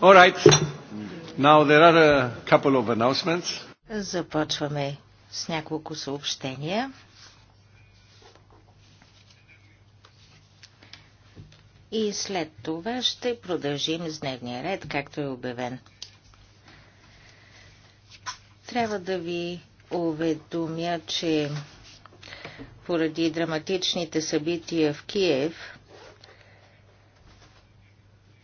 All right. Now there are a couple of announcements. Започваме с няколко съобщения. И след това ще продължим с дневния ред, както е обявен. Трябва да ви уведомя, че поради драматичните събития в Киев,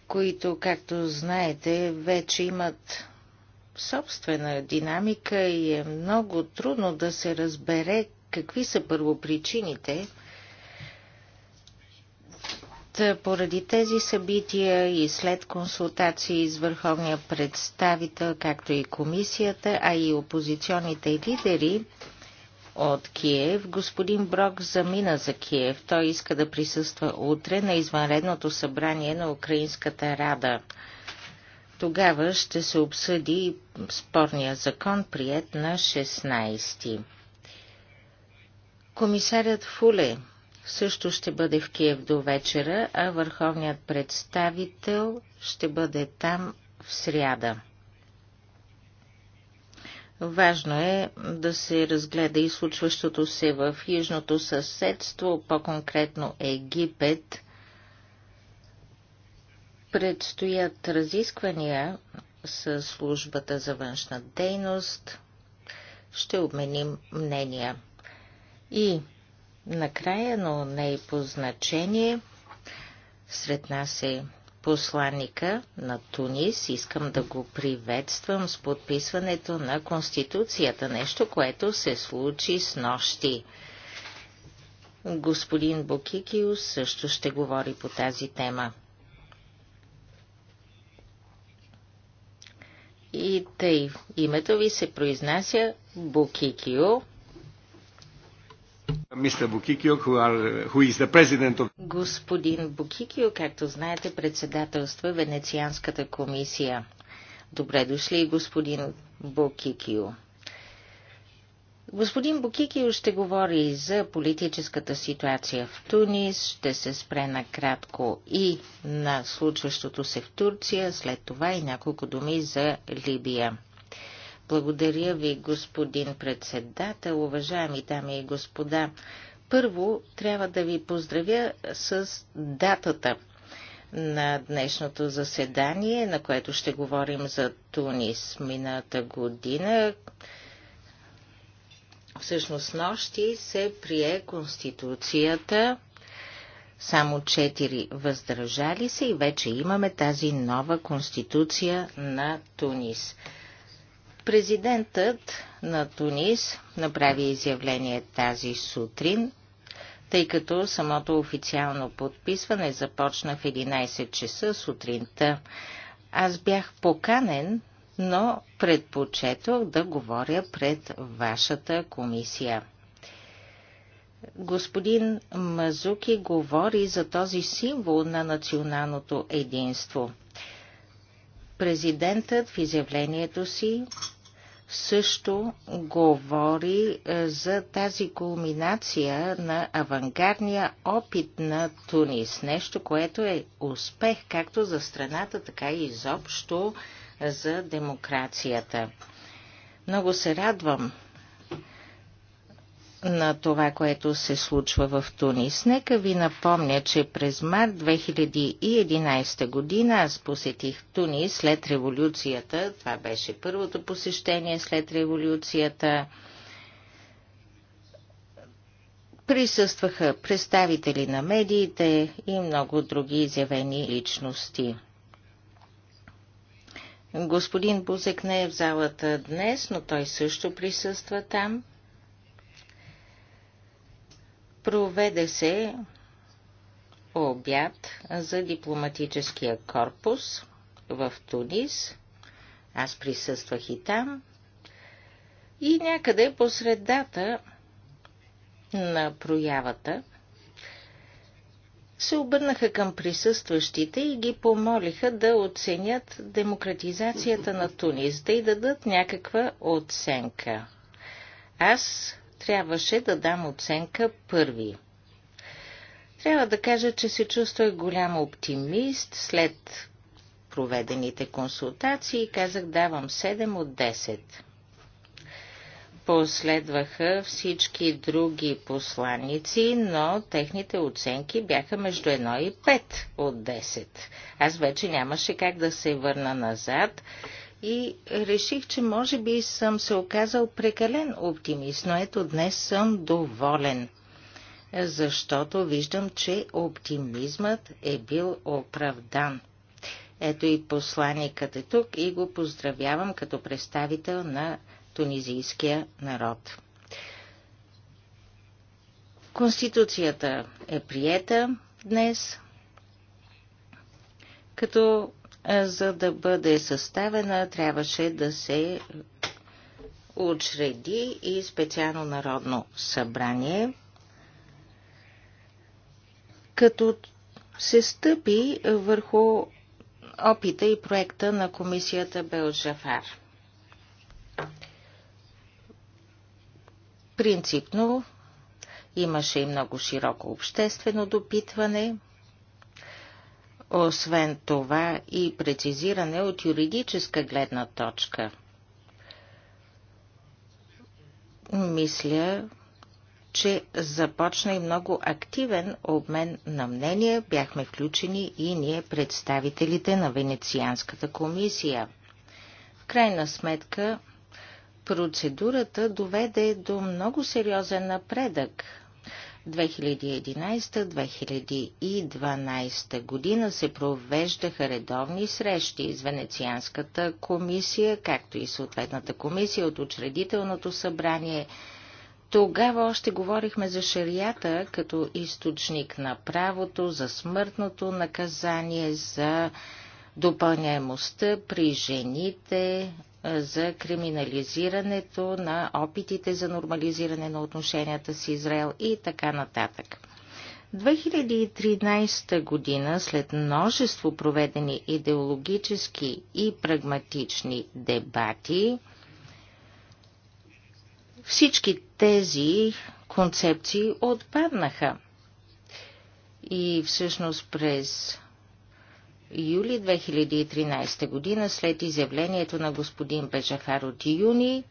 които, както знаете, вече имат собствена динамика и е много трудно да се разбере какви са първопричините. Та поради тези събития и след консултации с върховния представител, както и комисията, а и опозиционните лидери, от Киев. Господин Брок замина за Киев. Той иска да присъства утре на извънредното събрание на Украинската рада. Тогава ще се обсъди спорния закон, прият на 16. ти Комисарят Фуле също ще бъде в Киев до вечера, а върховният представител ще бъде там в сряда. Важно е да се разгледа и случващото се в южното съседство, по-конкретно Египет. Предстоят разисквания с службата за външна дейност. Ще обменим мнения. И накрая, но не и по значение, сред нас е посланника на Тунис. Искам да го приветствам с подписването на Конституцията, нещо, което се случи с нощи. Господин Бокикио също ще говори по тази тема. И тъй, името ви се произнася Букикио, Господин Букикио, както знаете, председателства Венецианската комисия. Добре дошли, господин Букикио. Господин Букикио ще говори за политическата ситуация в Тунис, ще се спре накратко и на случващото се в Турция, след това и няколко думи за Либия. Благодаря ви, господин председател, уважаеми дами и господа. Първо трябва да ви поздравя с датата на днешното заседание, на което ще говорим за Тунис мината година. Всъщност нощи се прие Конституцията, само четири въздържали се и вече имаме тази нова Конституция на Тунис. Президентът на Тунис направи изявление тази сутрин, тъй като самото официално подписване започна в 11 часа сутринта. Аз бях поканен, но предпочетох да говоря пред вашата комисия. Господин Мазуки говори за този символ на националното единство. Президентът в изявлението си също говори е, за тази кулминация на авангардния опит на Тунис. Нещо, което е успех както за страната, така и изобщо за демокрацията. Много се радвам, на това, което се случва в Тунис. Нека ви напомня, че през март 2011 година аз посетих Тунис след революцията. Това беше първото посещение след революцията. Присъстваха представители на медиите и много други изявени личности. Господин Бузек не е в залата днес, но той също присъства там. Проведе се обяд за дипломатическия корпус в Тунис. Аз присъствах и там. И някъде по средата на проявата се обърнаха към присъстващите и ги помолиха да оценят демократизацията на Тунис, да й дадат някаква оценка. Аз трябваше да дам оценка първи. Трябва да кажа, че се чувствах голям оптимист след проведените консултации и казах давам 7 от 10. Последваха всички други посланици, но техните оценки бяха между 1 и 5 от 10. Аз вече нямаше как да се върна назад и реших, че може би съм се оказал прекален оптимист, но ето днес съм доволен, защото виждам, че оптимизмът е бил оправдан. Ето и посланникът е тук и го поздравявам като представител на тунизийския народ. Конституцията е приета днес, като за да бъде съставена, трябваше да се учреди и специално народно събрание, като се стъпи върху опита и проекта на комисията Белжафар. Принципно имаше и много широко обществено допитване – освен това и прецизиране от юридическа гледна точка. Мисля, че започна и много активен обмен на мнения. Бяхме включени и ние представителите на Венецианската комисия. В крайна сметка, процедурата доведе до много сериозен напредък 2011-2012 година се провеждаха редовни срещи с Венецианската комисия, както и съответната комисия от учредителното събрание. Тогава още говорихме за шарията като източник на правото, за смъртното наказание, за допълняемостта при жените, за криминализирането на опитите за нормализиране на отношенията с Израел и така нататък. 2013 година, след множество проведени идеологически и прагматични дебати, всички тези концепции отпаднаха. И всъщност през юли 2013 година, след изявлението на господин Бежахар от юни,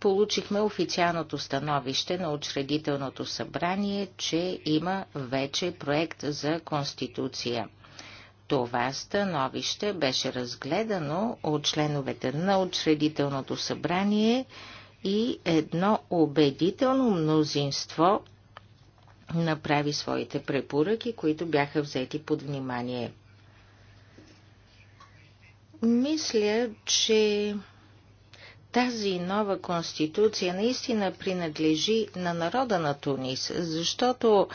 получихме официалното становище на учредителното събрание, че има вече проект за Конституция. Това становище беше разгледано от членовете на учредителното събрание и едно убедително мнозинство направи своите препоръки, които бяха взети под внимание. Мисля, че тази нова конституция наистина принадлежи на народа на Тунис, защото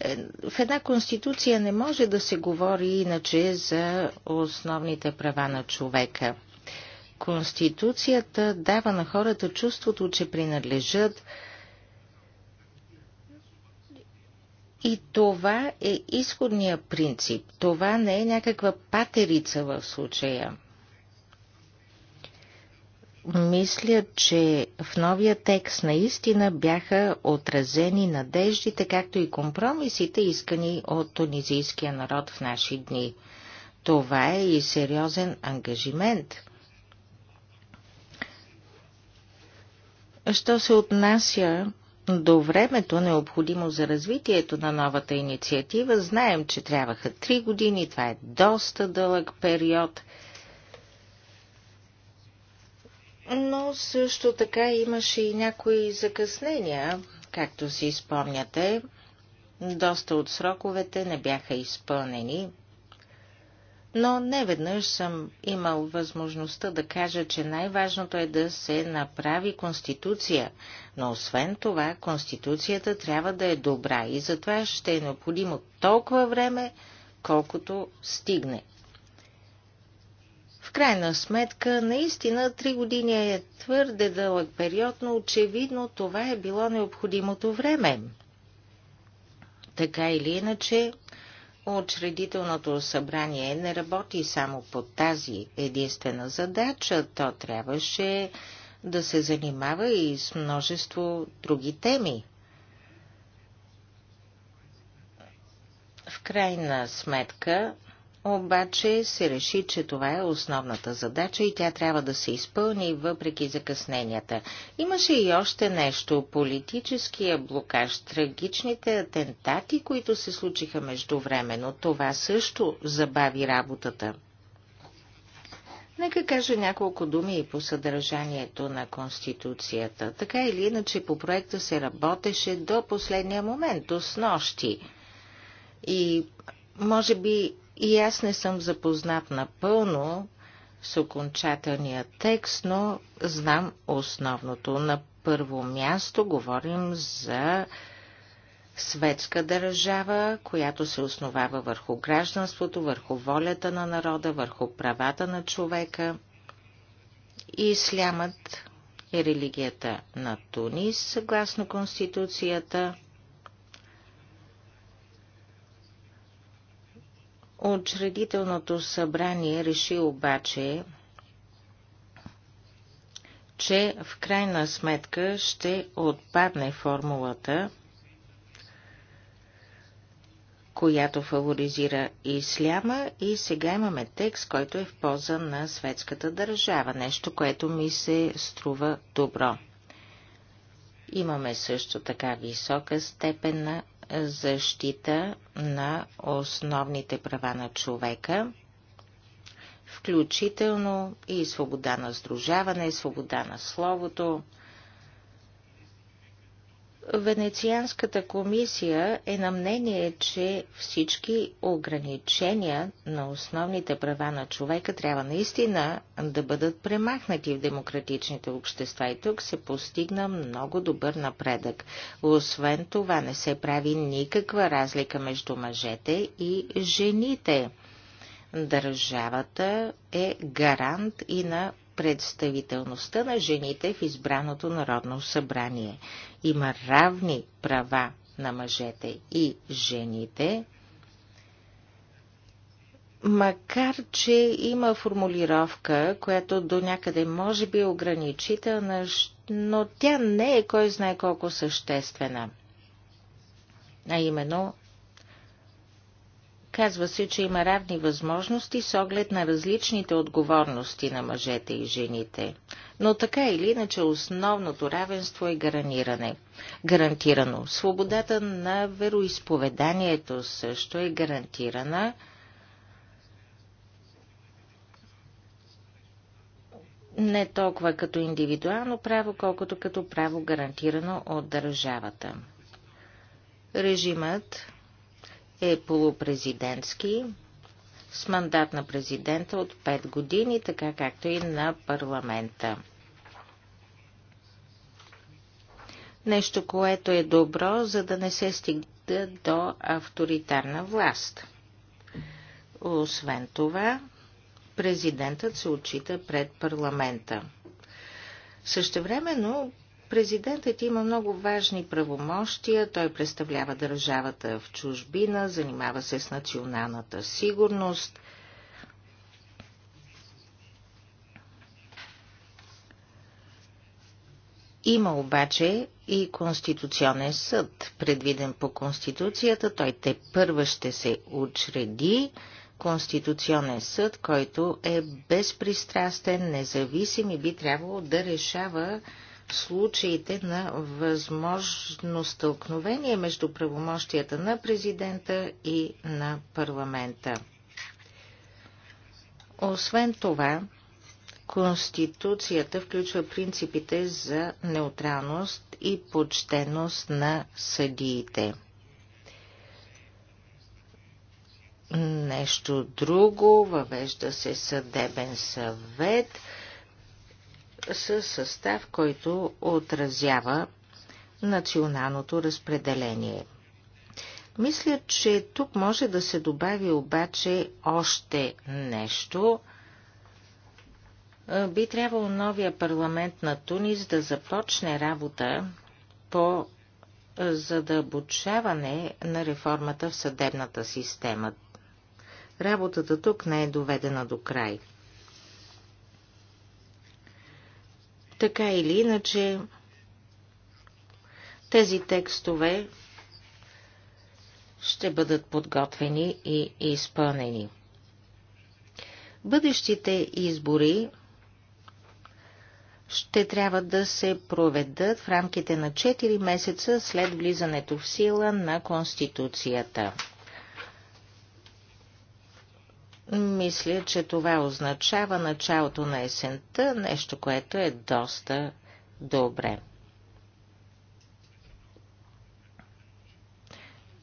е, в една конституция не може да се говори иначе за основните права на човека. Конституцията дава на хората чувството, че принадлежат И това е изходния принцип. Това не е някаква патерица в случая. Мисля, че в новия текст наистина бяха отразени надеждите, както и компромисите, искани от тунизийския народ в наши дни. Това е и сериозен ангажимент. Що се отнася до времето необходимо за развитието на новата инициатива. Знаем, че трябваха три години, това е доста дълъг период. Но също така имаше и някои закъснения, както си спомняте. Доста от сроковете не бяха изпълнени. Но не веднъж съм имал възможността да кажа, че най-важното е да се направи конституция, но освен това конституцията трябва да е добра и затова ще е необходимо толкова време, колкото стигне. В крайна сметка, наистина три години е твърде дълъг период, но очевидно това е било необходимото време. Така или иначе, Учредителното събрание не работи само по тази единствена задача, то трябваше да се занимава и с множество други теми. В крайна сметка, обаче се реши, че това е основната задача и тя трябва да се изпълни въпреки закъсненията. Имаше и още нещо – политическия блокаж, трагичните атентати, които се случиха междувременно. Това също забави работата. Нека кажа няколко думи и по съдържанието на Конституцията. Така или иначе по проекта се работеше до последния момент, до снощи. И може би и аз не съм запознат напълно с окончателния текст, но знам основното. На първо място говорим за светска държава, която се основава върху гражданството, върху волята на народа, върху правата на човека. И ислямът е религията на Тунис, съгласно Конституцията – Учредителното събрание реши обаче, че в крайна сметка ще отпадне формулата, която фаворизира исляма и сега имаме текст, който е в полза на светската държава, нещо, което ми се струва добро. Имаме също така висока степен на защита на основните права на човека, включително и свобода на сдружаване, свобода на словото, Венецианската комисия е на мнение, че всички ограничения на основните права на човека трябва наистина да бъдат премахнати в демократичните общества и тук се постигна много добър напредък. Освен това не се прави никаква разлика между мъжете и жените. Държавата е гарант и на представителността на жените в избраното народно събрание има равни права на мъжете и жените, макар че има формулировка, която до някъде може би е ограничителна, но тя не е кой знае колко съществена. А именно Казва се, че има равни възможности с оглед на различните отговорности на мъжете и жените. Но така или иначе основното равенство е гарантиране. Гарантирано. Свободата на вероисповеданието също е гарантирана. Не толкова като индивидуално право, колкото като право гарантирано от държавата. Режимът е полупрезидентски, с мандат на президента от 5 години, така както и на парламента. Нещо, което е добро, за да не се стигне до авторитарна власт. Освен това, президентът се отчита пред парламента. Същевременно Президентът има много важни правомощия, той представлява държавата в чужбина, занимава се с националната сигурност. Има обаче и Конституционен съд, предвиден по Конституцията. Той те първа ще се учреди. Конституционен съд, който е безпристрастен, независим и би трябвало да решава случаите на възможно стълкновение между правомощията на президента и на парламента. Освен това, Конституцията включва принципите за неутралност и почтеност на съдиите. Нещо друго, въвежда се съдебен съвет – със състав, който отразява националното разпределение. Мисля, че тук може да се добави обаче още нещо. Е, би трябвало новия парламент на Тунис да започне работа по задълбочаване на реформата в съдебната система. Работата тук не е доведена до край. Така или иначе, тези текстове ще бъдат подготвени и изпълнени. Бъдещите избори ще трябва да се проведат в рамките на 4 месеца след влизането в сила на Конституцията. Мисля, че това означава началото на есента, нещо, което е доста добре.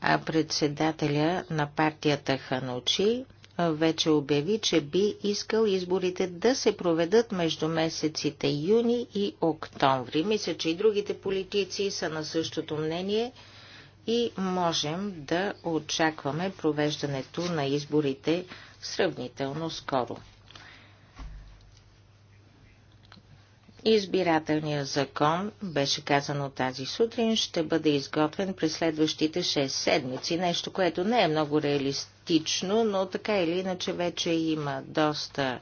А председателя на партията Ханучи вече обяви, че би искал изборите да се проведат между месеците юни и октомври. Мисля, че и другите политици са на същото мнение и можем да очакваме провеждането на изборите сравнително скоро. Избирателният закон, беше казано тази сутрин, ще бъде изготвен през следващите 6 седмици. Нещо, което не е много реалистично, но така или иначе вече има доста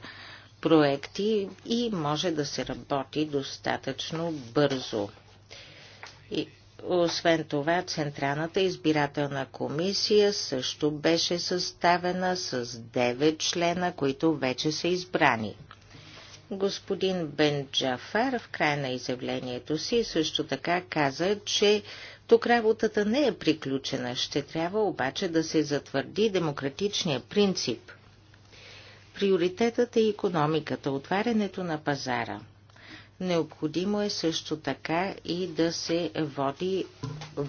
проекти и може да се работи достатъчно бързо. И освен това, Централната избирателна комисия също беше съставена с 9 члена, които вече са избрани. Господин Бен Джафар в края на изявлението си също така каза, че тук работата не е приключена, ще трябва обаче да се затвърди демократичния принцип. Приоритетът е економиката, отварянето на пазара – Необходимо е също така и да се води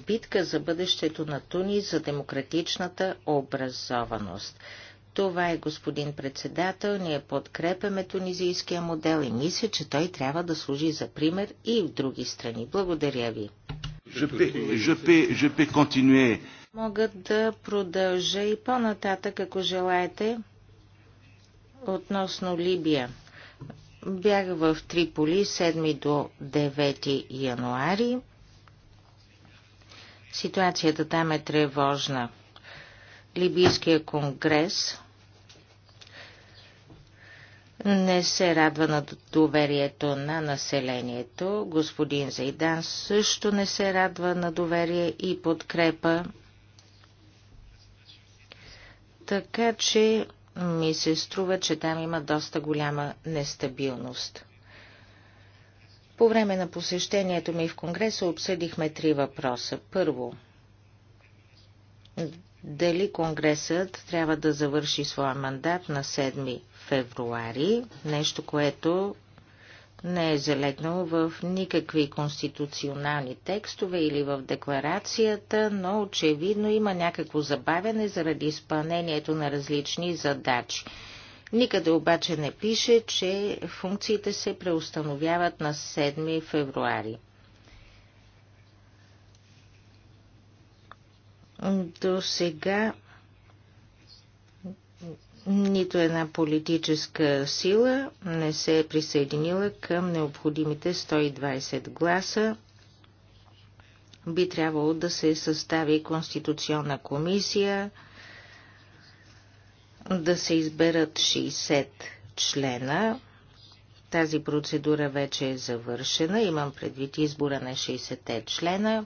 битка за бъдещето на Туни за демократичната образованост. Това е господин председател, ние подкрепяме тунизийския модел и мисля, че той трябва да служи за пример и в други страни. Благодаря ви. Мога да продължа и по-нататък, ако желаете, относно Либия. Бях в Триполи 7 до 9 януари. Ситуацията там е тревожна. Либийския конгрес не се радва на доверието на населението. Господин Зайдан също не се радва на доверие и подкрепа. Така че ми се струва, че там има доста голяма нестабилност. По време на посещението ми в Конгреса обсъдихме три въпроса. Първо, дали Конгресът трябва да завърши своя мандат на 7 февруари, нещо, което не е залегнал в никакви конституционални текстове или в декларацията, но очевидно има някакво забавяне заради изпълнението на различни задачи. Никъде обаче не пише, че функциите се преустановяват на 7 февруари. До сега нито една политическа сила не се е присъединила към необходимите 120 гласа. Би трябвало да се състави конституционна комисия, да се изберат 60 члена. Тази процедура вече е завършена. Имам предвид избора на 60 члена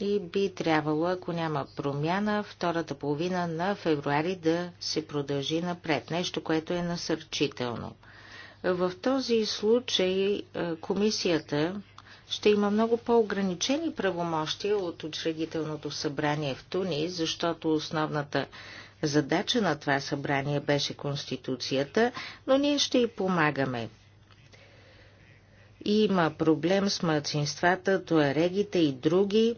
и би трябвало, ако няма промяна, втората половина на февруари да се продължи напред. Нещо, което е насърчително. В този случай е, комисията ще има много по-ограничени правомощия от учредителното събрание в Туни, защото основната задача на това събрание беше Конституцията, но ние ще й помагаме. Има проблем с младсинствата, туарегите и други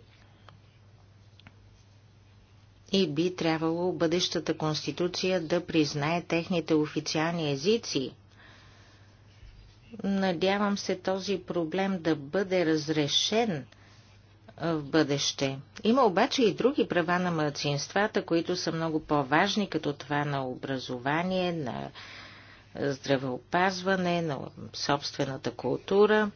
и би трябвало бъдещата конституция да признае техните официални езици. Надявам се този проблем да бъде разрешен в бъдеще. Има обаче и други права на младсинствата, които са много по-важни, като това на образование, на здравеопазване, на собствената култура.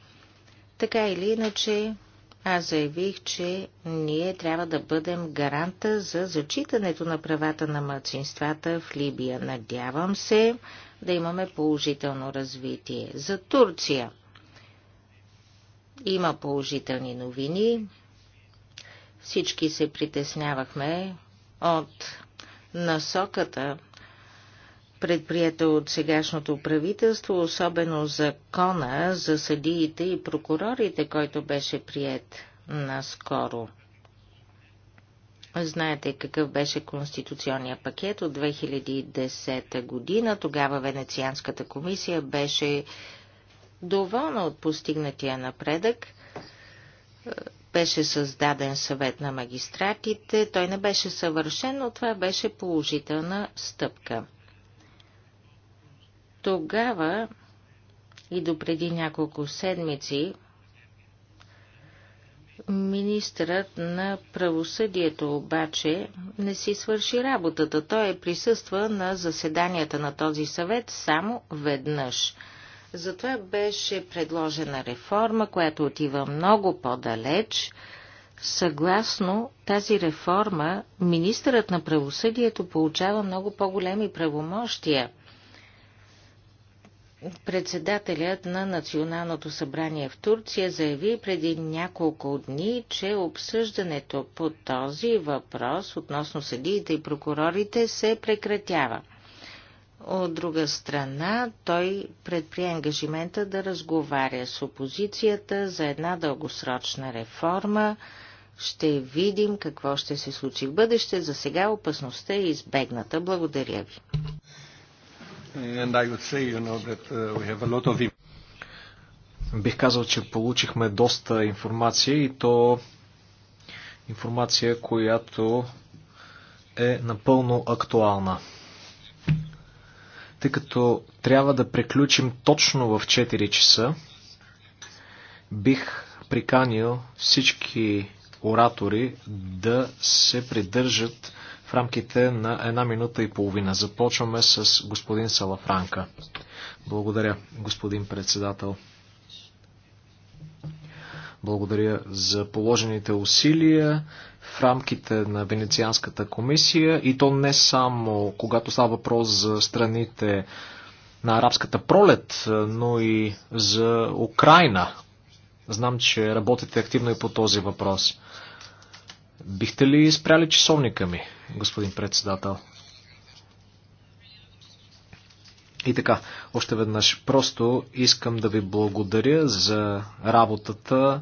Така или иначе, аз заявих, че ние трябва да бъдем гаранта за зачитането на правата на младсинствата в Либия. Надявам се да имаме положително развитие. За Турция има положителни новини. Всички се притеснявахме от насоката предприета от сегашното правителство, особено закона за съдиите и прокурорите, който беше прият наскоро. Знаете какъв беше конституционния пакет от 2010 година. Тогава Венецианската комисия беше доволна от постигнатия напредък. Беше създаден съвет на магистратите. Той не беше съвършен, но това беше положителна стъпка. Тогава и до преди няколко седмици министърът на правосъдието обаче не си свърши работата. Той е присъства на заседанията на този съвет само веднъж. Затова беше предложена реформа, която отива много по-далеч. Съгласно тази реформа, министърът на правосъдието получава много по-големи правомощия – Председателят на Националното събрание в Турция заяви преди няколко дни, че обсъждането по този въпрос относно съдиите и прокурорите се прекратява. От друга страна, той предприе ангажимента да разговаря с опозицията за една дългосрочна реформа. Ще видим какво ще се случи в бъдеще. За сега опасността е избегната. Благодаря ви. And I would say, you know, that uh, we have a lot of Бих казал, че получихме доста информация и то информация, която е напълно актуална. Тъй като трябва да приключим точно в 4 часа, бих приканил всички оратори да се придържат в рамките на една минута и половина. Започваме с господин Салафранка. Благодаря, господин председател. Благодаря за положените усилия в рамките на Венецианската комисия и то не само когато става въпрос за страните на арабската пролет, но и за Украина. Знам, че работите активно и по този въпрос. Бихте ли спряли часовника ми, господин председател? И така, още веднъж просто искам да ви благодаря за работата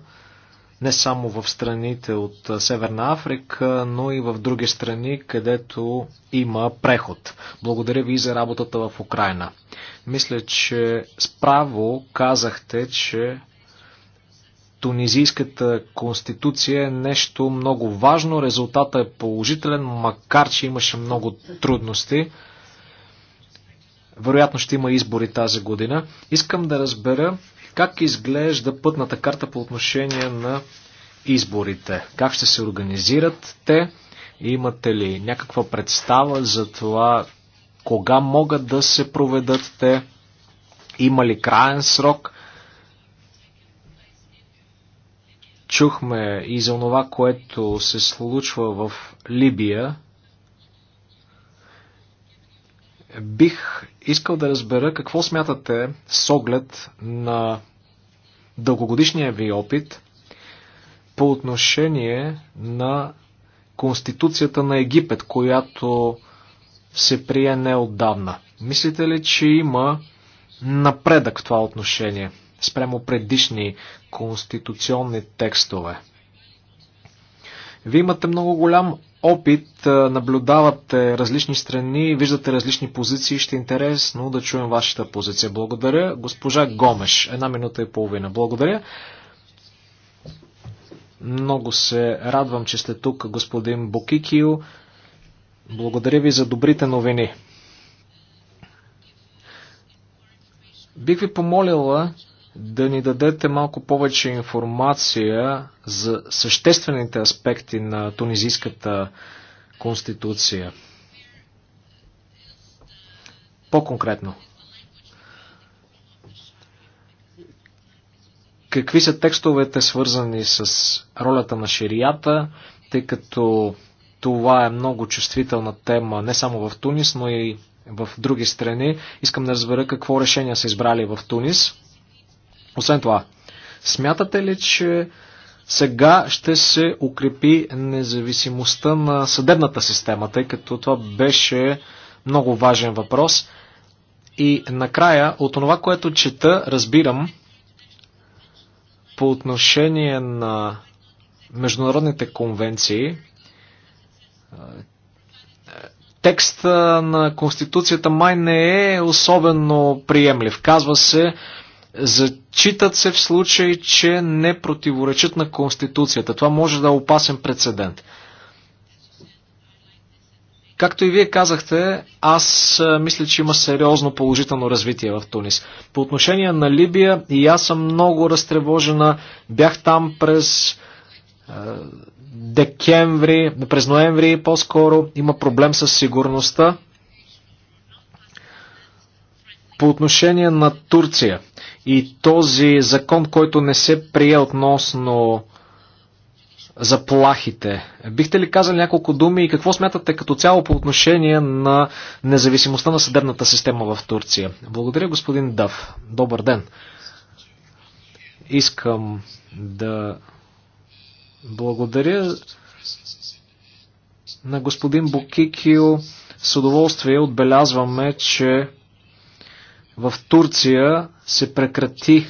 не само в страните от Северна Африка, но и в други страни, където има преход. Благодаря ви за работата в Украина. Мисля, че справо казахте, че тунизийската конституция е нещо много важно. Резултата е положителен, макар че имаше много трудности. Вероятно ще има избори тази година. Искам да разбера как изглежда пътната карта по отношение на изборите. Как ще се организират те? Имате ли някаква представа за това кога могат да се проведат те? Има ли краен срок? Чухме и за това, което се случва в Либия. Бих искал да разбера какво смятате с оглед на дългогодишния ви опит по отношение на Конституцията на Египет, която се прие неотдавна. Мислите ли, че има напредък в това отношение? спрямо предишни конституционни текстове. Вие имате много голям опит, наблюдавате различни страни, виждате различни позиции. Ще е интересно да чуем вашата позиция. Благодаря. Госпожа Гомеш, една минута и половина. Благодаря. Много се радвам, че сте тук, господин Бокикио. Благодаря ви за добрите новини. Бих ви помолила да ни дадете малко повече информация за съществените аспекти на тунизийската конституция. По-конкретно. Какви са текстовете свързани с ролята на ширията, тъй като това е много чувствителна тема не само в Тунис, но и в други страни. Искам да разбера какво решение са избрали в Тунис. Освен това, смятате ли, че сега ще се укрепи независимостта на съдебната система, тъй като това беше много важен въпрос. И накрая, от това, което чета, разбирам по отношение на международните конвенции, текста на Конституцията май не е особено приемлив. Казва се, Зачитат се в случай, че не противоречат на Конституцията. Това може да е опасен прецедент. Както и вие казахте, аз мисля, че има сериозно положително развитие в Тунис. По отношение на Либия, и аз съм много разтревожена. Бях там през е, декември, през ноември по-скоро. Има проблем с сигурността. По отношение на Турция и този закон, който не се прие относно заплахите. Бихте ли казали няколко думи и какво смятате като цяло по отношение на независимостта на съдебната система в Турция? Благодаря, господин Дав. Добър ден. Искам да благодаря на господин Букикио. С удоволствие отбелязваме, че в Турция се прекрати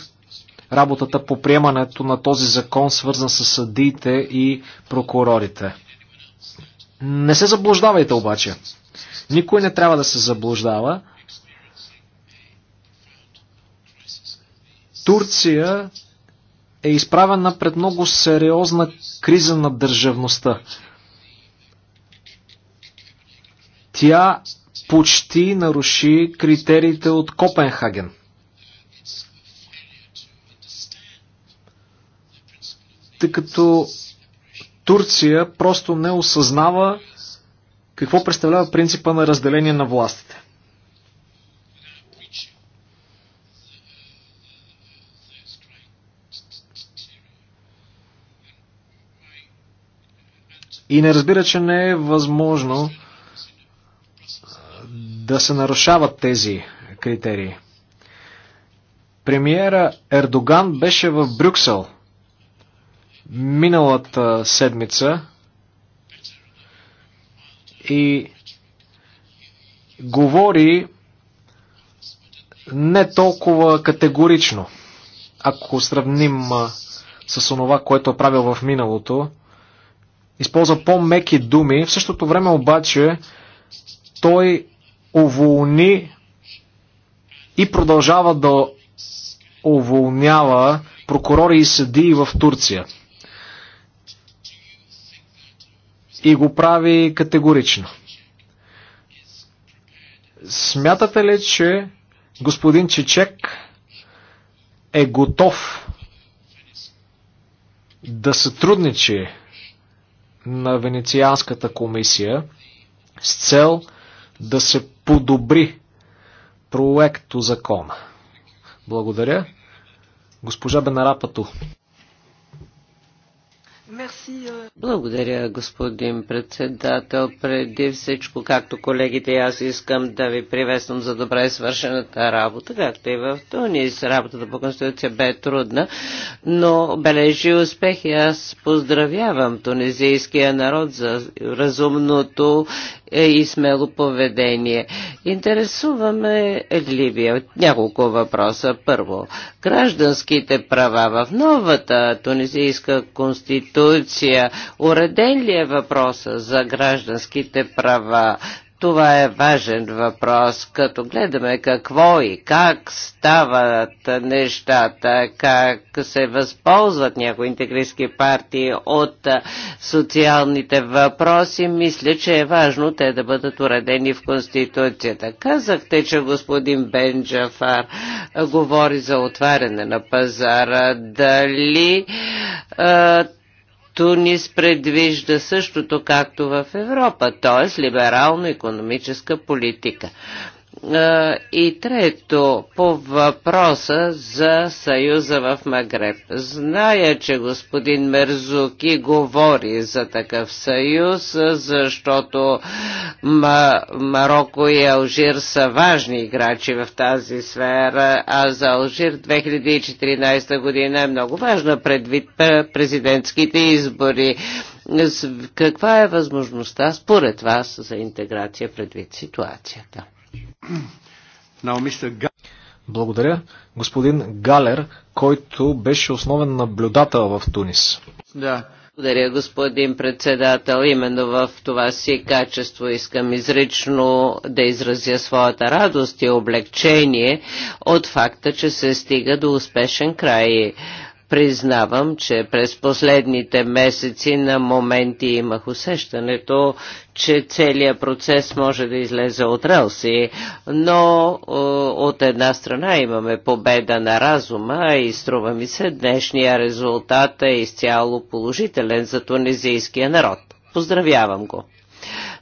работата по приемането на този закон, свързан с съдиите и прокурорите. Не се заблуждавайте обаче. Никой не трябва да се заблуждава. Турция е изправена пред много сериозна криза на държавността. Тя почти наруши критериите от Копенхаген. Тъй като Турция просто не осъзнава какво представлява принципа на разделение на властите. И не разбира, че не е възможно да се нарушават тези критерии. Премиера Ердоган беше в Брюксел миналата седмица и говори не толкова категорично, ако сравним с онова, което е правил в миналото. Използва по-меки думи, в същото време обаче той уволни и продължава да уволнява прокурори и съдии в Турция. И го прави категорично. Смятате ли, че господин Чечек е готов да сътрудничи на Венецианската комисия с цел да се подобри проекто закона. Благодаря. Госпожа Бенарапато. Е. Благодаря, господин председател. Преди всичко, както колегите, аз искам да ви приветствам за добре свършената работа, както и в Тунис. Работата по Конституция бе трудна, но бележи успех и аз поздравявам тунизийския народ за разумното е и смело поведение. Интересуваме Ливия от няколко въпроса. Първо, гражданските права в новата тунизийска конституция, уреден ли е въпроса за гражданските права? Това е важен въпрос, като гледаме какво и как стават нещата, как се възползват някои интегристски партии от социалните въпроси. Мисля, че е важно те да бъдат уредени в Конституцията. Казахте, че господин Бенджафар говори за отваряне на пазара. Дали Тунис предвижда същото както в Европа, т.е. либерално-економическа политика. Е, и трето, по въпроса за Съюза в Магреб. Зная, че господин Мерзуки говори за такъв съюз, защото Марокко и Алжир са важни играчи в тази сфера, а за Алжир 2014 година е много важна предвид президентските избори. Каква е възможността според вас за интеграция предвид ситуацията? Благодаря. Господин Галер, който беше основен наблюдател в Тунис. Да. Благодаря, господин председател. Именно в това си качество искам изрично да изразя своята радост и облегчение от факта, че се стига до успешен край Признавам, че през последните месеци на моменти имах усещането, че целият процес може да излезе от релси, но е, от една страна имаме победа на разума и струва ми се днешния резултат е изцяло положителен за тунизийския народ. Поздравявам го!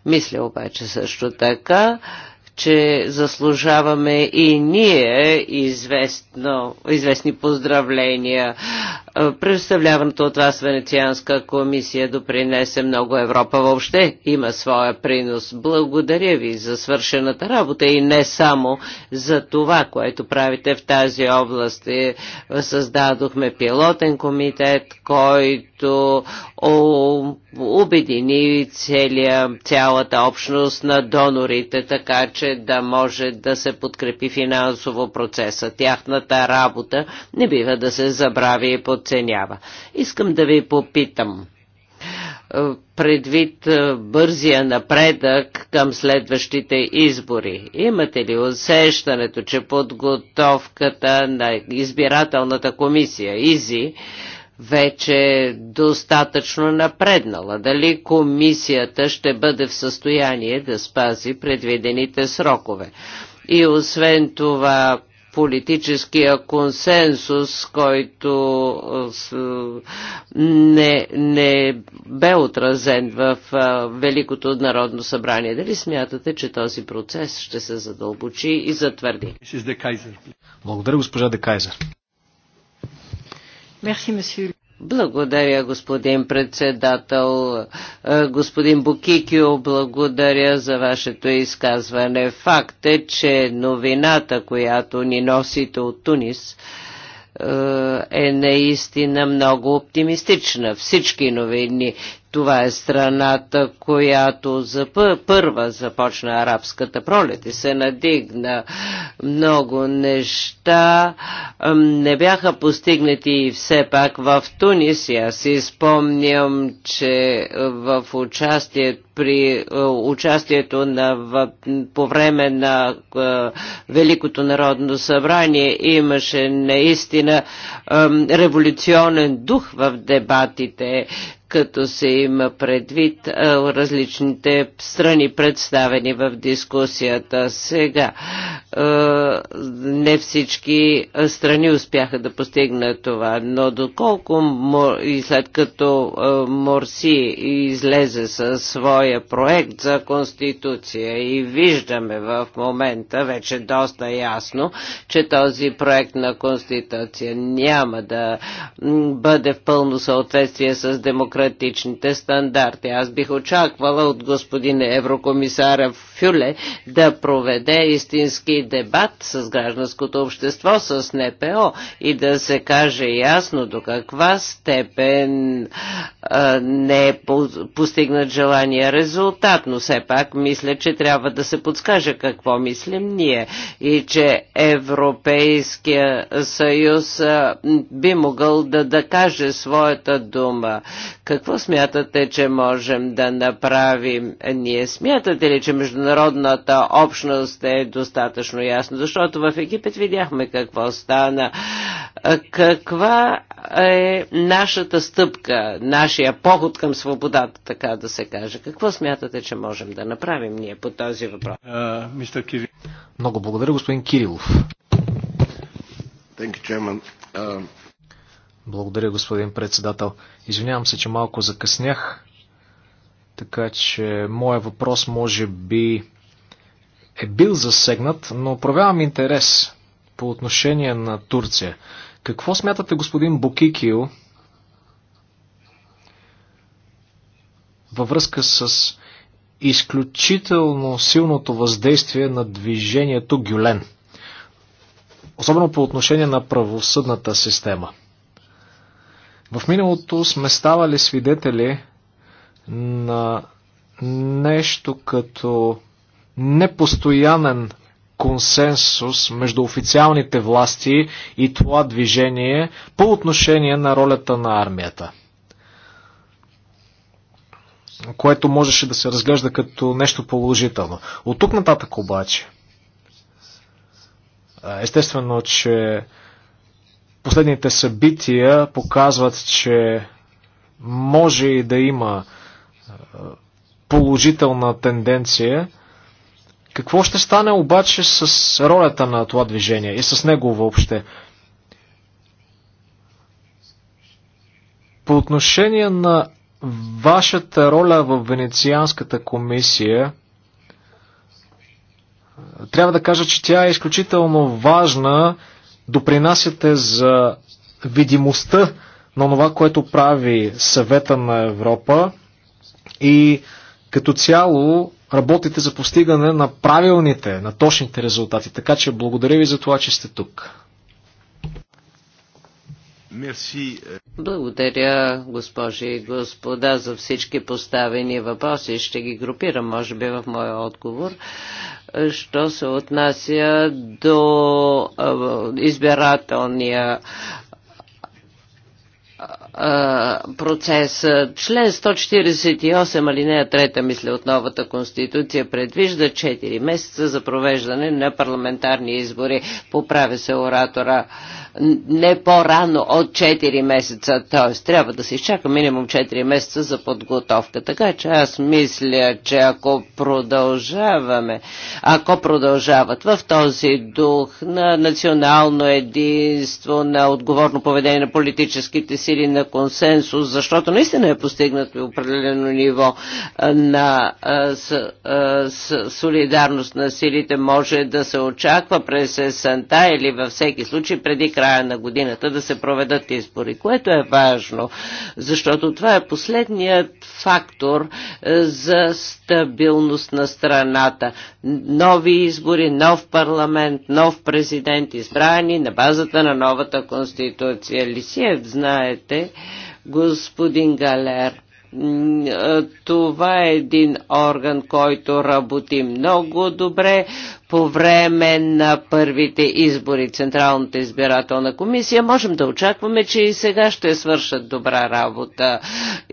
Мисля обаче също така, че заслужаваме и ние известно, известни поздравления. Представляваното от вас Венецианска комисия допринесе много Европа въобще. Има своя принос. Благодаря ви за свършената работа и не само за това, което правите в тази област. Е, създадохме пилотен комитет, който обедини целия, цялата общност на донорите, така че да може да се подкрепи финансово процеса. Тяхната работа не бива да се забрави и под оценява. Искам да ви попитам е, предвид е, бързия напредък към следващите избори. Имате ли усещането, че подготовката на избирателната комисия ИЗИ вече е достатъчно напреднала? Дали комисията ще бъде в състояние да спази предвидените срокове? И освен това, политическия консенсус, който не, не бе отразен в Великото Народно събрание. Дали смятате, че този процес ще се задълбочи и затвърди? Благодаря, госпожа Декайзер. Мерси, месье. Благодаря, господин председател. Е, господин Букикио, благодаря за вашето изказване. Факт е, че новината, която ни носите от Тунис, е, е наистина много оптимистична. Всички новини, това е страната, която за първа започна арабската пролет и се надигна много неща. Не бяха постигнати и все пак в Тунис. Аз си спомням, че в участие, при участието на, по време на Великото народно събрание имаше наистина революционен дух в дебатите като се има предвид различните страни представени в дискусията сега. Не всички страни успяха да постигнат това, но доколко и след като Морси излезе със своя проект за Конституция и виждаме в момента вече доста ясно, че този проект на Конституция няма да бъде в пълно съответствие с демокрацията демократичните стандарти. Аз бих очаквала от господин еврокомисара Фюле да проведе истински дебат с гражданското общество, с НПО и да се каже ясно до каква степен а, не е по постигнат желания резултат, но все пак мисля, че трябва да се подскаже какво мислим ние и че Европейския съюз а, би могъл да, да каже своята дума. Какво смятате, че можем да направим? Ние смятате ли, че международната общност е достатъчно ясно? Защото в Египет видяхме какво стана. Каква е нашата стъпка, нашия поход към свободата, така да се каже? Какво смятате, че можем да направим ние по този въпрос? Много благодаря, господин Кирилов. Thank you, благодаря, господин председател. Извинявам се, че малко закъснях, така че моят въпрос може би е бил засегнат, но проявявам интерес по отношение на Турция. Какво смятате, господин Букикио, във връзка с изключително силното въздействие на движението Гюлен? Особено по отношение на правосъдната система – в миналото сме ставали свидетели на нещо като непостоянен консенсус между официалните власти и това движение по отношение на ролята на армията. Което можеше да се разглежда като нещо положително. От тук нататък обаче, естествено, че последните събития показват, че може и да има положителна тенденция. Какво ще стане обаче с ролята на това движение и с него въобще? По отношение на вашата роля в Венецианската комисия, трябва да кажа, че тя е изключително важна допринасяте за видимостта на това, което прави съвета на Европа и като цяло работите за постигане на правилните, на точните резултати. Така че благодаря ви за това, че сте тук. Е. Благодаря, госпожи и господа, за всички поставени въпроси. Ще ги групирам, може би, в моя отговор. Що се отнася до избирателния процес. Член 148 алинея 3, мисля, от новата конституция предвижда 4 месеца за провеждане на парламентарни избори. Поправя се оратора не по-рано от 4 месеца, т.е. трябва да се изчака минимум 4 месеца за подготовка. Така че аз мисля, че ако продължаваме, ако продължават в този дух на национално единство, на отговорно поведение на политическите сили, на консенсус, защото наистина е постигнат определено ниво на с, с, солидарност на силите, може да се очаква през есента или във всеки случай преди края на годината да се проведат избори, което е важно, защото това е последният фактор за стабилност на страната. Нови избори, нов парламент, нов президент, избрани на базата на новата конституция. Лисиев, знаете, господин Галер. Това е един орган, който работи много добре, по време на първите избори Централната избирателна комисия. Можем да очакваме, че и сега ще свършат добра работа.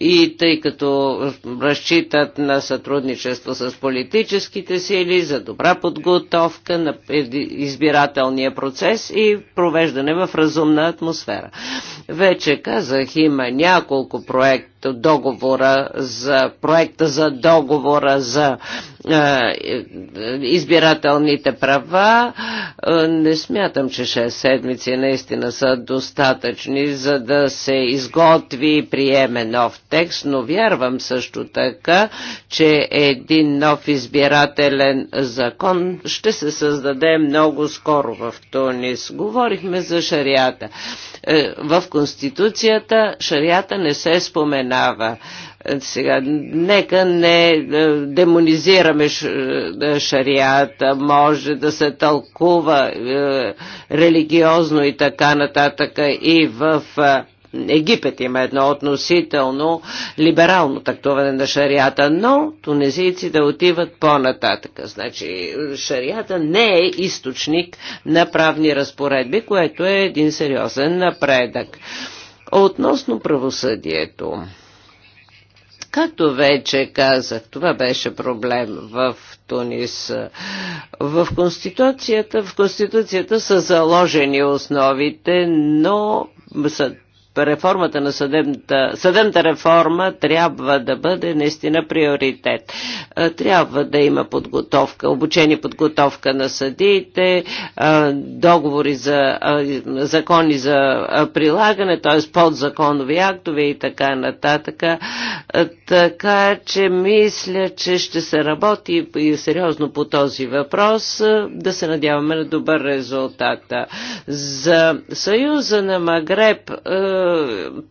И тъй като разчитат на сътрудничество с политическите сили за добра подготовка на избирателния процес и провеждане в разумна атмосфера. Вече казах, има няколко проекта договора за проекта за договора за избирателните права. Не смятам, че 6 седмици наистина са достатъчни, за да се изготви и приеме нов текст, но вярвам също така, че един нов избирателен закон ще се създаде много скоро в Тунис. Говорихме за шарията. Е, в Конституцията шарията не се споменава. Сега, нека не е, демонизираме е, шарията, може да се тълкува е, религиозно и така нататък и в Египет има едно относително либерално тактуване на шарията, но тунезийците отиват по-нататък. Значи шарията не е източник на правни разпоредби, което е един сериозен напредък. Относно правосъдието. Както вече казах, това беше проблем в Тунис. В Конституцията, в Конституцията са заложени основите, но реформата на съдебната, съдебната реформа трябва да бъде наистина приоритет. Трябва да има подготовка, обучение подготовка на съдиите, договори за закони за прилагане, т.е. подзаконови актове и така нататък. Така че мисля, че ще се работи и сериозно по този въпрос, да се надяваме на добър резултат. За Съюза на Магреб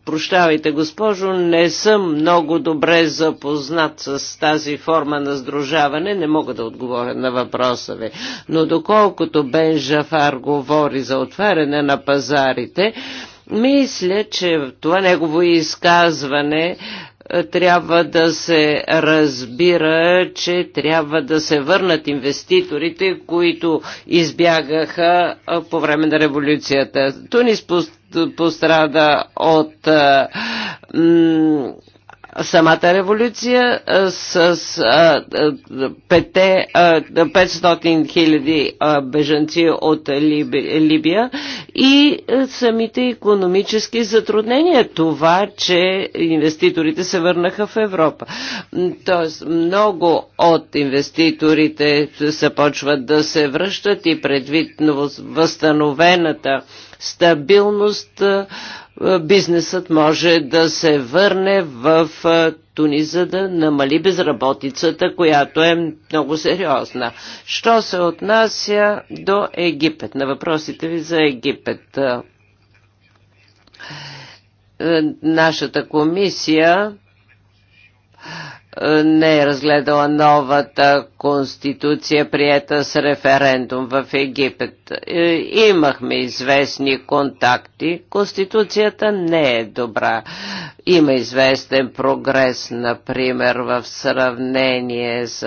прощавайте госпожо, не съм много добре запознат с тази форма на сдружаване, не мога да отговоря на въпроса ви. Но доколкото Бен Жафар говори за отваряне на пазарите, мисля, че това негово изказване е, трябва да се разбира, че трябва да се върнат инвеститорите, които избягаха е, по време на революцията. Тунис пострада от е, самата революция е, с 500 е, хиляди бежанци от Либия и самите економически затруднения. Това, че инвеститорите се върнаха в Европа. Тоест, много от инвеститорите започват да се връщат и предвид възстановената стабилност, бизнесът може да се върне в Туниза за да намали безработицата, която е много сериозна. Що се отнася до Египет? На въпросите ви за Египет. Е, нашата комисия е, не е разгледала новата конституция, приета с референдум в Египет. Е, имахме известни контакти. Конституцията не е добра. Има известен прогрес, например, в сравнение с,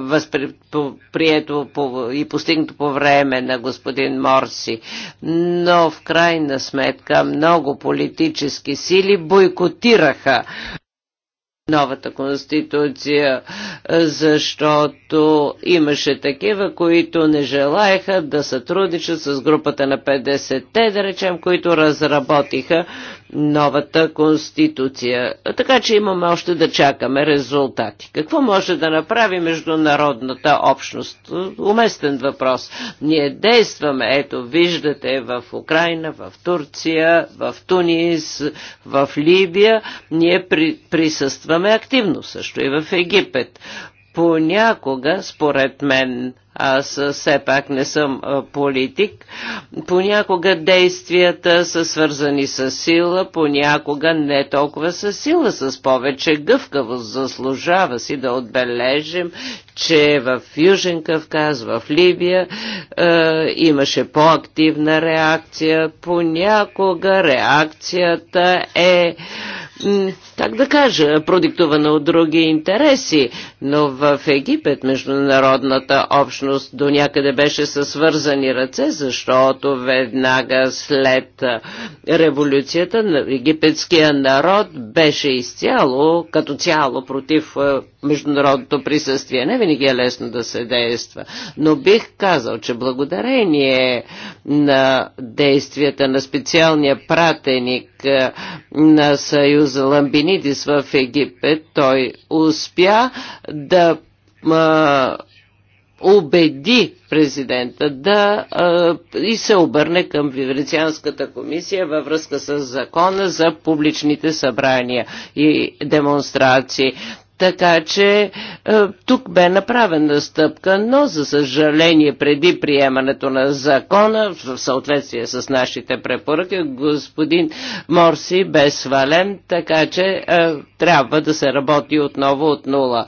възприето прието по, и постигнато по време на господин Морси. Но в крайна сметка много политически сили бойкотираха новата конституция, е, защото имаше такива, които не желаеха да сътрудничат с групата на 50-те, да речем, които разработиха новата конституция. Така че имаме още да чакаме резултати. Какво може да направи международната общност? Уместен въпрос. Ние действаме, ето виждате в Украина, в Турция, в Тунис, в Либия. Ние при, присъстваме активно също и в Египет. Понякога, според мен, аз все пак не съм политик, понякога действията са свързани с сила, понякога не толкова с сила, с повече гъвкавост. Заслужава си да отбележим, че в Южен Кавказ, в Либия е, имаше по-активна реакция. Понякога реакцията е как да кажа, продиктувана от други интереси, но в Египет международната общност до някъде беше със свързани ръце, защото веднага след революцията на египетския народ беше изцяло, като цяло против международното присъствие. Не винаги е лесно да се действа, но бих казал, че благодарение на действията на специалния пратеник е, на Съюза Ламбинидис в Египет, той успя да а, убеди президента да а, и се обърне към Венецианската комисия във връзка с закона за публичните събрания и демонстрации. Така че е, тук бе направена стъпка, но за съжаление преди приемането на закона, в съответствие с нашите препоръки, господин Морси бе свален, така че е, трябва да се работи отново от нула.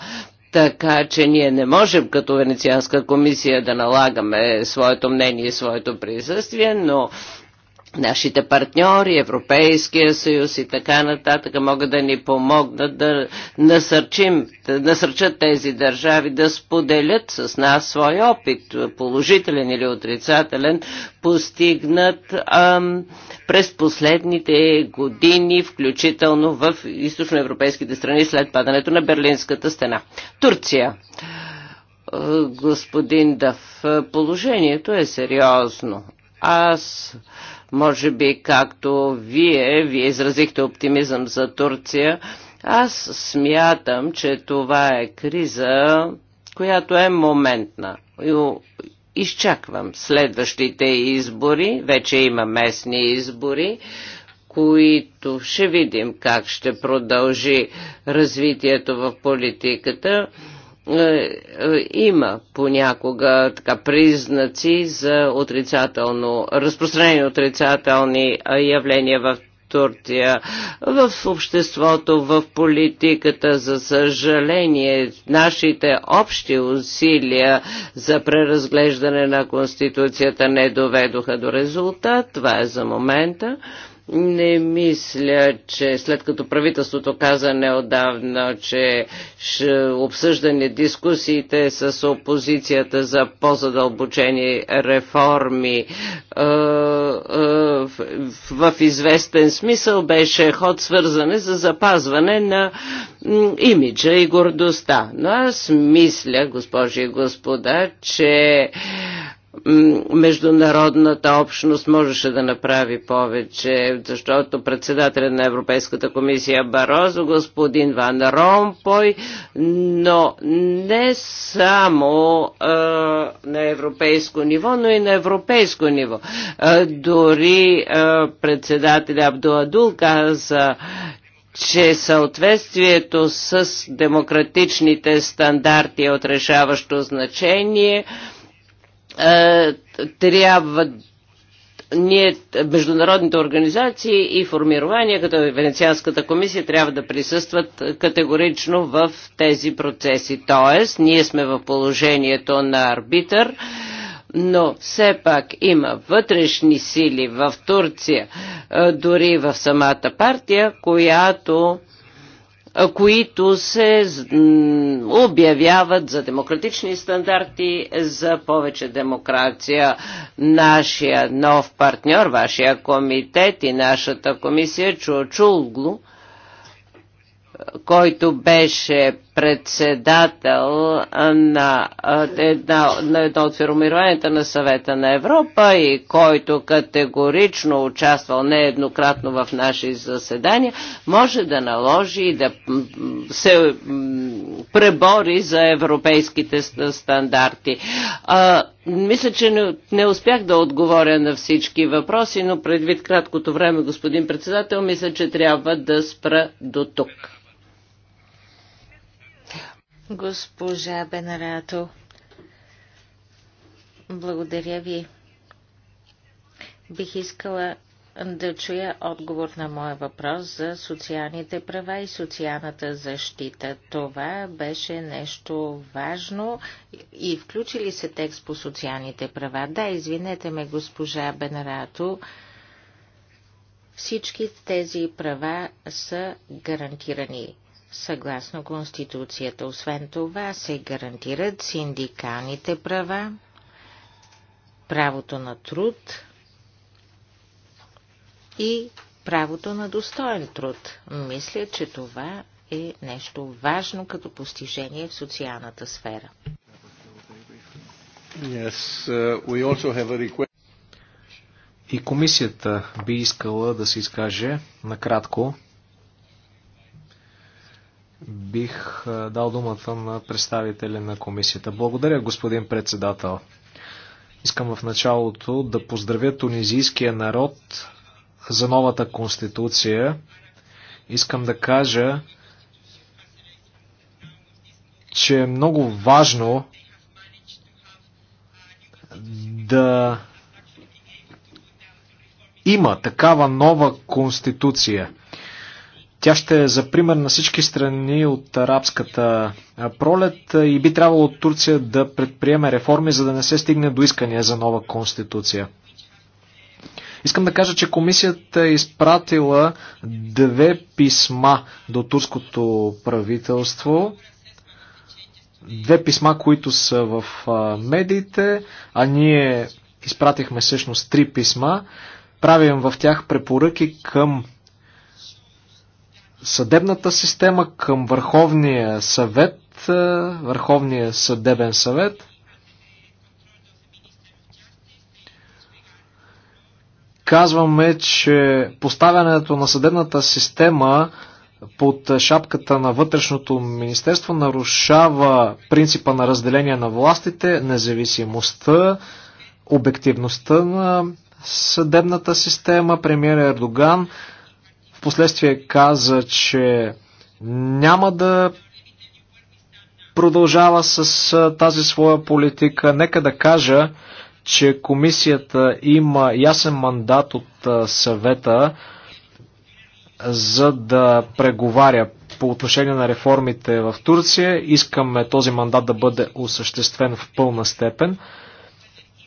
Така че ние не можем като Венецианска комисия да налагаме своето мнение и своето присъствие, но нашите партньори, Европейския съюз и така нататък могат да ни помогнат да насърчим, да насърчат тези държави да споделят с нас свой опит, положителен или отрицателен, постигнат ам, през последните години, включително в източноевропейските страни след падането на Берлинската стена. Турция. Господин Дав, положението е сериозно. Аз може би, както вие, вие изразихте оптимизъм за Турция, аз смятам, че това е криза, която е моментна. Изчаквам следващите избори, вече има местни избори, които ще видим как ще продължи развитието в политиката. Е, е, има понякога така признаци за отрицателно, разпространени отрицателни явления в Турция, в обществото, в политиката. За съжаление, нашите общи усилия за преразглеждане на Конституцията не доведоха до резултат. Това е за момента. Не мисля, че след като правителството каза неодавна, че обсъждане дискусиите с опозицията за по-задълбочени реформи е, е, в известен смисъл беше ход свързане за запазване на имиджа и гордостта. Но аз мисля, госпожи и господа, че международната общност можеше да направи повече, защото председателя на Европейската комисия Барозо, господин Ван Ромпой, но не само а, на европейско ниво, но и на европейско ниво. А, дори а, председателя Абдуадул каза, че съответствието с демократичните стандарти е от решаващо значение. Е, трябва ние, международните организации и формирования, като Венецианската комисия, трябва да присъстват категорично в тези процеси. Тоест, ние сме в положението на арбитър, но все пак има вътрешни сили в Турция, е, дори в самата партия, която които се обявяват за демократични стандарти, за повече демокрация. Нашия нов партньор, вашия комитет и нашата комисия Чучулглу, който беше председател на, на, на едно от формированията на съвета на Европа и който категорично участвал нееднократно в наши заседания, може да наложи и да се пребори за европейските стандарти. А, мисля, че не, не успях да отговоря на всички въпроси, но предвид краткото време, господин председател, мисля, че трябва да спра до тук. Госпожа Бенарато, благодаря ви. Бих искала да чуя отговор на моя въпрос за социалните права и социалната защита. Това беше нещо важно и включили се текст по социалните права. Да, извинете ме, госпожа Бенарато. Всички тези права са гарантирани съгласно Конституцията. Освен това се гарантират синдикалните права, правото на труд и правото на достоен труд. Мисля, че това е нещо важно като постижение в социалната сфера. Yes, uh, we also have a request. И комисията би искала да се изкаже накратко бих дал думата на представителя на комисията. Благодаря, господин председател. Искам в началото да поздравя тунизийския народ за новата конституция. Искам да кажа, че е много важно да има такава нова конституция. Тя ще е за пример на всички страни от арабската пролет и би трябвало от Турция да предприеме реформи, за да не се стигне до искания за нова конституция. Искам да кажа, че комисията е изпратила две писма до турското правителство. Две писма, които са в медиите, а ние изпратихме всъщност три писма. Правим в тях препоръки към съдебната система, към Върховния съвет, е, Върховния съдебен съвет. Казваме, че поставянето на съдебната система под шапката на вътрешното министерство нарушава принципа на разделение на властите, независимостта, обективността на съдебната система. Премьер Ердоган Впоследствие каза, че няма да продължава с тази своя политика. Нека да кажа, че комисията има ясен мандат от съвета за да преговаря по отношение на реформите в Турция. Искаме този мандат да бъде осъществен в пълна степен.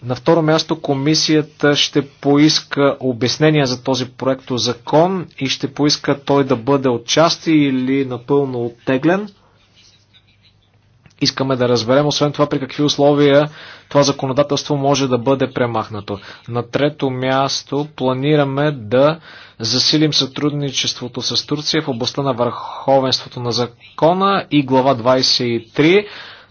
На второ място комисията ще поиска обяснения за този проект закон и ще поиска той да бъде отчасти или напълно оттеглен. Искаме да разберем, освен това, при какви условия това законодателство може да бъде премахнато. На трето място планираме да засилим сътрудничеството с Турция в областта на върховенството на закона и глава 23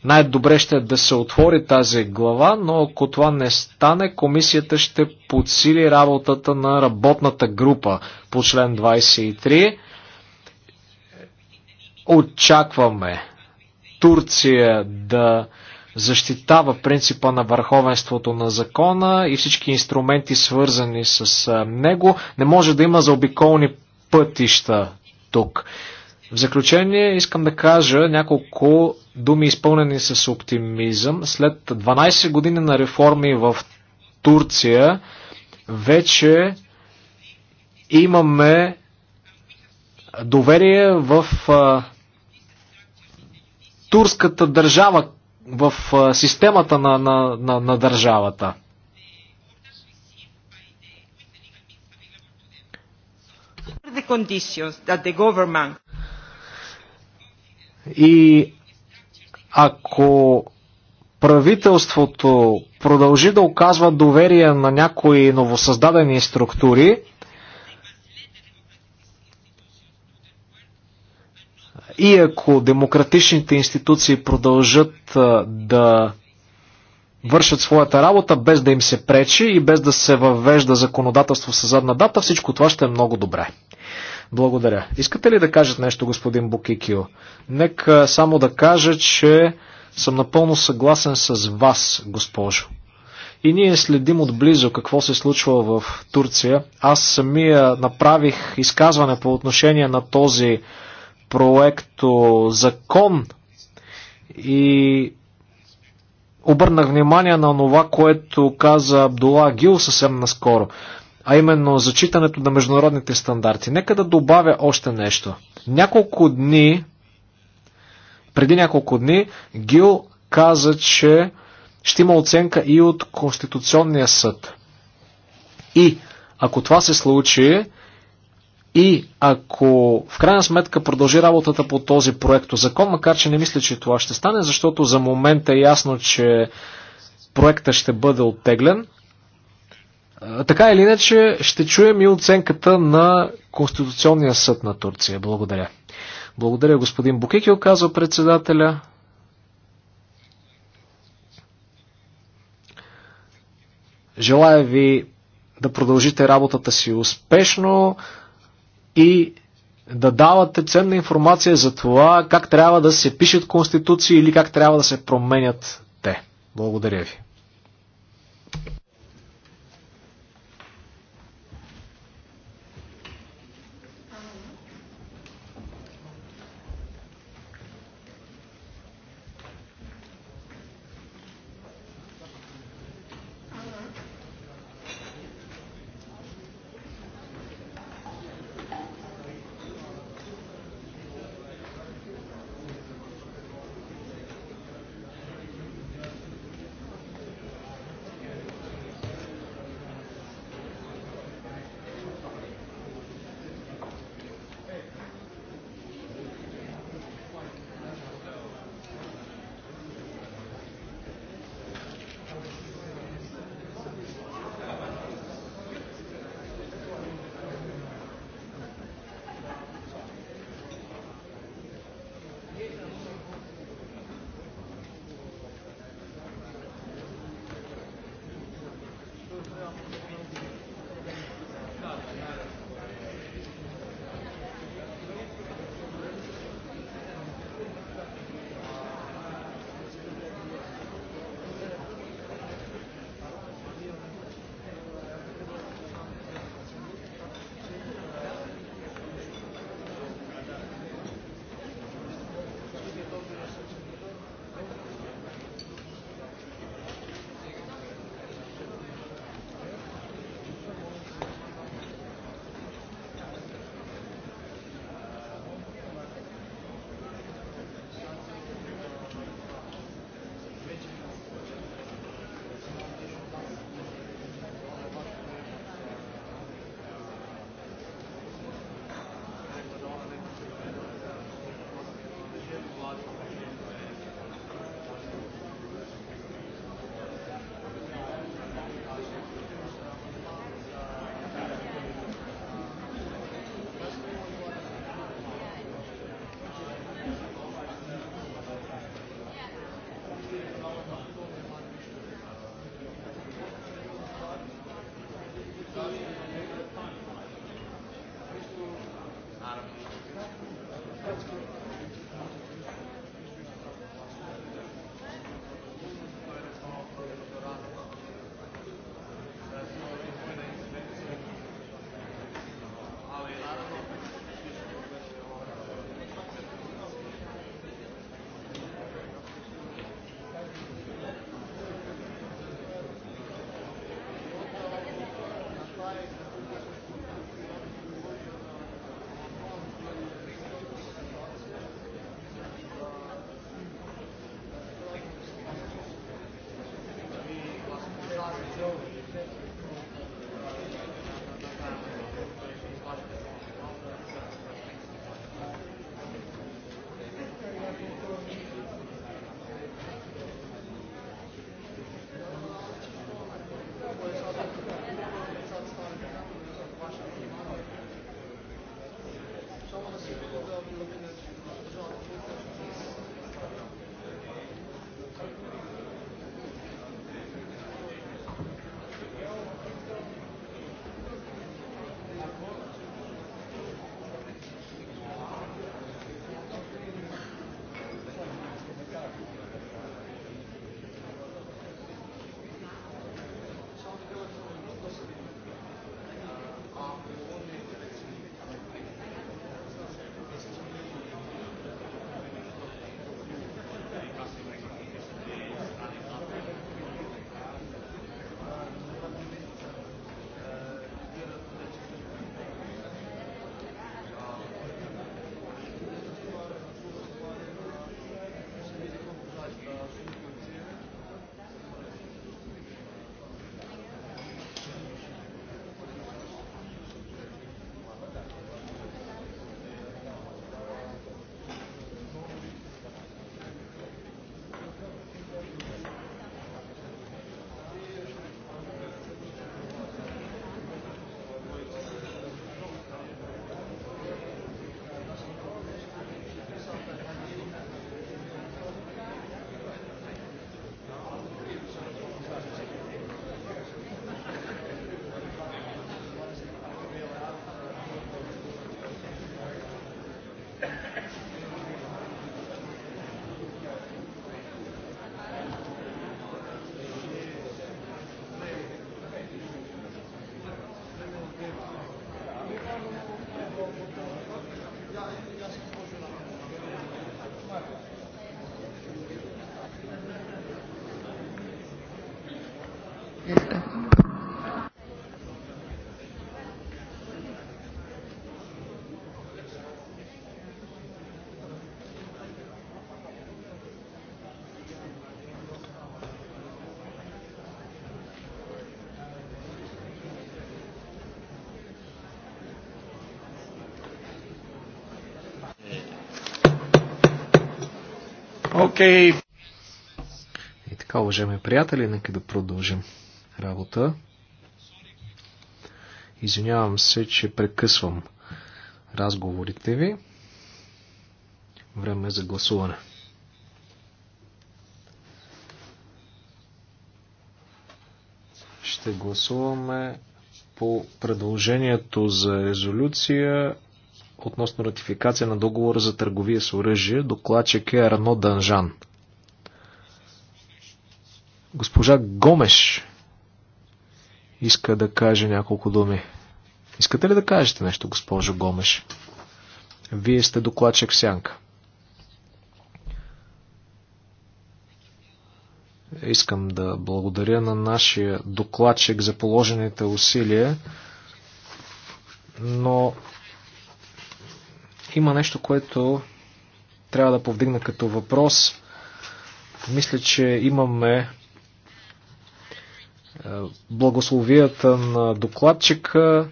най-добре ще е да се отвори тази глава, но ако това не стане, комисията ще подсили работата на работната група по член 23. Очакваме Турция да защитава принципа на върховенството на закона и всички инструменти свързани с него. Не може да има заобиколни пътища тук. В заключение искам да кажа няколко думи изпълнени с оптимизъм. След 12 години на реформи в Турция вече имаме доверие в а, турската държава, в а, системата на, на, на, на държавата. И ако правителството продължи да оказва доверие на някои новосъздадени структури, и ако демократичните институции продължат да вършат своята работа без да им се пречи и без да се въвежда законодателство с задна дата, всичко това ще е много добре. Благодаря. Искате ли да кажете нещо, господин Букикио? Нека само да кажа, че съм напълно съгласен с вас, госпожо. И ние следим отблизо какво се случва в Турция. Аз самия направих изказване по отношение на този проекто закон и обърнах внимание на това, което каза Абдула Гил съвсем наскоро а именно зачитането на международните стандарти. Нека да добавя още нещо. Няколко дни, преди няколко дни, Гил каза, че ще има оценка и от Конституционния съд. И ако това се случи, и ако в крайна сметка продължи работата по този проект закон, макар че не мисля, че това ще стане, защото за момента е ясно, че проекта ще бъде оттеглен, така или иначе ще чуем и оценката на Конституционния съд на Турция. Благодаря. Благодаря господин Букикио, казва председателя. Желая ви да продължите работата си успешно и да давате ценна информация за това как трябва да се пишат конституции или как трябва да се променят те. Благодаря ви. Okay. И така, уважаеми приятели, нека да продължим работа. Извинявам се, че прекъсвам разговорите ви. Време е за гласуване. Ще гласуваме по предложението за резолюция относно ратификация на договора за търговия с оръжие. Докладчик е Арно Данжан. Госпожа Гомеш иска да каже няколко думи. Искате ли да кажете нещо, госпожо Гомеш? Вие сте докладчик Сянка. Искам да благодаря на нашия докладчик за положените усилия, но има нещо, което трябва да повдигна като въпрос. Мисля, че имаме е, благословията на докладчика.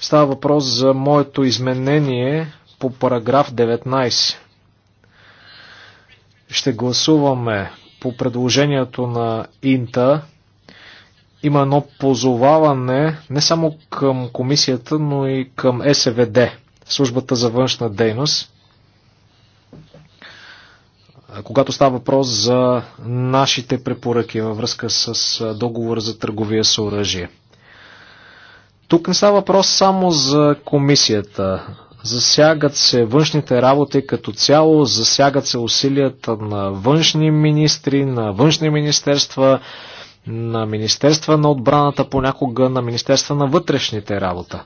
Става въпрос за моето изменение по параграф 19. Ще гласуваме по предложението на Инта. Има едно позоваване не само към комисията, но и към СВД службата за външна дейност. Когато става въпрос за нашите препоръки във връзка с договор за търговия с оръжие. Тук не става въпрос само за комисията. Засягат се външните работи като цяло, засягат се усилията на външни министри, на външни министерства, на Министерства на отбраната понякога, на Министерства на вътрешните работа.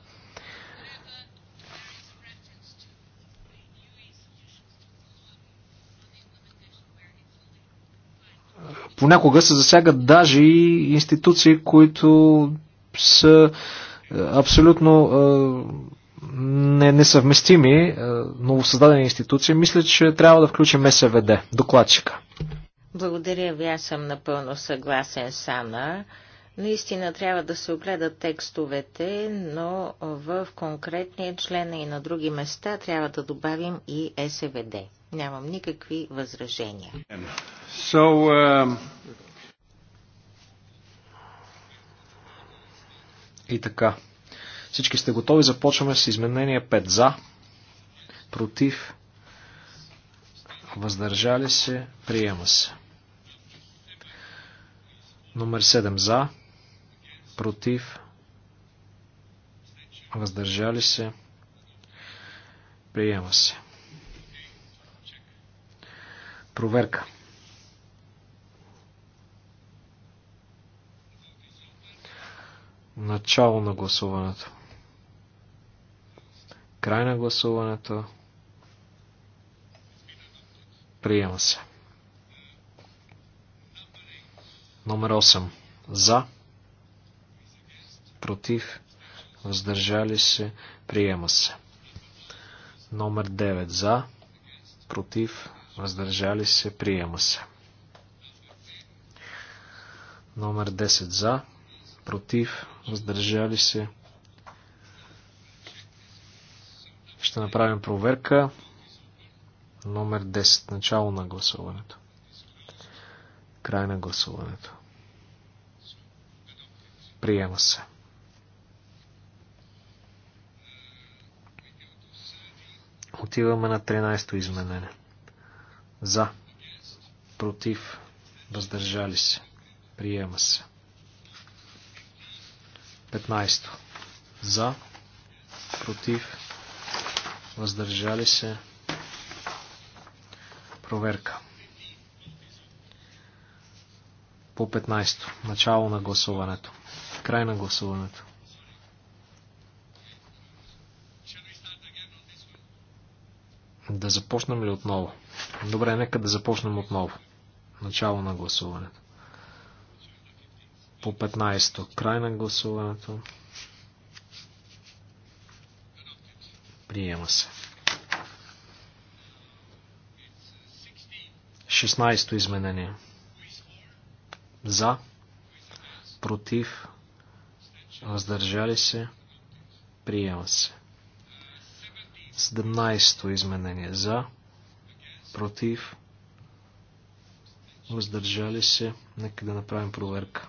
Понякога се засягат даже и институции, които са е, абсолютно е, не, несъвместими е, новосъздадени институции. Мисля, че трябва да включим СВД, докладчика. Благодаря ви, аз съм напълно съгласен с Ана. Наистина трябва да се огледат текстовете, но в конкретния член и на други места трябва да добавим и СВД. Нямам никакви възражения. So, um... И така. Всички сте готови. Започваме с изменение 5 за, против, въздържали се, приема се. Номер 7 за, против, въздържали се, приема се. Проверка. Начало на гласуването. Край на гласуването. Приема се. Номер 8. За. Против. Въздържали се. Приема се. Номер 9. За. Против. Въздържали се. Приема се. Номер 10. За против, въздържали се. Ще направим проверка. Номер 10. Начало на гласуването. Край на гласуването. Приема се. Отиваме на 13-то изменение. За. Против. Въздържали се. Приема се. 15. За, против, въздържали се, проверка. По 15. Начало на гласуването. Край на гласуването. Да започнем ли отново? Добре, нека да започнем отново. Начало на гласуването по 15. то Край на гласуването. Приема се. 16 то изменение. За, против, въздържали се, приема се. 17 то изменение. За, против, въздържали се. Нека да направим проверка.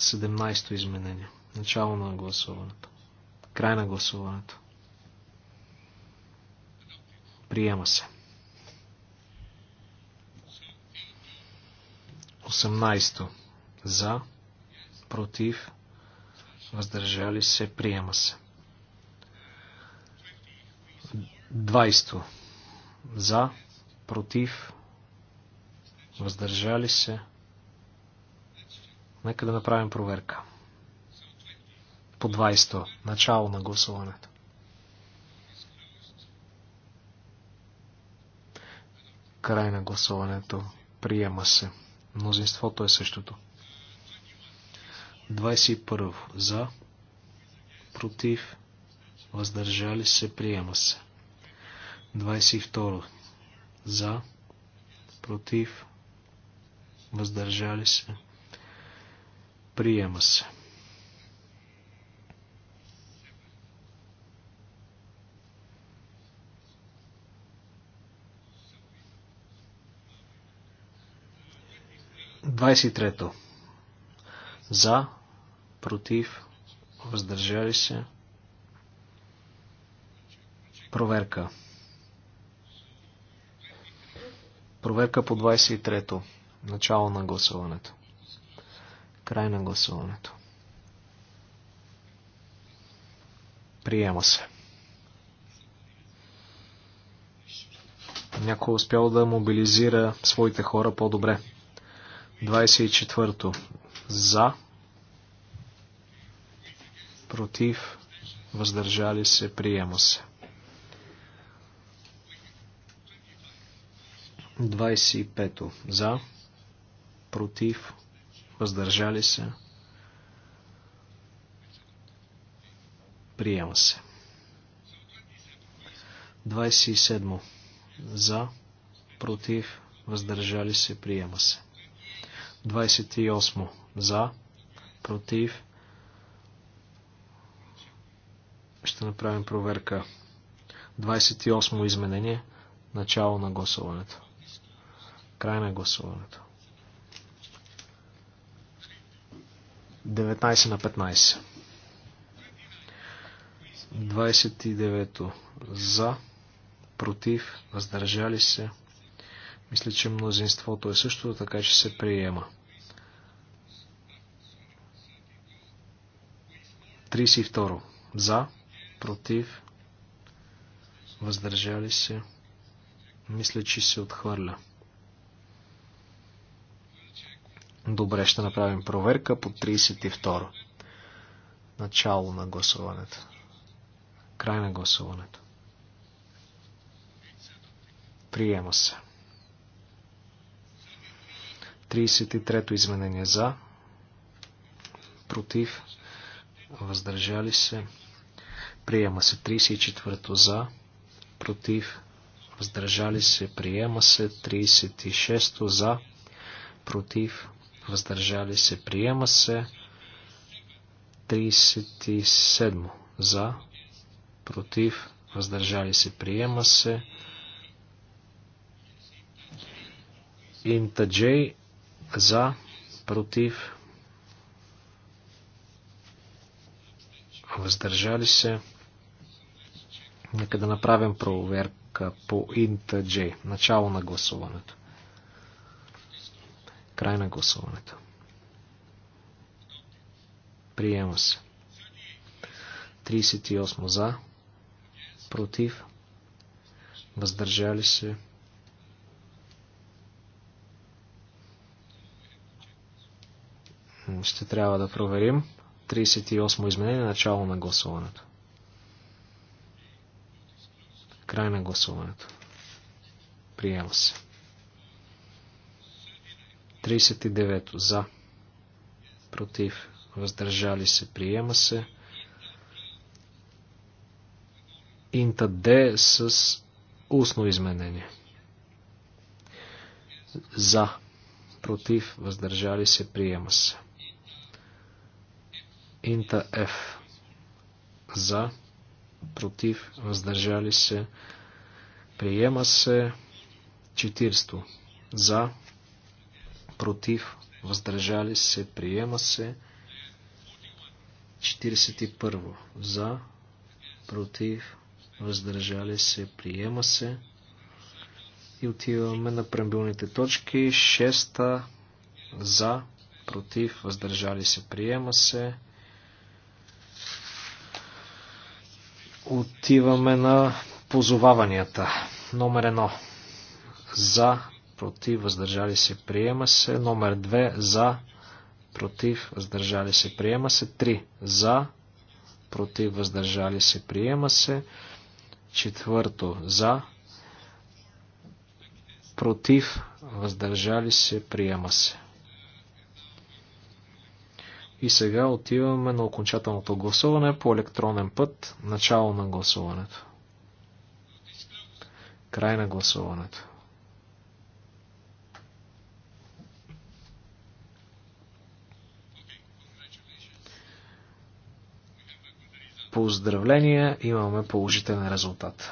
17-то изменение. Начало на гласуването. Край на гласуването. Приема се. 18. то За, против, въздържали се, приема се. 20. За, против, въздържали се, Нека да направим проверка. По 20-то. Начало на гласуването. Край на гласуването. Приема се. Мнозинството е същото. 21. За. Против. Въздържали се. Приема се. 22. За. Против. Въздържали се. Приема се. Двадесет трето. За, против, въздържали се. Проверка. Проверка по 23-то. Начало на гласуването. Край на гласуването. Приема се. Някой е успял да мобилизира своите хора по-добре. 24-то. За. Против. Въздържали се. Приема се. 25-то. За. Против въздържали се, приема се. 27. За, против, въздържали се, приема се. 28. За, против, ще направим проверка. 28 изменение, начало на гласуването. Край на гласуването. 19 на 15. 29 за, против, въздържали се. Мисля, че мнозинството е също, така че се приема. 32. За, против, въздържали се. Мисля, че се отхвърля. 33. Добре, ще направим проверка по 32. Начало на гласуването. Край на гласуването. Приема се. 33-то изменение за. Против. Въздържали се. Приема се. 34-то за. Против. Въздържали се. Приема се. 36-то за. Против въздържали се, приема се. 37 за, против, въздържали се, приема се. Инта Джей за, против, въздържали се. Нека да направим проверка по Инта Джей. Начало на гласуването. Край на гласуването. Приема се. 38 за. Против. Въздържали се. Ще трябва да проверим. 38 изменение, начало на гласуването. Край на гласуването. Приема се. 39 за, против, въздържали се, приема се. Инта Д с устно изменение. За, против, въздържали се, приема се. Инта Ф. За, против, въздържали се, приема се. 40. За, против, въздържали се, приема се. 41. За, против, въздържали се, приема се. И отиваме на преамбилните точки. 6. За, против, въздържали се, приема се. Отиваме на позоваванията. Номер 1. За, против, въздържали се, приема се. Номер 2 за, против, въздържали се, приема се. 3 за, против, въздържали се, приема се. Четвърто за, против, въздържали се, приема се. И сега отиваме на окончателното гласуване по електронен път, начало на гласуването. Край на гласуването. Поздравления, имаме положителен резултат.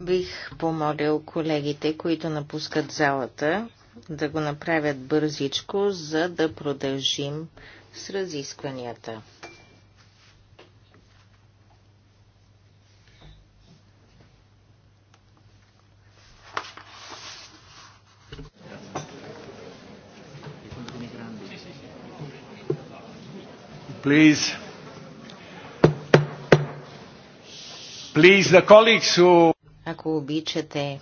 Бих помолил колегите, които напускат залата, да го направят бързичко, за да продължим с разискванията. Please. Please, the colleagues who... Ако обичате,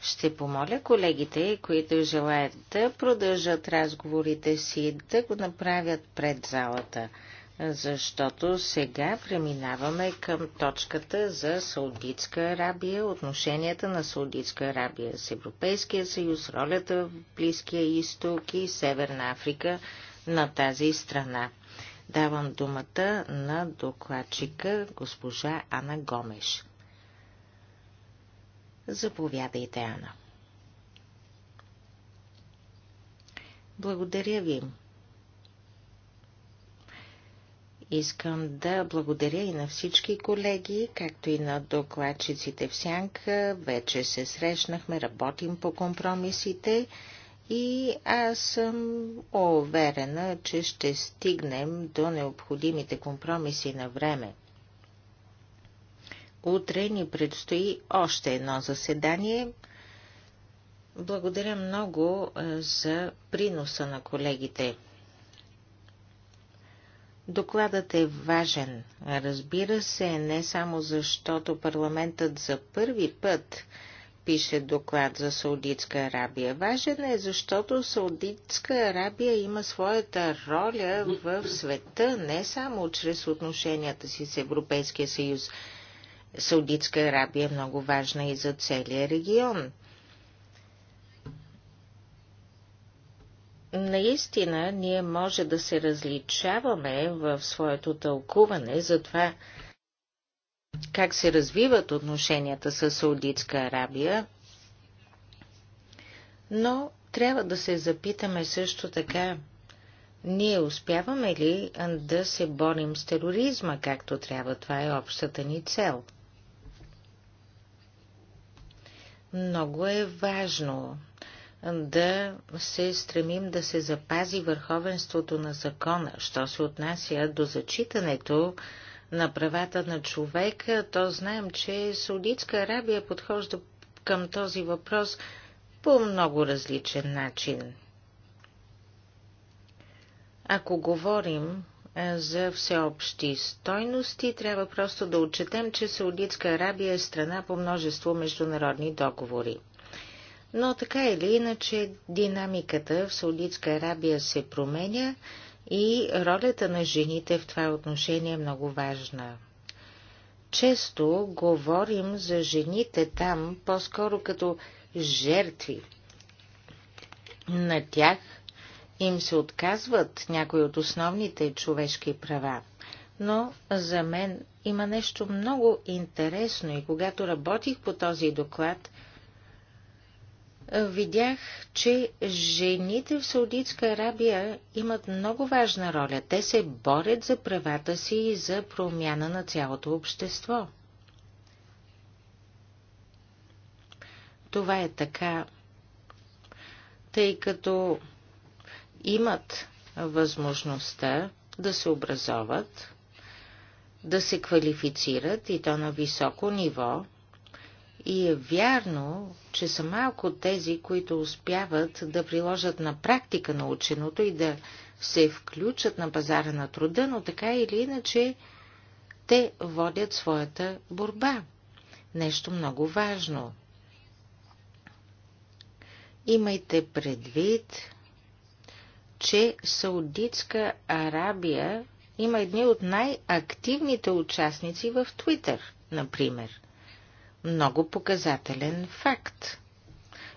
ще помоля колегите, които желаят да продължат разговорите си, да го направят пред залата, защото сега преминаваме към точката за Саудитска Арабия, отношенията на Саудитска Арабия с Европейския съюз, ролята в Близкия изток и Северна Африка на тази страна. Давам думата на докладчика госпожа Ана Гомеш. Заповядайте, Ана. Благодаря ви. Искам да благодаря и на всички колеги, както и на докладчиците в Сянка. Вече се срещнахме, работим по компромисите и аз съм уверена, че ще стигнем до необходимите компромиси на време. Утре ни предстои още едно заседание. Благодаря много е, за приноса на колегите. Докладът е важен, разбира се, не само защото парламентът за първи път пише доклад за Саудитска Арабия. Важен е, защото Саудитска Арабия има своята роля в света, не само чрез отношенията си с Европейския съюз. Саудитска Арабия е много важна и за целия регион. Наистина, ние може да се различаваме в своето тълкуване за това, как се развиват отношенията с Саудитска Арабия, но трябва да се запитаме също така, ние успяваме ли да се борим с тероризма както трябва? Това е общата ни цел. Много е важно да се стремим да се запази върховенството на закона, що се отнася до зачитането на правата на човека, то знаем, че Саудитска Арабия подхожда към този въпрос по много различен начин. Ако говорим е, за всеобщи стойности, трябва просто да отчетем, че Саудитска Арабия е страна по множество международни договори. Но така или иначе динамиката в Саудитска Арабия се променя и ролята на жените в това отношение е много важна. Често говорим за жените там по-скоро като жертви. На тях им се отказват някои от основните човешки права. Но за мен има нещо много интересно и когато работих по този доклад, видях, че жените в Саудитска Арабия имат много важна роля. Те се борят за правата си и за промяна на цялото общество. Това е така, тъй като имат възможността да се образоват, да се квалифицират и то на високо ниво, и е вярно, че са малко тези, които успяват да приложат на практика наученото и да се включат на пазара на труда, но така или иначе те водят своята борба. Нещо много важно. Имайте предвид, че Саудитска Арабия има едни от най-активните участници в Твитър, например много показателен факт.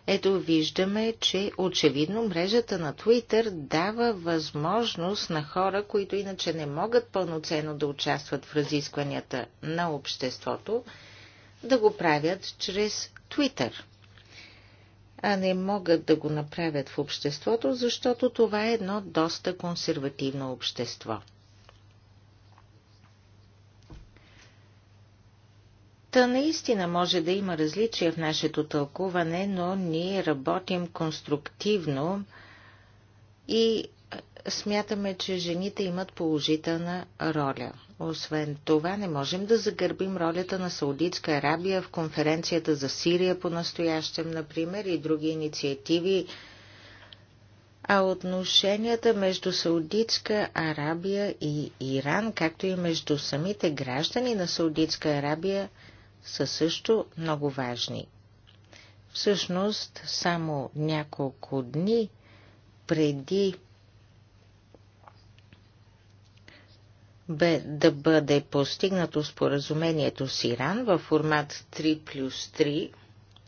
Ето виждаме, че очевидно мрежата на Twitter дава възможност на хора, които иначе не могат пълноценно да участват в разискванията на обществото, да го правят чрез Twitter. А не могат да го направят в обществото, защото това е едно доста консервативно общество. Та наистина може да има различия в нашето тълкуване, но ние работим конструктивно и е, смятаме, че жените имат положителна роля. Освен това, не можем да загърбим ролята на Саудитска Арабия в конференцията за Сирия по настоящем, например, и други инициативи, а отношенията между Саудитска Арабия и Иран, както и между самите граждани на Саудитска Арабия – са също много важни. Всъщност, само няколко дни преди бе да бъде постигнато споразумението с Иран в формат 3 плюс 3,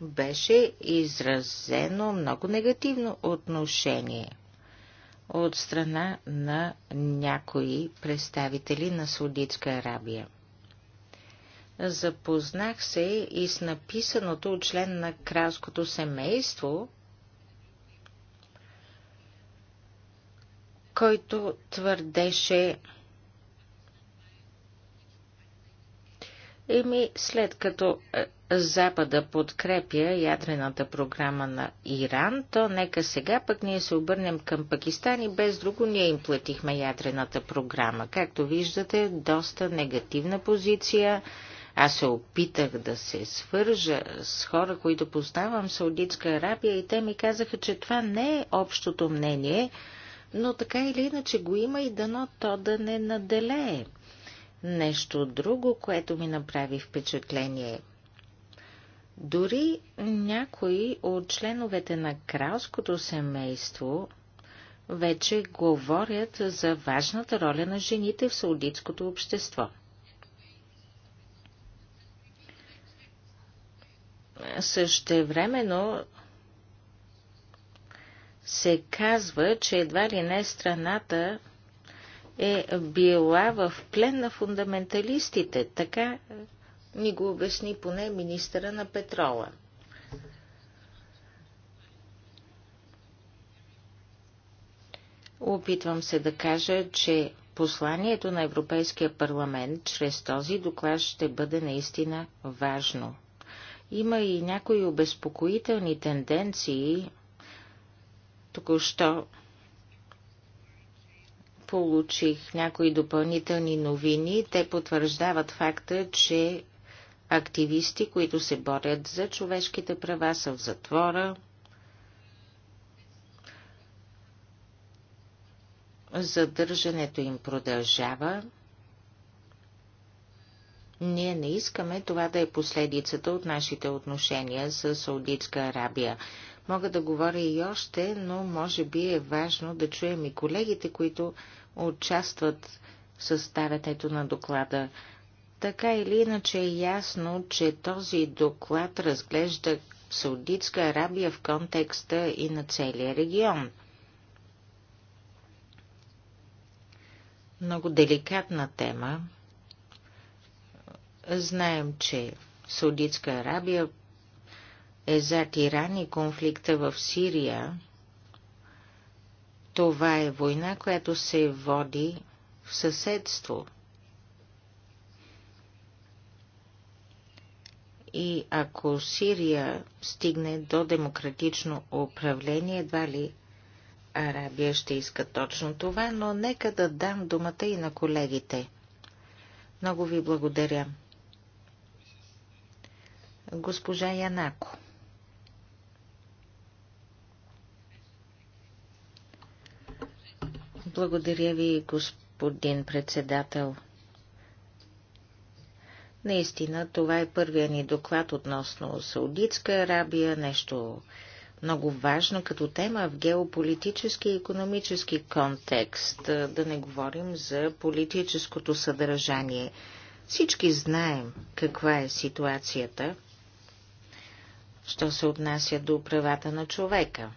беше изразено много негативно отношение от страна на някои представители на Саудитска Арабия – Запознах се и с написаното от член на кралското семейство, който твърдеше, Еми, след като е, Запада подкрепя ядрената програма на Иран, то нека сега пък ние се обърнем към Пакистан и без друго ние им платихме ядрената програма. Както виждате, доста негативна позиция. Аз се опитах да се свържа с хора, които познавам Саудитска Арабия и те ми казаха, че това не е общото мнение, но така или иначе го има и дано то да не наделее. Нещо друго, което ми направи впечатление. Дори някои от членовете на кралското семейство вече говорят за важната роля на жените в саудитското общество. Същевременно се казва, че едва ли не страната е била в плен на фундаменталистите. Така ни го обясни поне министъра на петрола. Опитвам се да кажа, че посланието на Европейския парламент чрез този доклад ще бъде наистина важно. Има и някои обезпокоителни тенденции. Току-що получих някои допълнителни новини. Те потвърждават факта, че активисти, които се борят за човешките права, са в затвора. Задържането им продължава. Ние не искаме това да е последицата от нашите отношения с Саудитска Арабия. Мога да говоря и още, но може би е важно да чуем и колегите, които участват в съставянето на доклада. Така или иначе е ясно, че този доклад разглежда Саудитска Арабия в контекста и на целия регион. Много деликатна тема, Знаем, че Саудитска Арабия е зад Иран и конфликта в Сирия. Това е война, която се води в съседство. И ако Сирия стигне до демократично управление, едва ли Арабия ще иска точно това, но нека да дам думата и на колегите. Много ви благодаря. Госпожа Янако. Благодаря ви, господин председател. Наистина, това е първия ни доклад относно Саудитска Арабия, нещо много важно като тема в геополитически и економически контекст, да не говорим за политическото съдържание. Всички знаем каква е ситуацията – що се отнася до правата на човека.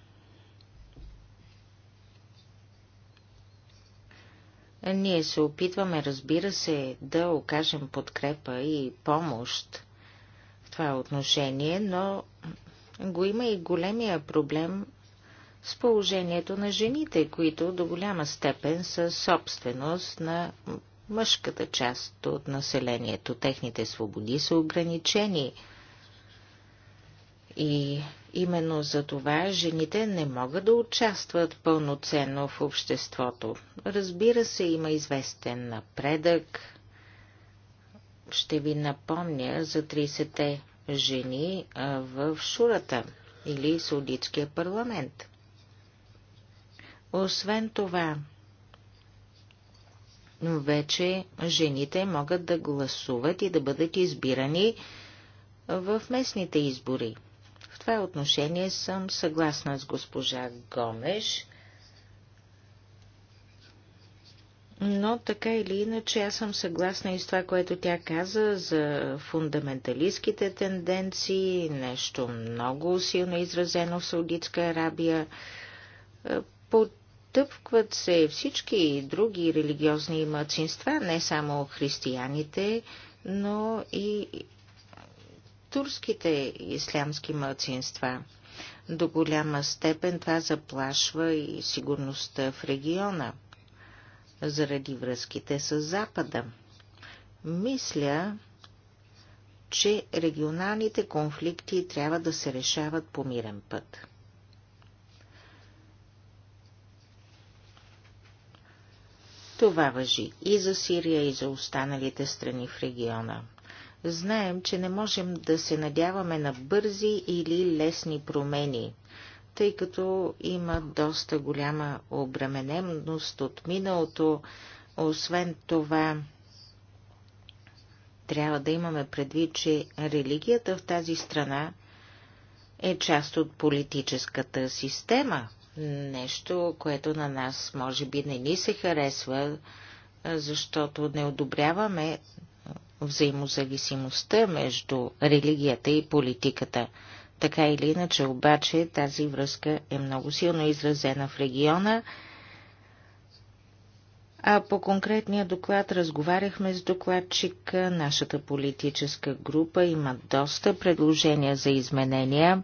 Ние се опитваме, разбира се, да окажем подкрепа и помощ в това отношение, но го има и големия проблем с положението на жените, които до голяма степен са собственост на мъжката част от населението. Техните свободи са ограничени – и именно за това жените не могат да участват пълноценно в обществото. Разбира се, има известен напредък. Ще ви напомня за 30-те жени в Шурата или Саудитския парламент. Освен това, вече жените могат да гласуват и да бъдат избирани в местните избори това отношение съм съгласна с госпожа Гомеш, но така или иначе аз съм съгласна и с това, което тя каза за фундаменталистските тенденции, нещо много силно изразено в Саудитска Арабия. Е, потъпкват се всички други религиозни мъцинства, не само християните, но и турските ислямски мълцинства. До голяма степен това заплашва и сигурността в региона, заради връзките с Запада. Мисля, че регионалните конфликти трябва да се решават по мирен път. Това въжи и за Сирия, и за останалите страни в региона. Знаем, че не можем да се надяваме на бързи или лесни промени, тъй като има доста голяма обремененост от миналото. Освен това, трябва да имаме предвид, че религията в тази страна е част от политическата система. Нещо, което на нас може би не ни се харесва, защото не одобряваме взаимозависимостта между религията и политиката. Така или иначе, обаче, тази връзка е много силно изразена в региона. А по конкретния доклад разговаряхме с докладчика. Нашата политическа група има доста предложения за изменения,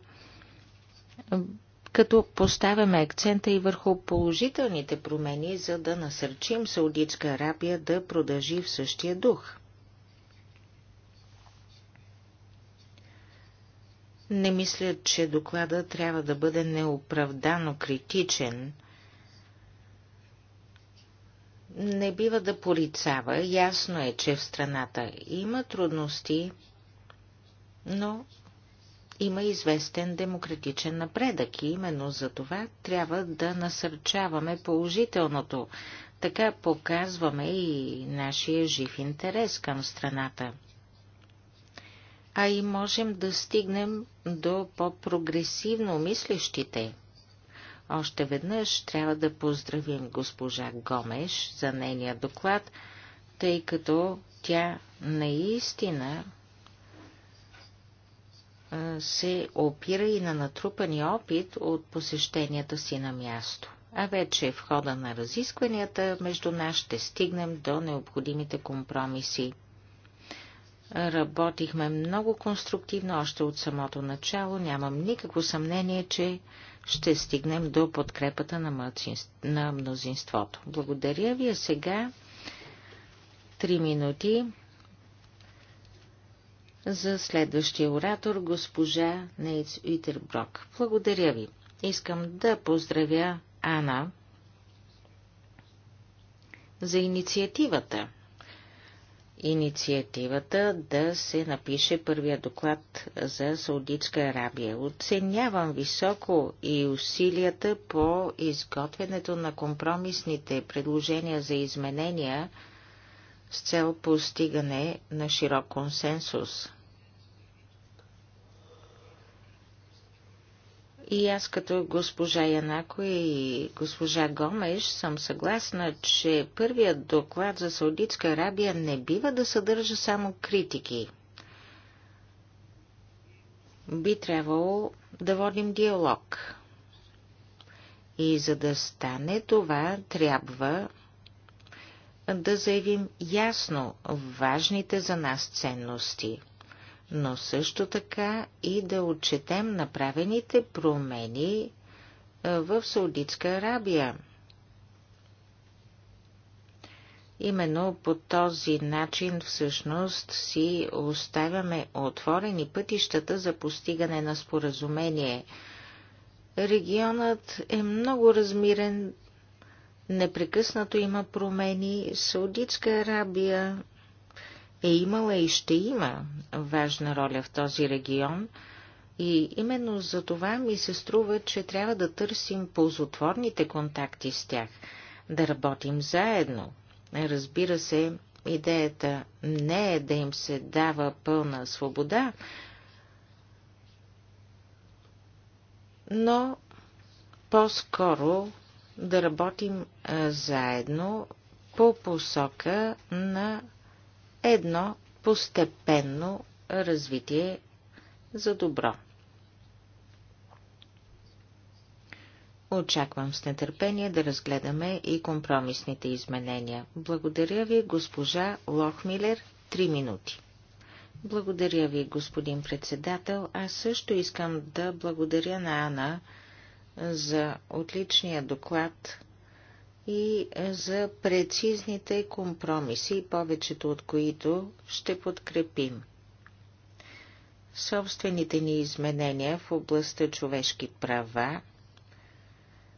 като поставяме акцента и върху положителните промени, за да насърчим Саудитска Арабия да продължи в същия дух. Не мисля, че доклада трябва да бъде неоправдано критичен. Не бива да порицава. Ясно е, че в страната има трудности, но има известен демократичен напредък и именно за това трябва да насърчаваме положителното. Така показваме и нашия жив интерес към страната а и можем да стигнем до по-прогресивно мислещите. Още веднъж трябва да поздравим госпожа Гомеш за нейния доклад, тъй като тя наистина се опира и на натрупани опит от посещенията си на място. А вече в хода на разискванията между нас ще стигнем до необходимите компромиси. Работихме много конструктивно още от самото начало. Нямам никакво съмнение, че ще стигнем до подкрепата на, мълцинство, на мнозинството. Благодаря ви. А сега три минути за следващия оратор, госпожа Нейц Уитерброк. Благодаря ви. Искам да поздравя Ана за инициативата – инициативата да се напише първия доклад за Саудитска Арабия. Оценявам високо и усилията по изготвянето на компромисните предложения за изменения с цел постигане на широк консенсус. И аз като госпожа Янако и госпожа Гомеш съм съгласна, че първият доклад за Саудитска Арабия не бива да съдържа само критики. Би трябвало да водим диалог. И за да стане това, трябва да заявим ясно важните за нас ценности – но също така и да отчетем направените промени в Саудитска Арабия. Именно по този начин всъщност си оставяме отворени пътищата за постигане на споразумение. Регионът е много размирен, непрекъснато има промени. Саудитска Арабия е имала и ще има важна роля в този регион и именно за това ми се струва, че трябва да търсим ползотворните контакти с тях, да работим заедно. Разбира се, идеята не е да им се дава пълна свобода, но по-скоро да работим заедно по посока на едно постепенно развитие за добро. Очаквам с нетърпение да разгледаме и компромисните изменения. Благодаря ви, госпожа Лохмилер, 3 минути. Благодаря ви, господин председател. Аз също искам да благодаря на Ана за отличния доклад и за прецизните компромиси, повечето от които ще подкрепим. Собствените ни изменения в областта човешки права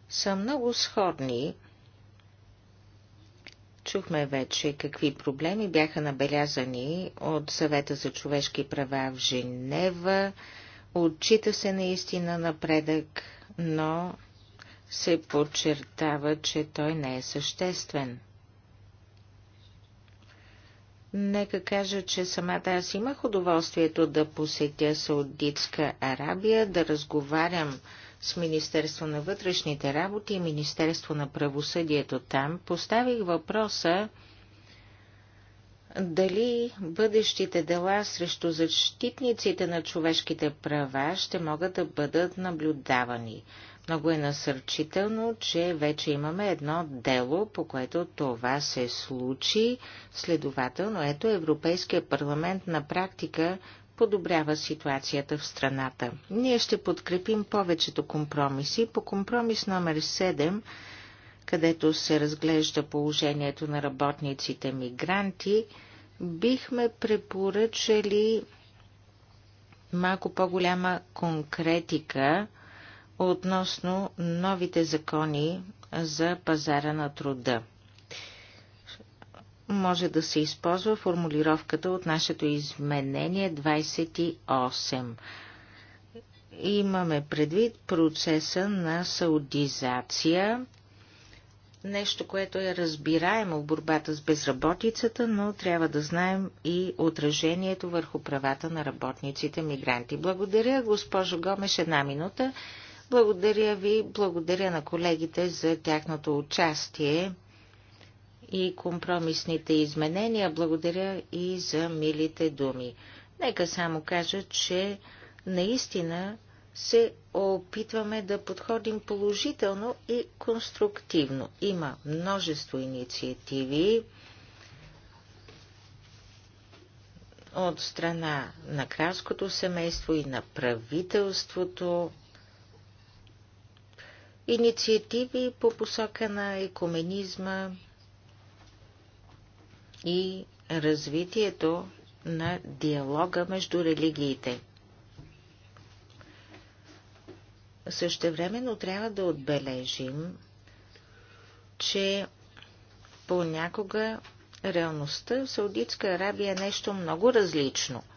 са много сходни. Чухме вече какви проблеми бяха набелязани от Съвета за човешки права в Женева. Отчита се наистина напредък, но се подчертава, че той не е съществен. Нека кажа, че самата аз имах удоволствието да посетя Саудитска Арабия, да разговарям с Министерство на вътрешните работи и Министерство на правосъдието там. Поставих въпроса дали бъдещите дела срещу защитниците на човешките права ще могат да бъдат наблюдавани. Много е насърчително, че вече имаме едно дело, по което това се случи. Следователно, ето Европейския парламент на практика подобрява ситуацията в страната. Ние ще подкрепим повечето компромиси. По компромис номер 7, където се разглежда положението на работниците мигранти, бихме препоръчали малко по-голяма конкретика – относно новите закони за пазара на труда. Може да се използва формулировката от нашето изменение 28. Имаме предвид процеса на саудизация, нещо, което е разбираемо в борбата с безработицата, но трябва да знаем и отражението върху правата на работниците мигранти. Благодаря, госпожо Гомеш, една минута. Благодаря ви, благодаря на колегите за тяхното участие и компромисните изменения. Благодаря и за милите думи. Нека само кажа, че наистина се опитваме да подходим положително и конструктивно. Има множество инициативи от страна на кралското семейство и на правителството инициативи по посока на екуменизма и развитието на диалога между религиите. Същевременно трябва да отбележим, че понякога реалността в Саудитска Арабия е нещо много различно –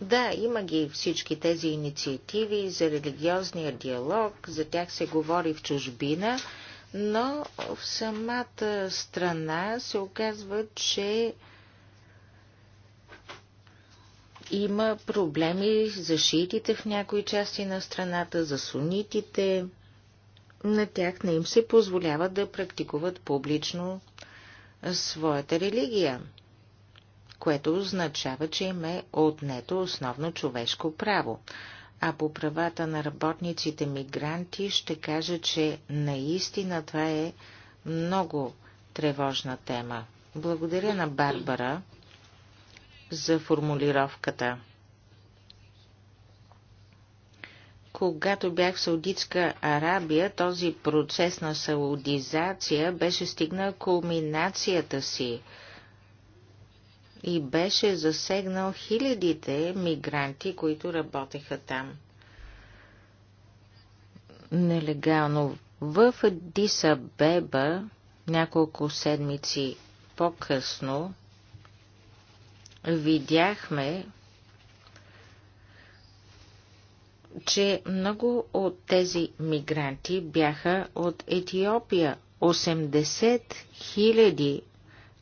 да, има ги всички тези инициативи за религиозния диалог, за тях се говори в чужбина, но в самата страна се оказва, че има проблеми за шиитите в някои части на страната, за сунитите. На тях не им се позволява да практикуват публично своята религия което означава, че им е отнето основно човешко право. А по правата на работниците мигранти ще кажа, че наистина това е много тревожна тема. Благодаря на Барбара за формулировката. Когато бях в Саудитска Арабия, този процес на саудизация беше стигнал кулминацията си и беше засегнал хилядите мигранти, които работеха там. Нелегално. В Дисабеба няколко седмици по-късно видяхме, че много от тези мигранти бяха от Етиопия. 80 хиляди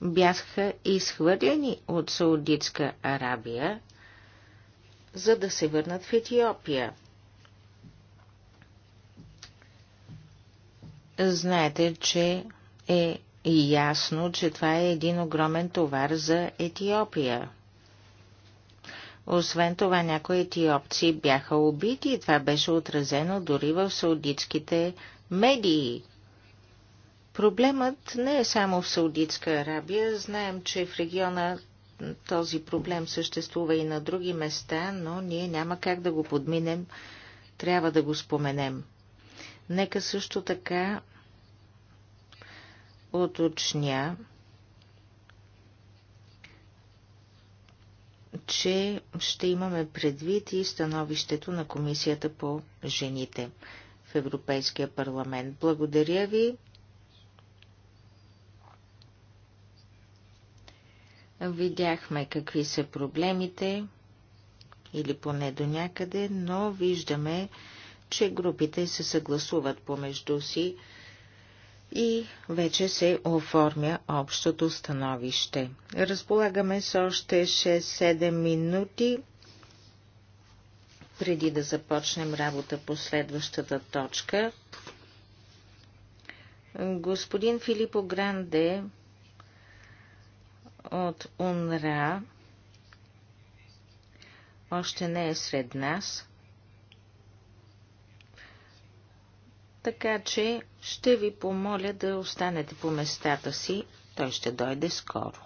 бяха изхвърлени от Саудитска Арабия, за да се върнат в Етиопия. Знаете, че е ясно, че това е един огромен товар за Етиопия. Освен това, някои етиопци бяха убити и това беше отразено дори в саудитските медии – Проблемът не е само в Саудитска Арабия. Знаем, че в региона този проблем съществува и на други места, но ние няма как да го подминем. Трябва да го споменем. Нека също така уточня, че ще имаме предвид и становището на Комисията по жените в Европейския парламент. Благодаря ви. Видяхме какви са проблемите, или поне до някъде, но виждаме, че групите се съгласуват помежду си и вече се оформя общото становище. Разполагаме с още 6-7 минути преди да започнем работа по следващата точка. Господин Филипо Гранде от УНРА още не е сред нас, така че ще ви помоля да останете по местата си, той ще дойде скоро.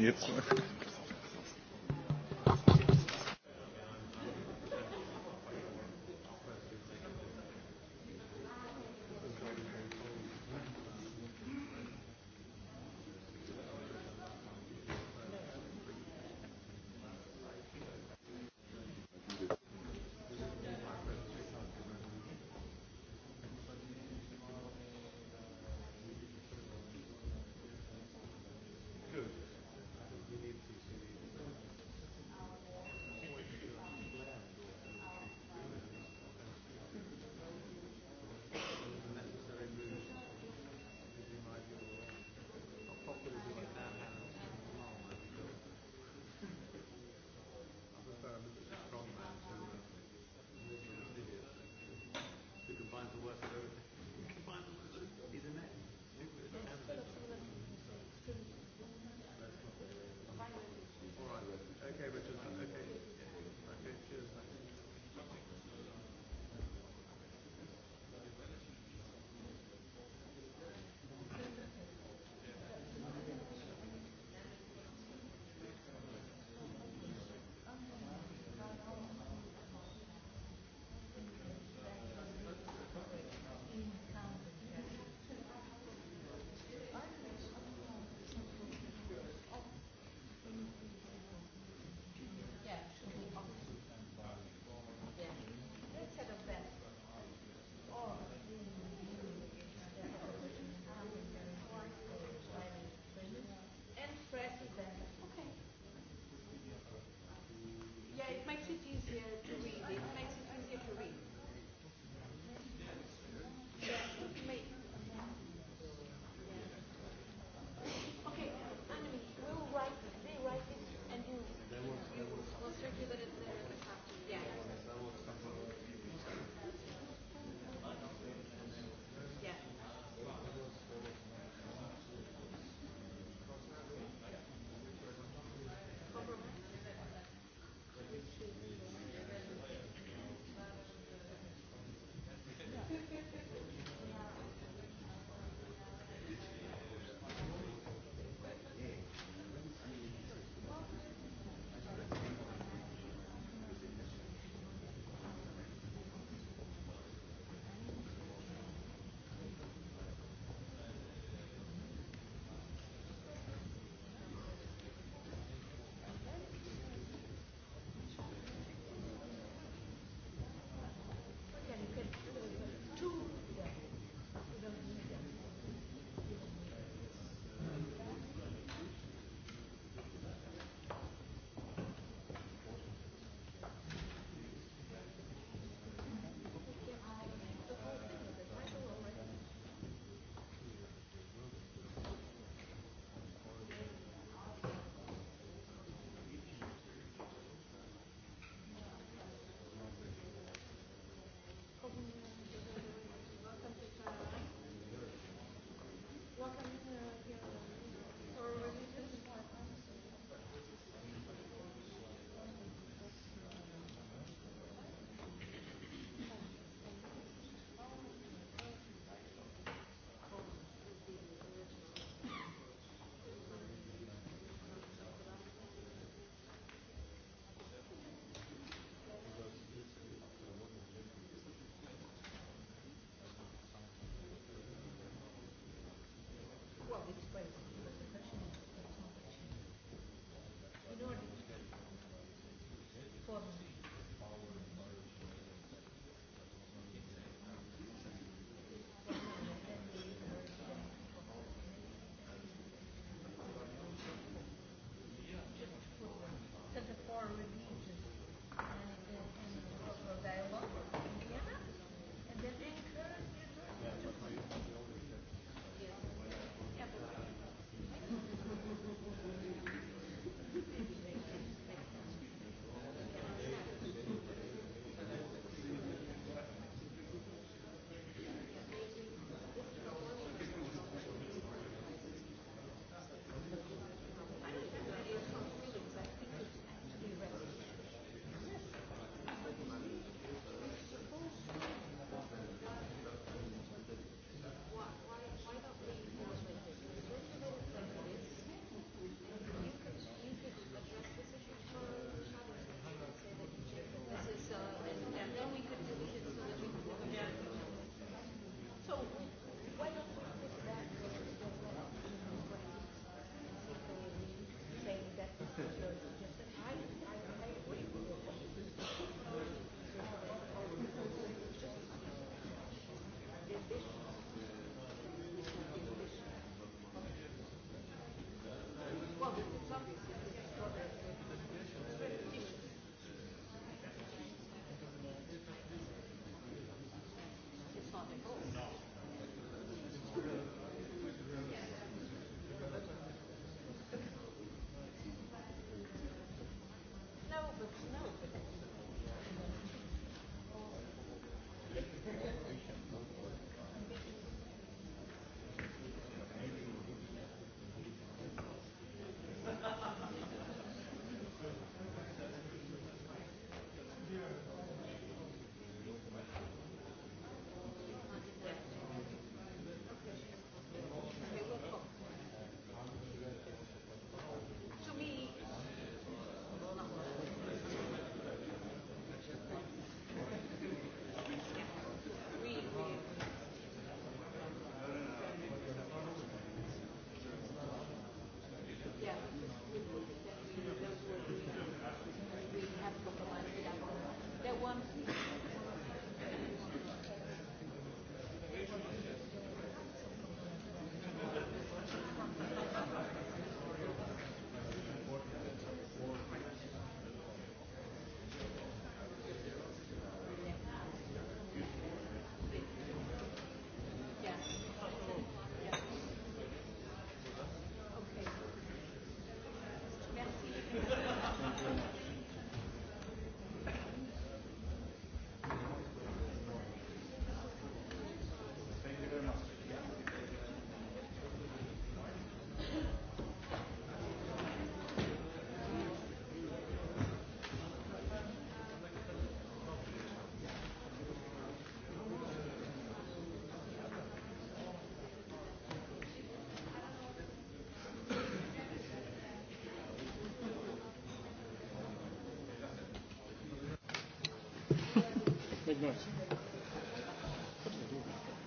jetzt.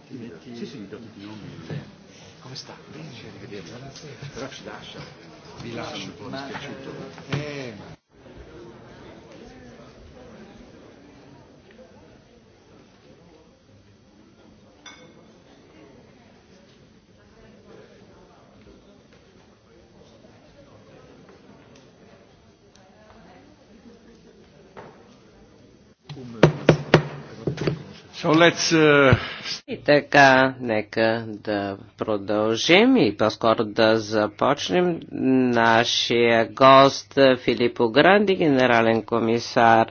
Sì, sì, do tutti i nomi. Come sta? Bene, arrivederci. Però ci lascia. Vi lascio un po' dispiaciuto. Eh. So let's, uh... И така, нека да продължим и по-скоро да започнем. Нашия гост Филипо Гранди, генерален комисар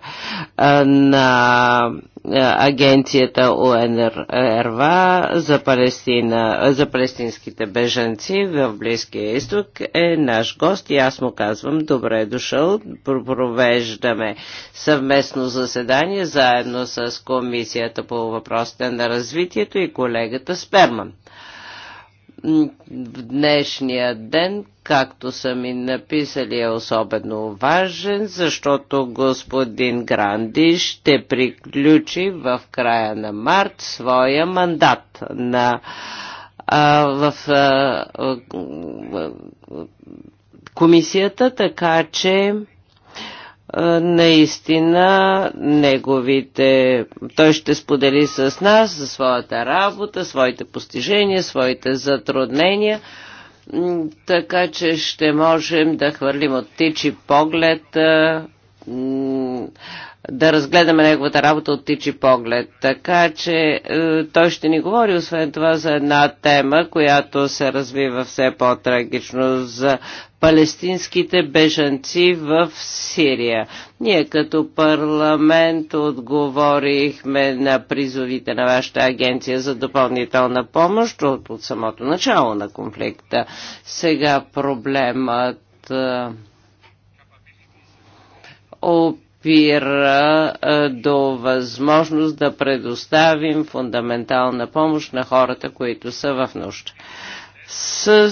на е, агенцията ОНРВА за, Палестина, за палестинските бежанци в Близкия изток е наш гост и аз му казвам добре е дошъл. Провеждаме съвместно заседание заедно с Комисията по въпросите на развитието и колегата Сперман в днешния ден, както са ми написали, е особено важен, защото господин Гранди ще приключи в края на март своя мандат на а, в а, комисията, така че наистина неговите... Той ще сподели с нас за своята работа, своите постижения, своите затруднения, така че ще можем да хвърлим от тичи поглед, да разгледаме неговата работа от тичи поглед. Така че е, той ще ни говори освен това за една тема, която се развива все по-трагично за палестинските бежанци в Сирия. Ние като парламент отговорихме на призовите на вашата агенция за допълнителна помощ от, от самото начало на конфликта. Сега проблемът опира до възможност да предоставим фундаментална помощ на хората, които са в нужда. С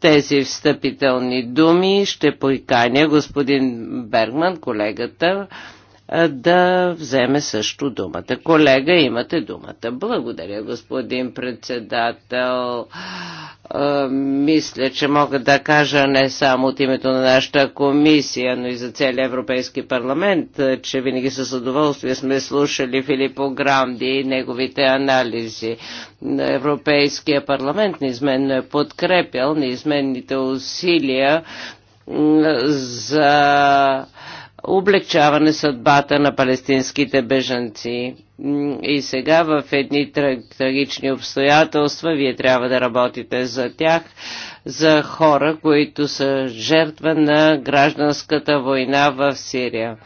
тези встъпителни думи ще приканя господин Бергман, колегата, да вземе също думата. Колега, имате думата. Благодаря, господин председател. Мисля, че мога да кажа не само от името на нашата комисия, но и за целия Европейски парламент, че винаги с удоволствие сме слушали Филипо Гранди и неговите анализи. Европейския парламент неизменно е подкрепял неизменните усилия за облегчаване съдбата на палестинските бежанци. И сега в едни трагични обстоятелства вие трябва да работите за тях, за хора, които са жертва на гражданската война в Сирия.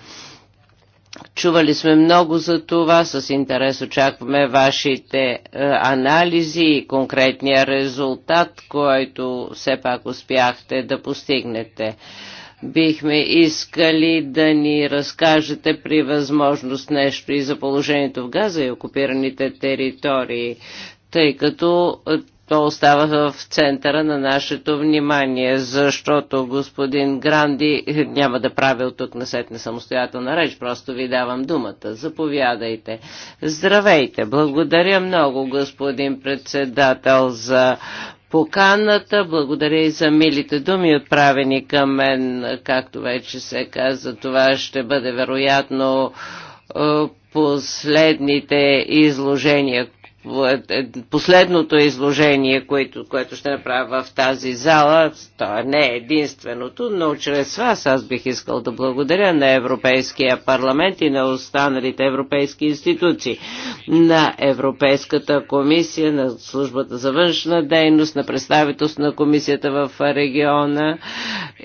Чували сме много за това, с интерес очакваме вашите е, анализи и конкретния резултат, който все пак успяхте да постигнете. Бихме искали да ни разкажете при възможност нещо и за положението в Газа и окупираните територии, тъй като то остава в центъра на нашето внимание, защото господин Гранди е, няма да прави от тук на на самостоятелна реч, просто ви давам думата. Заповядайте. Здравейте! Благодаря много, господин председател, за поканата. Благодаря и за милите думи, отправени към мен. Както вече се каза, това ще бъде вероятно е, последните изложения, е, е, последното изложение, което, което ще направя в тази зала, то не е единственото, но чрез вас аз бих искал да благодаря на Европейския парламент и на останалите европейски институции, на Европейската комисия, на службата за външна дейност, на представителство на комисията в региона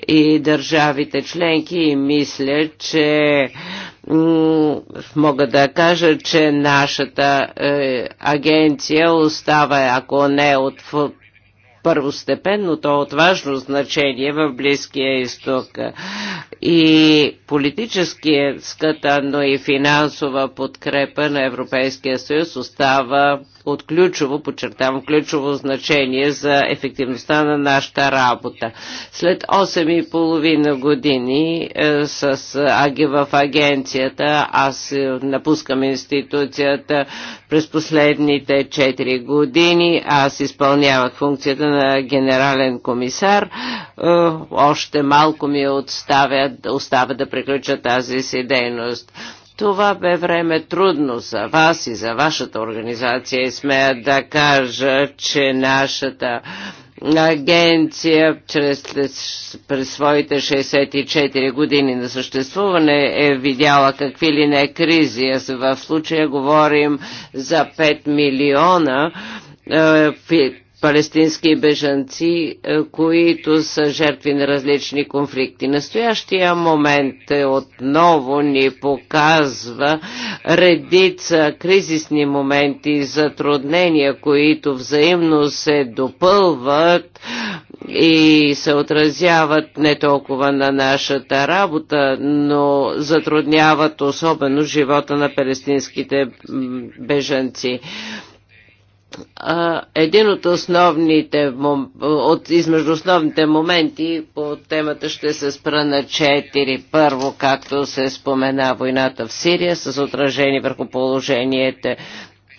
и държавите членки и мисля, че мога да кажа, че нашата е, агенция остава, ако не от първостепенно, то от важно значение в Близкия изток. И политическата, но и финансова подкрепа на Европейския съюз остава от ключово, подчертавам ключово значение за ефективността на нашата работа. След 8,5 години е, с е, Аги в агенцията, аз е, напускам институцията през последните 4 години, аз изпълнявах функцията на генерален комисар. Е, още малко ми оставя, остава да приключа тази си дейност това бе време трудно за вас и за вашата организация и смея да кажа, че нашата агенция чрез, през своите 64 години на съществуване е видяла какви ли не кризи. В случая говорим за 5 милиона е, палестински бежанци, е, които са жертви на различни конфликти. Настоящия момент е отново ни показва редица кризисни моменти и затруднения, които взаимно се допълват и се отразяват не толкова на нашата работа, но затрудняват особено живота на палестинските бежанци един от основните, от измежду основните моменти по темата ще се спра на четири. Първо, както се спомена войната в Сирия с отражение върху положението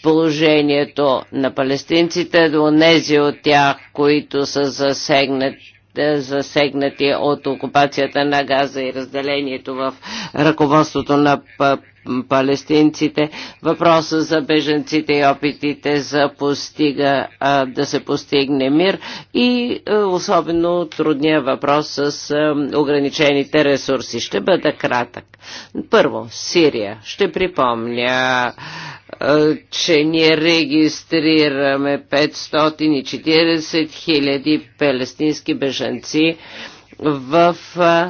положението на палестинците, до нези от тях, които са засегнати е, засегнати от окупацията на Газа и разделението в ръководството на палестинците, въпроса за беженците и опитите за постига, да се постигне мир и е, особено трудния въпрос с е, ограничените ресурси. Ще бъда кратък. Първо, Сирия. Ще припомня че ние регистрираме 540 хиляди палестински бежанци в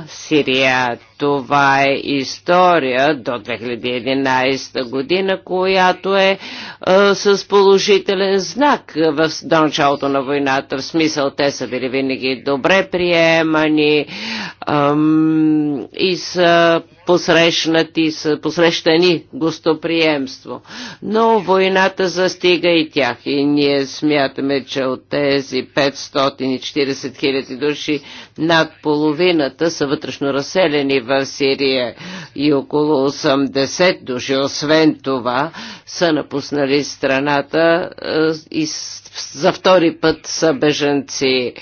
Сирия. Това е история до 2011 година, която е, а, е, с положителен знак в, до началото на войната. В смисъл те са били винаги добре приемани ам, и са посрещнати, са посрещани гостоприемство. Но войната застига и тях и ние смятаме, че от тези 540 хиляди души над половината са вътрешно разселени в в Сирия и около 80 души, освен това, са напуснали страната е, и за втори път са беженци.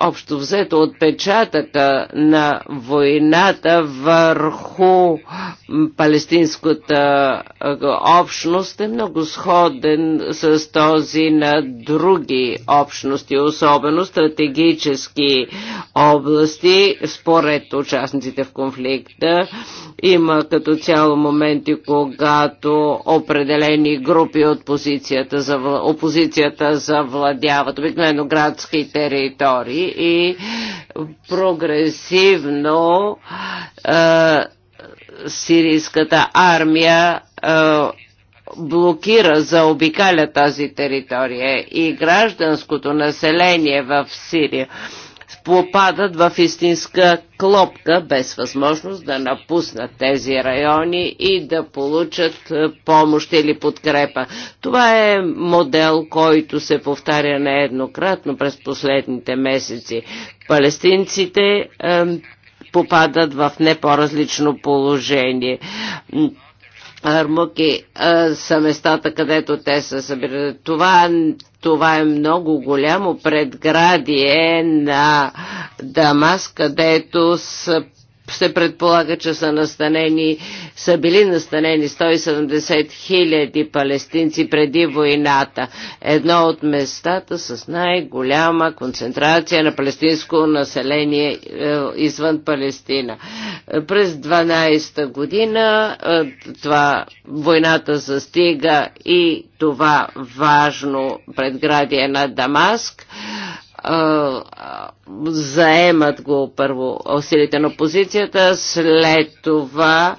Общо взето отпечатъка на войната върху палестинската общност е много сходен с този на други общности, особено стратегически области, според участниците в конфликта. Има като цяло моменти, когато определени групи от позицията за опозицията опозицията завладяват обикновено градски територии и прогресивно е, сирийската армия е, блокира, заобикаля тази територия и гражданското население в Сирия попадат в истинска клопка без възможност да напуснат тези райони и да получат е, помощ или подкрепа. Това е модел, който се повтаря нееднократно през последните месеци. Палестинците е, попадат в не по-различно положение армуки са местата, където те са събират. Това, това е много голямо предградие на Дамас, където са се предполага, че са настанени, са били настанени 170 хиляди палестинци преди войната. Едно от местата с най-голяма концентрация на палестинско население е, извън Палестина. През 12-та година е, това, войната застига и това важно предградие на Дамаск заемат го първо силите на опозицията, след това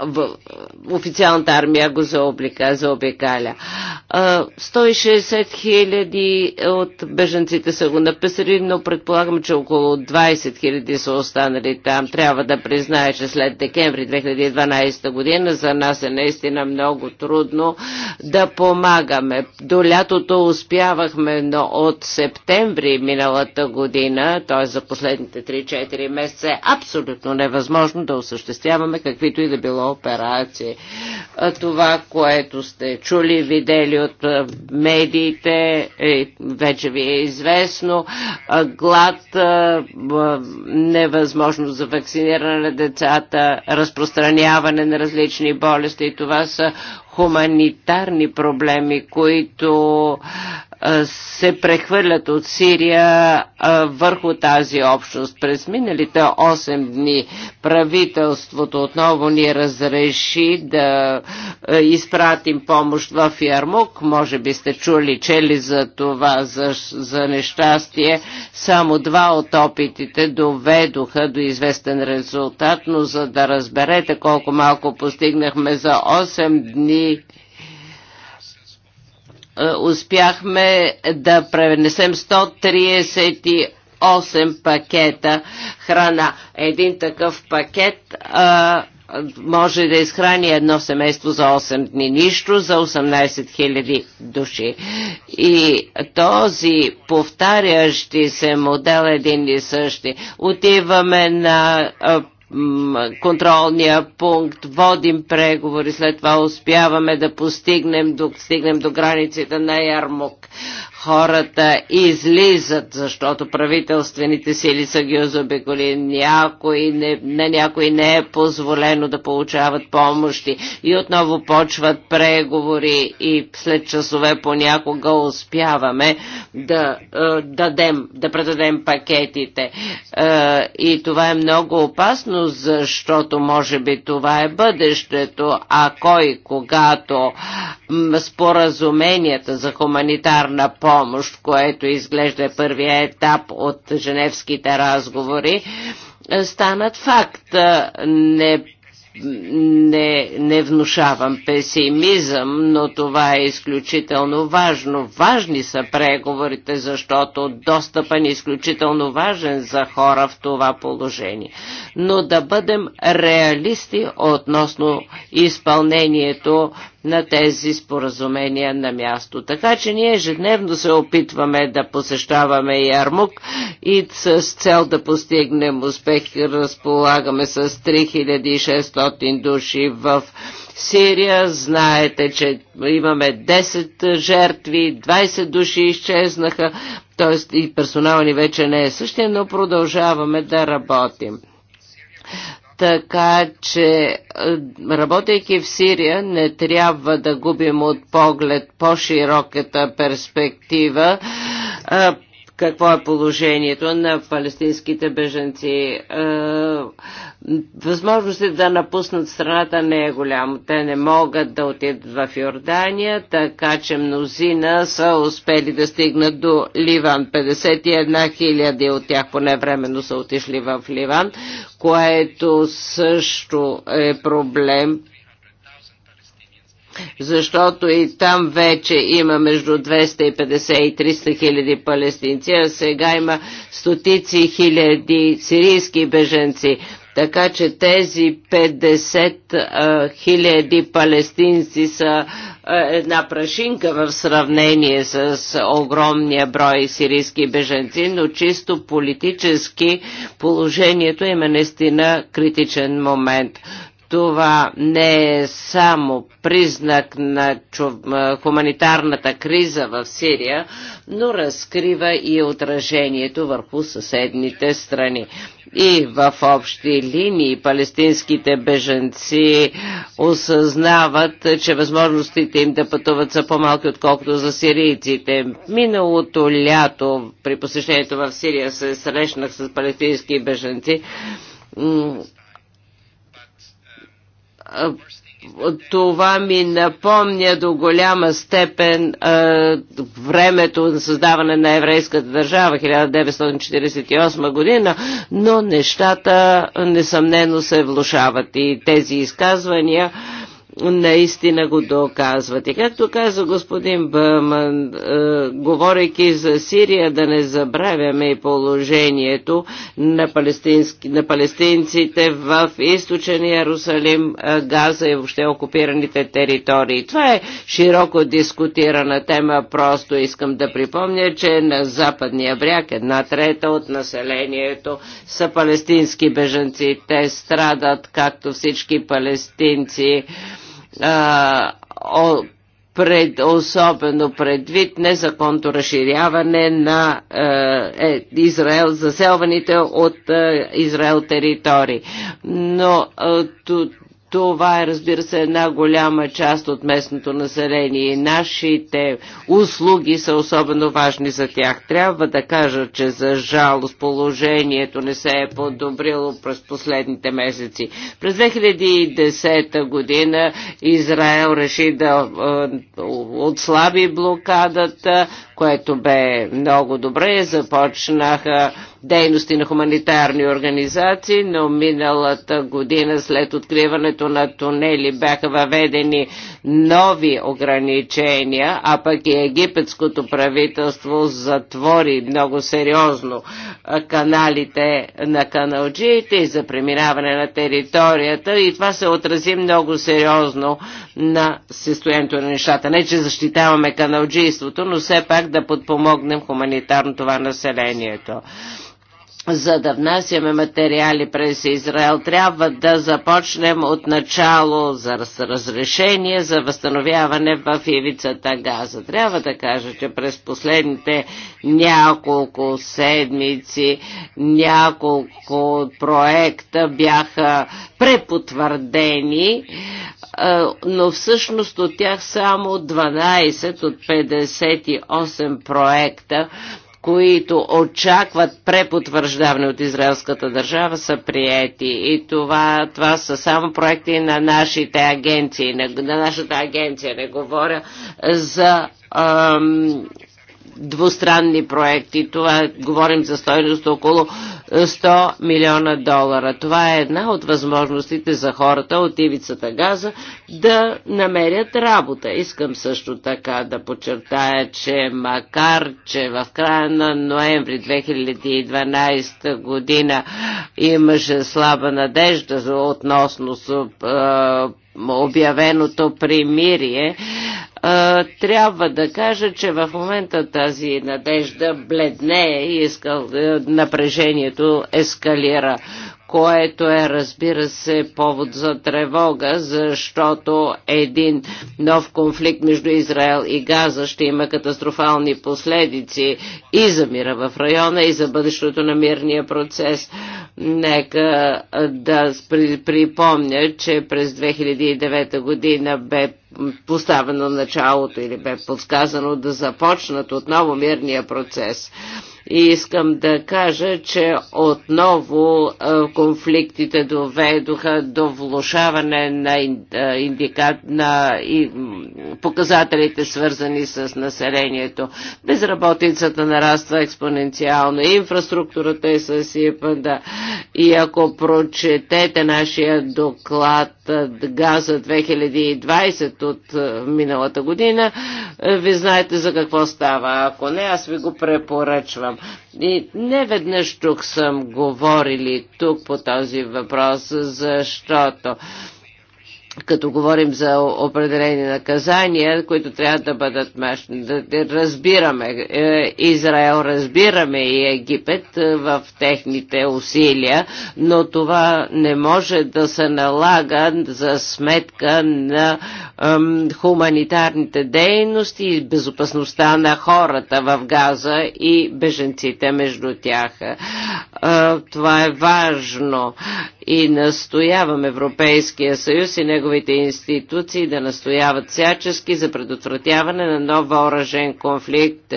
в официалната армия го заоблика, заобикаля. 160 хиляди от беженците са го написали, но предполагам, че около 20 хиляди са останали там. Трябва да призная, че след декември 2012 година за нас е наистина много трудно да помагаме. До лятото успявахме, но от септември миналата година, т.е. за последните 3-4 месеца, е абсолютно невъзможно да осъществяваме каквито и да било операции. Това, което сте чули, видели от медиите, е вече ви е известно, глад, невъзможност за вакциниране на децата, разпространяване на различни болести, това са хуманитарни проблеми, които се прехвърлят от Сирия върху тази общност. През миналите 8 дни правителството отново ни разреши да изпратим помощ в Ярмук. Може би сте чули, чели за това, за, за нещастие. Само два от опитите доведоха до известен резултат, но за да разберете колко малко постигнахме за 8 дни, е, успяхме да пренесем 138 пакета храна. Един такъв пакет а, е, може да изхрани едно семейство за 8 дни, нищо за 18 000 души. И този повтарящи се модел един и същи. Отиваме на е, контролния пункт, водим преговори, след това успяваме да постигнем, да стигнем до границите на Ярмук хората излизат, защото правителствените сили са ги озобиколи. Някой не, на някой не е позволено да получават помощи. И отново почват преговори и след часове понякога успяваме да е, дадем, да предадем пакетите. Е, и това е много опасно, защото може би това е бъдещето, а кой когато споразуменията за хуманитарна помощ помощ, което изглежда е първия етап от женевските разговори, станат факт. Не не, не внушавам песимизъм, но това е изключително важно. Важни са преговорите, защото достъпът е изключително важен за хора в това положение. Но да бъдем реалисти относно изпълнението на тези споразумения на място. Така че ние ежедневно се опитваме да посещаваме Ярмук и с цел да постигнем успех разполагаме с 3600 души в Сирия. Знаете, че имаме 10 жертви, 20 души изчезнаха, т.е. и персонал ни вече не е същия, но продължаваме да работим. Така че, е, работейки в Сирия, не трябва да губим от поглед по-широката перспектива е, какво е положението на палестинските беженци. Е, възможностите да напуснат страната не е голямо. Те не могат да отидат в Йордания, така че мнозина са успели да стигнат до Ливан. 51 хиляди от тях поне временно са отишли в Ливан, което също е проблем защото и там вече има между 250 и 300 хиляди палестинци, а сега има стотици хиляди сирийски беженци. Така че тези 50 хиляди палестинци са една прашинка в сравнение с огромния брой сирийски беженци, но чисто политически положението има е наистина критичен момент. Това не е само признак на хуманитарната криза в Сирия, но разкрива и отражението върху съседните страни. И в общи линии палестинските беженци осъзнават, че възможностите им да пътуват са по-малки, отколкото за сирийците. Миналото лято при посещението в Сирия се срещнах с палестински беженци това ми напомня до голяма степен а, времето на създаване на еврейската държава 1948 година, но нещата несъмнено се влушават и тези изказвания наистина го доказват. И както каза господин Бъман, е, говорейки за Сирия, да не забравяме и положението на, на палестинците в източен Ярусалим, е, Газа и въобще окупираните територии. Това е широко дискутирана тема, просто искам да припомня, че на западния бряг една трета от населението са палестински бежанци. Те страдат, както всички палестинци а, о, пред, особено предвид незаконното разширяване на е, е Израел, заселваните от е, Израел територии. Но е, това е, разбира се, една голяма част от местното население и нашите услуги са особено важни за тях. Трябва да кажа, че за жалост положението не се е подобрило през последните месеци. През 2010 година Израел реши да е, отслаби блокадата, което бе много добре. Започнаха дейности на хуманитарни организации, но миналата година след откриването на тунели бяха въведени нови ограничения, а пък и египетското правителство затвори много сериозно каналите на каналджиите и за преминаване на територията и това се отрази много сериозно на състоянието на нещата. Не, че защитаваме каналджийството, но все пак да подпомогнем хуманитарно това населението за да внасяме материали през Израел, трябва да започнем от начало за разрешение за възстановяване в ивицата Газа. Трябва да кажа, че през последните няколко седмици, няколко проекта бяха препотвърдени, е, но всъщност от тях само 12 от 58 проекта които очакват препотвърждаване от израелската държава, са приети. И това, това са само проекти на нашите агенции, на, на нашата агенция. Не говоря за ам, двустранни проекти. Това говорим за стойност около 100 е, милиона долара. Това е една от възможностите за хората от ивицата газа да намерят работа. Искам също така да подчертая, че макар, че в края на ноември 2012 година имаше слаба надежда относно е, обявеното примирие, трябва да кажа, че в момента тази надежда бледне и напрежението ескалира което е, разбира се, повод за тревога, защото един нов конфликт между Израел и Газа ще има катастрофални последици и за мира в района, и за бъдещето на мирния процес. Нека да припомня, че през 2009 година бе поставено началото или бе подсказано да започнат отново мирния процес. И искам да кажа, че отново конфликтите доведоха до влушаване на, индикат, на показателите, свързани с населението. Безработицата нараства експоненциално, инфраструктурата е съсипана. И ако прочетете нашия доклад Газа 2020 от миналата година, ви знаете за какво става. Ако не, аз ви го препоръчвам. И не веднъж тук съм говорили тук по този въпрос, защото като говорим за определени наказания, които трябва да бъдат да Разбираме е, Израел, разбираме и Египет е, в техните усилия, но това не може да се налага за сметка на ем, хуманитарните дейности и безопасността на хората в Газа и беженците между тях. Е, това е важно и настоявам Европейския съюз и не неговите институции да настояват всячески за предотвратяване на нов въоръжен конфликт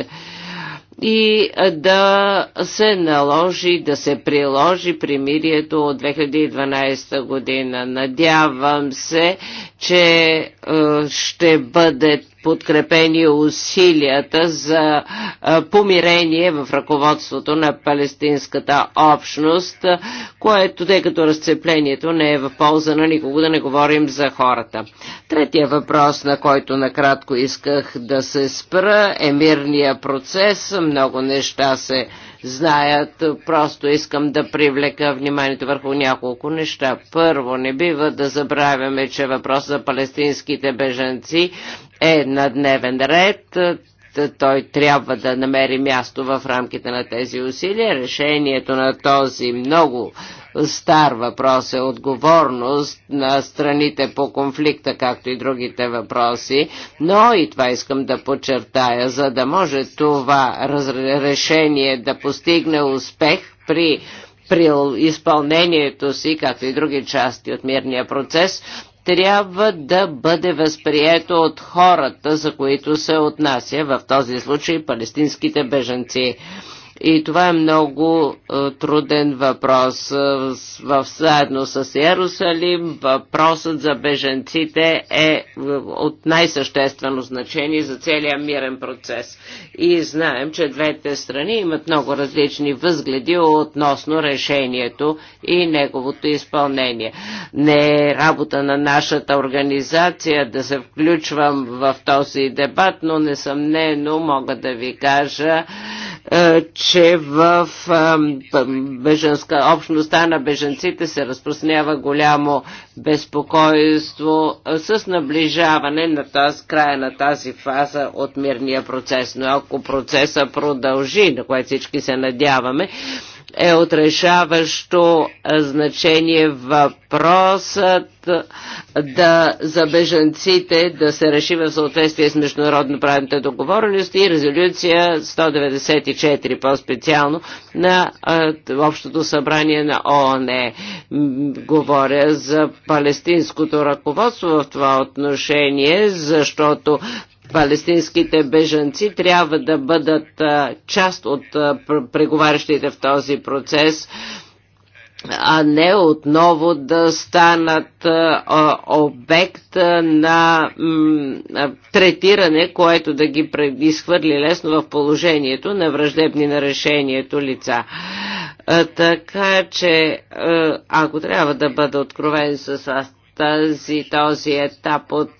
и да се наложи, да се приложи примирието от 2012 година. Надявам се, че ще бъде подкрепени усилията за помирение в ръководството на палестинската общност, което, тъй като разцеплението не е в полза на никого, да не говорим за хората. Третия въпрос, на който накратко исках да се спра, е мирния процес. Много неща се знаят. Просто искам да привлека вниманието върху няколко неща. Първо, не бива да забравяме, че въпрос за палестинските беженци е на дневен ред той трябва да намери място в рамките на тези усилия. Решението на този много стар въпрос е отговорност на страните по конфликта, както и другите въпроси, но и това искам да подчертая, за да може това решение да постигне успех при при изпълнението си, както и други части от мирния процес, трябва да бъде възприето от хората, за които се отнася, в този случай палестинските беженци. И това е много е, труден въпрос. Е, в заедно с Ярусалим въпросът за беженците е, е от най-съществено значение за целия мирен процес. И знаем, че двете страни имат много различни възгледи относно решението и неговото изпълнение. Не е работа на нашата организация да се включвам в този дебат, но несъмнено мога да ви кажа, е, че в е, беженска, общността на беженците се разпространява голямо безпокойство е, с наближаване на тази, края на тази фаза от мирния процес. Но ако процеса продължи, на което всички се надяваме, е отрешаващо значение въпросът да, за бежанците да се реши в съответствие с международно правните договорености и резолюция 194 по-специално на а, Общото събрание на ООН. Говоря за палестинското ръководство в това отношение, защото Палестинските бежанци трябва да бъдат част от преговарящите в този процес а не отново да станат обект на третиране, което да ги изхвърли лесно в положението на враждебни на решението лица. Така че, ако трябва да бъда откровен с вас, тази, този етап от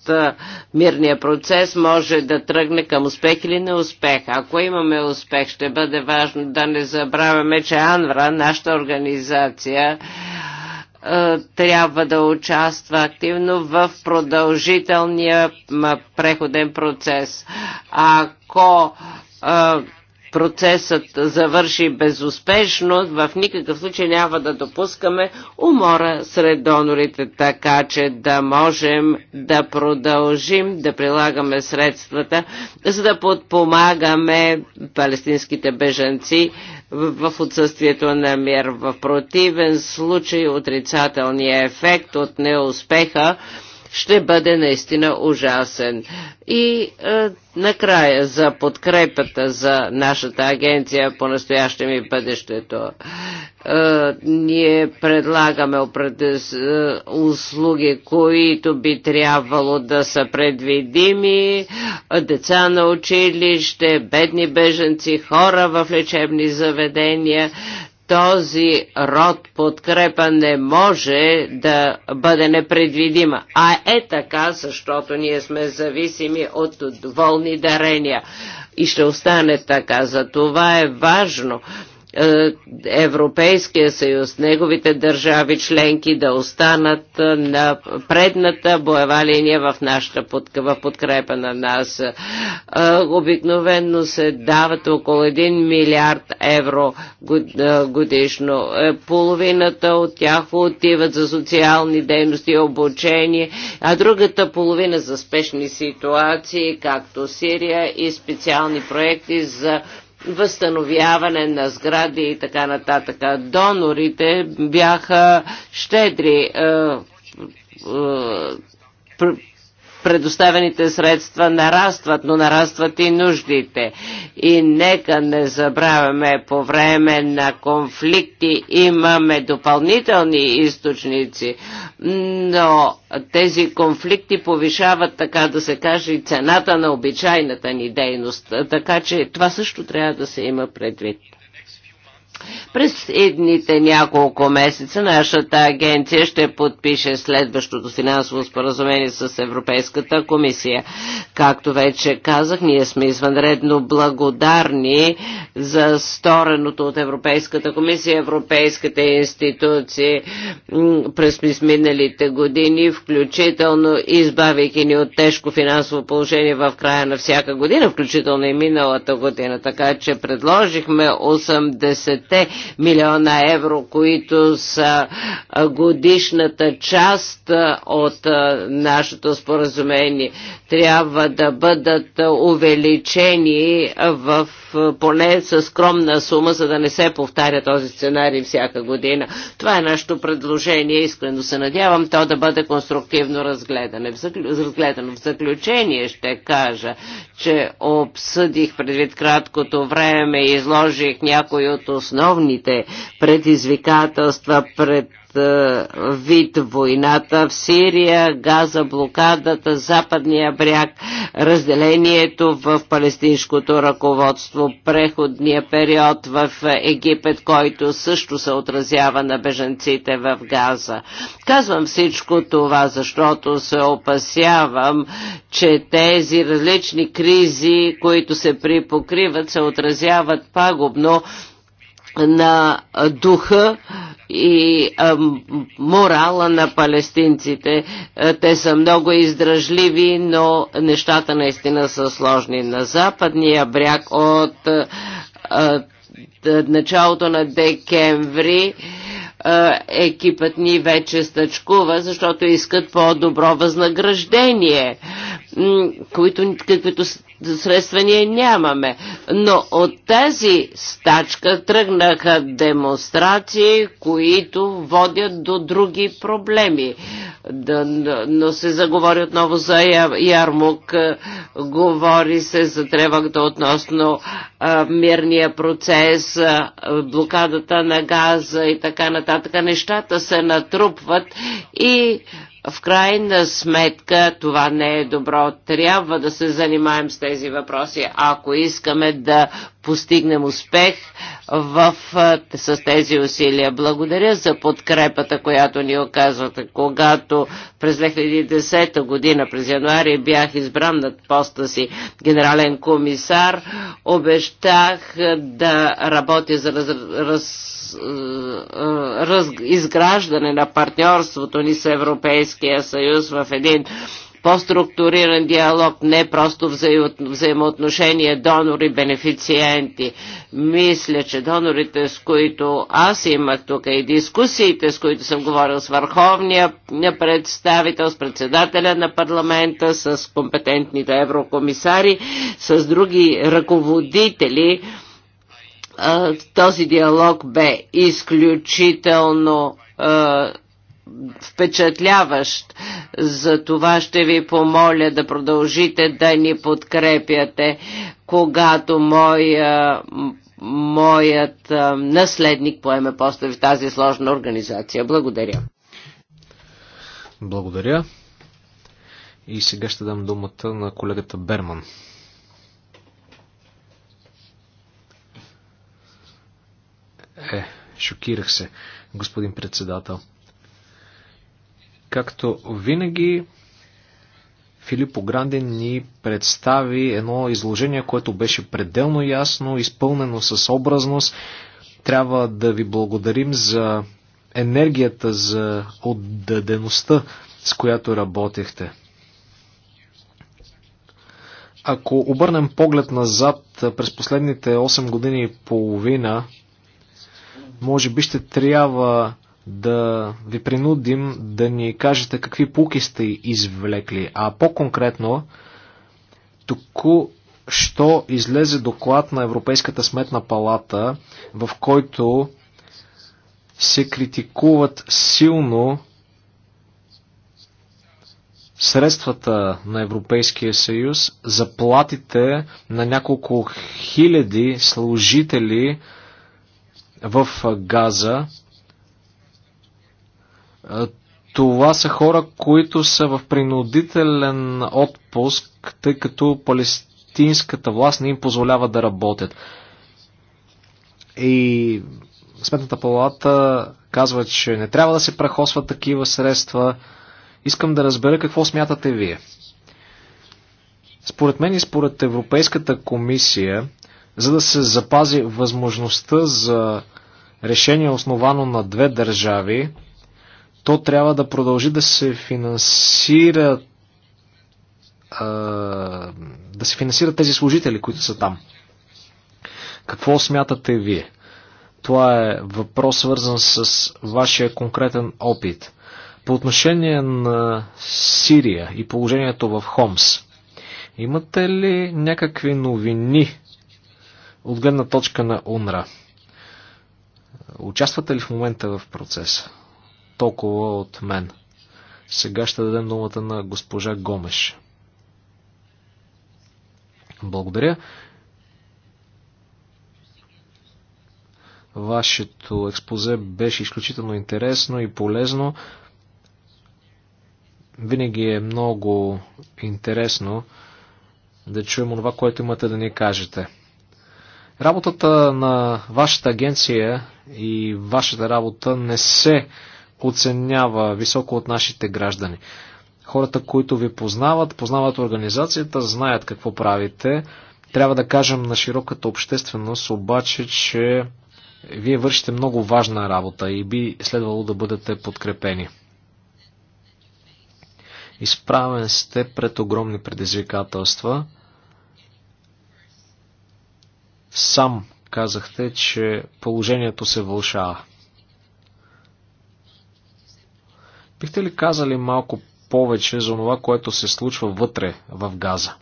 мирния процес може да тръгне към успех или неуспех. Ако имаме успех, ще бъде важно да не забравяме, че Анвра, нашата организация, трябва да участва активно в продължителния преходен процес. Ако процесът завърши безуспешно, в никакъв случай няма да допускаме умора сред донорите, така че да можем да продължим да прилагаме средствата, за да подпомагаме палестинските бежанци в отсъствието на мир. В противен случай отрицателният ефект от неуспеха ще бъде наистина ужасен. И е, накрая за подкрепата за нашата агенция по настоящем и бъдещето. Е, ние предлагаме е, услуги, които би трябвало да са предвидими, деца на училище, бедни беженци, хора в лечебни заведения, този род подкрепа не може да бъде непредвидима. А е така, защото ние сме зависими от волни дарения. И ще остане така. За това е важно е, Европейския съюз, неговите държави членки да останат е, на предната боева линия в нашата в подкрепа на нас. Е, обикновенно се дават около 1 милиард евро годишно. Половината от тях отиват за социални дейности и обучение, а другата половина за спешни ситуации, както Сирия и специални проекти за възстановяване на сгради и така нататък. Донорите бяха щедри. Е, е, предоставените средства нарастват, но нарастват и нуждите. И нека не забравяме, по време на конфликти имаме допълнителни източници, но тези конфликти повишават, така да се каже, и цената на обичайната ни дейност. Така че това също трябва да се има предвид. През едните няколко месеца нашата агенция ще подпише следващото финансово споразумение с Европейската комисия. Както вече казах, ние сме извънредно благодарни за стореното от Европейската комисия, Европейските институции през миналите години, включително избавяйки ни от тежко финансово положение в края на всяка година, включително и миналата година. Така че предложихме 80 те 150 милиона евро, които са годишната част от нашето споразумение, трябва да бъдат увеличени в поне със скромна сума, за да не се повтаря този сценарий всяка година. Това е нашето предложение. Искрено се надявам то да бъде конструктивно разгледане. разгледано. В заключение ще кажа, че обсъдих предвид краткото време и изложих някои от основните основните предизвикателства пред е, вид войната в Сирия, газа, блокадата, западния бряг, разделението в палестинското ръководство, преходния период в Египет, който също се отразява на беженците в Газа. Казвам всичко това, защото се опасявам, че тези различни кризи, които се припокриват, се отразяват пагубно на духа и а, морала на палестинците. Е, те са много издръжливи, но нещата наистина са сложни. На западния бряг от а, е, е, началото на декември екипът ни вече стъчкува, защото искат по-добро възнаграждение, които, каквито средства ние нямаме. Но от тази стачка тръгнаха демонстрации, които водят до други проблеми. но се заговори отново за Ярмук, е, говори се за тревогата относно е, мирния процес, е, блокадата на газа и така нататък. Нещата се натрупват и в крайна сметка това не е добро. Трябва да се занимаем с тези въпроси, ако искаме да постигнем успех в, с тези усилия. Благодаря за подкрепата, която ни оказвате. Когато през 2010 година, през януари, бях избран над поста си генерален комисар, обещах да работя за раз, раз раз, изграждане на партньорството ни с Европейския съюз в един по-структуриран диалог, не просто взаимоотношения, донори-бенефициенти. Мисля, че донорите, с които аз имах тук и дискусиите, с които съм говорил с върховния представител, с председателя на парламента, с компетентните еврокомисари, с други ръководители, този диалог бе изключително впечатляващ. За това ще ви помоля да продължите да ни подкрепяте, когато моя, моят наследник поеме поста в тази сложна организация. Благодаря. Благодаря. И сега ще дам думата на колегата Берман. Е, шокирах се, господин председател. Както винаги, Филип Гранди ни представи едно изложение, което беше пределно ясно, изпълнено с образност. Трябва да ви благодарим за енергията, за отдадеността, с която работехте. Ако обърнем поглед назад през последните 8 години и половина, може би ще трябва да ви принудим да ни кажете какви пуки сте извлекли. А по-конкретно, тук що излезе доклад на Европейската сметна палата, в който се критикуват силно средствата на Европейския съюз, заплатите на няколко хиляди служители, в Газа. Това са хора, които са в принудителен отпуск, тъй като палестинската власт не им позволява да работят. И Сметната палата казва, че не трябва да се прахосват такива средства. Искам да разбера какво смятате вие. Според мен и според Европейската комисия, за да се запази възможността за решение основано на две държави, то трябва да продължи да се финансира да се финансират тези служители, които са там. Какво смятате вие? Това е въпрос свързан с вашия конкретен опит. По отношение на Сирия и положението в Хомс, имате ли някакви новини от гледна точка на УНРА? Участвате ли в момента в процеса? Толкова от мен. Сега ще дадем думата на госпожа Гомеш. Благодаря. Вашето експозе беше изключително интересно и полезно. Винаги е много интересно да чуем това, което имате да ни кажете. Работата на вашата агенция и вашата работа не се оценява високо от нашите граждани. Хората, които ви познават, познават организацията, знаят какво правите. Трябва да кажем на широката общественост обаче, че вие вършите много важна работа и би следвало да бъдете подкрепени. Изправен сте пред огромни предизвикателства – Сам казахте, че положението се вълшава. Бихте ли казали малко повече за това, което се случва вътре в Газа?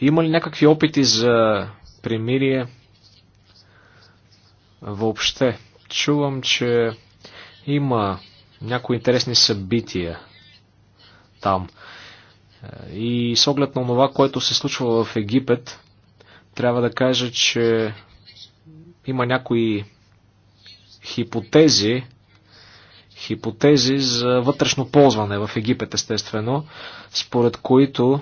Има ли някакви опити за примирие? Въобще, чувам, че има някои интересни събития там. И с оглед на това, което се случва в Египет, трябва да кажа, че има някои хипотези, хипотези за вътрешно ползване в Египет, естествено, според които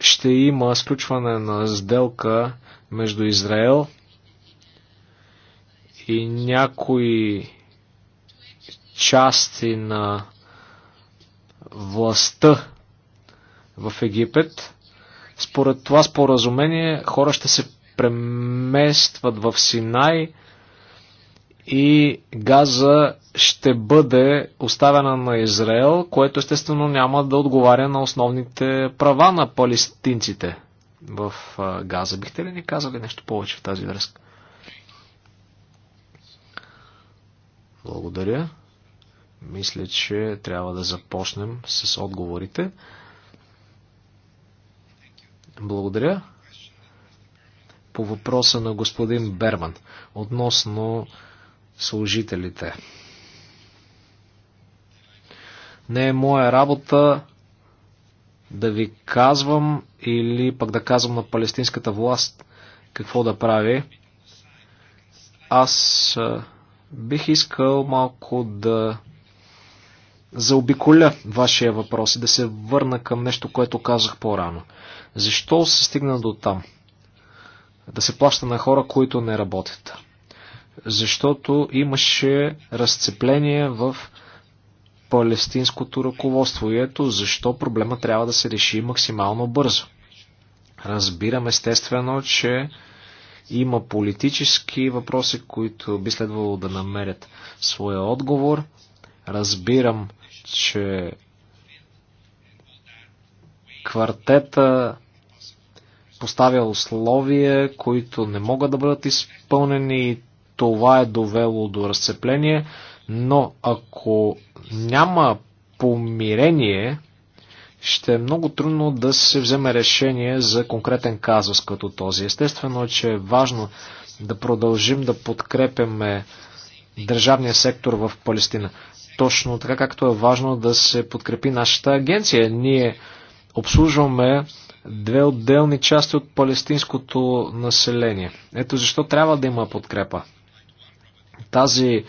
ще има сключване на сделка между Израел и някои части на властта в Египет. Според това споразумение хора ще се преместват в Синай и Газа ще бъде оставена на Израел, което естествено няма да отговаря на основните права на палестинците в Газа. Бихте ли ни казали нещо повече в тази връзка? Благодаря. Мисля, че трябва да започнем с отговорите. Благодаря. По въпроса на господин Берман относно служителите. Не е моя работа да ви казвам или пък да казвам на палестинската власт какво да прави. Аз бих искал малко да заобиколя вашия въпрос и да се върна към нещо, което казах по-рано. Защо се стигна до там? Да се плаща на хора, които не работят. Защото имаше разцепление в палестинското ръководство. И ето защо проблема трябва да се реши максимално бързо. Разбирам естествено, че има политически въпроси, които би следвало да намерят своя отговор. Разбирам че квартета поставя условия, които не могат да бъдат изпълнени и това е довело до разцепление, но ако няма помирение, ще е много трудно да се вземе решение за конкретен казус като този. Естествено, е, че е важно да продължим да подкрепяме държавния сектор в Палестина точно така както е важно да се подкрепи нашата агенция. Ние обслужваме две отделни части от палестинското население. Ето защо трябва да има подкрепа. Тази е,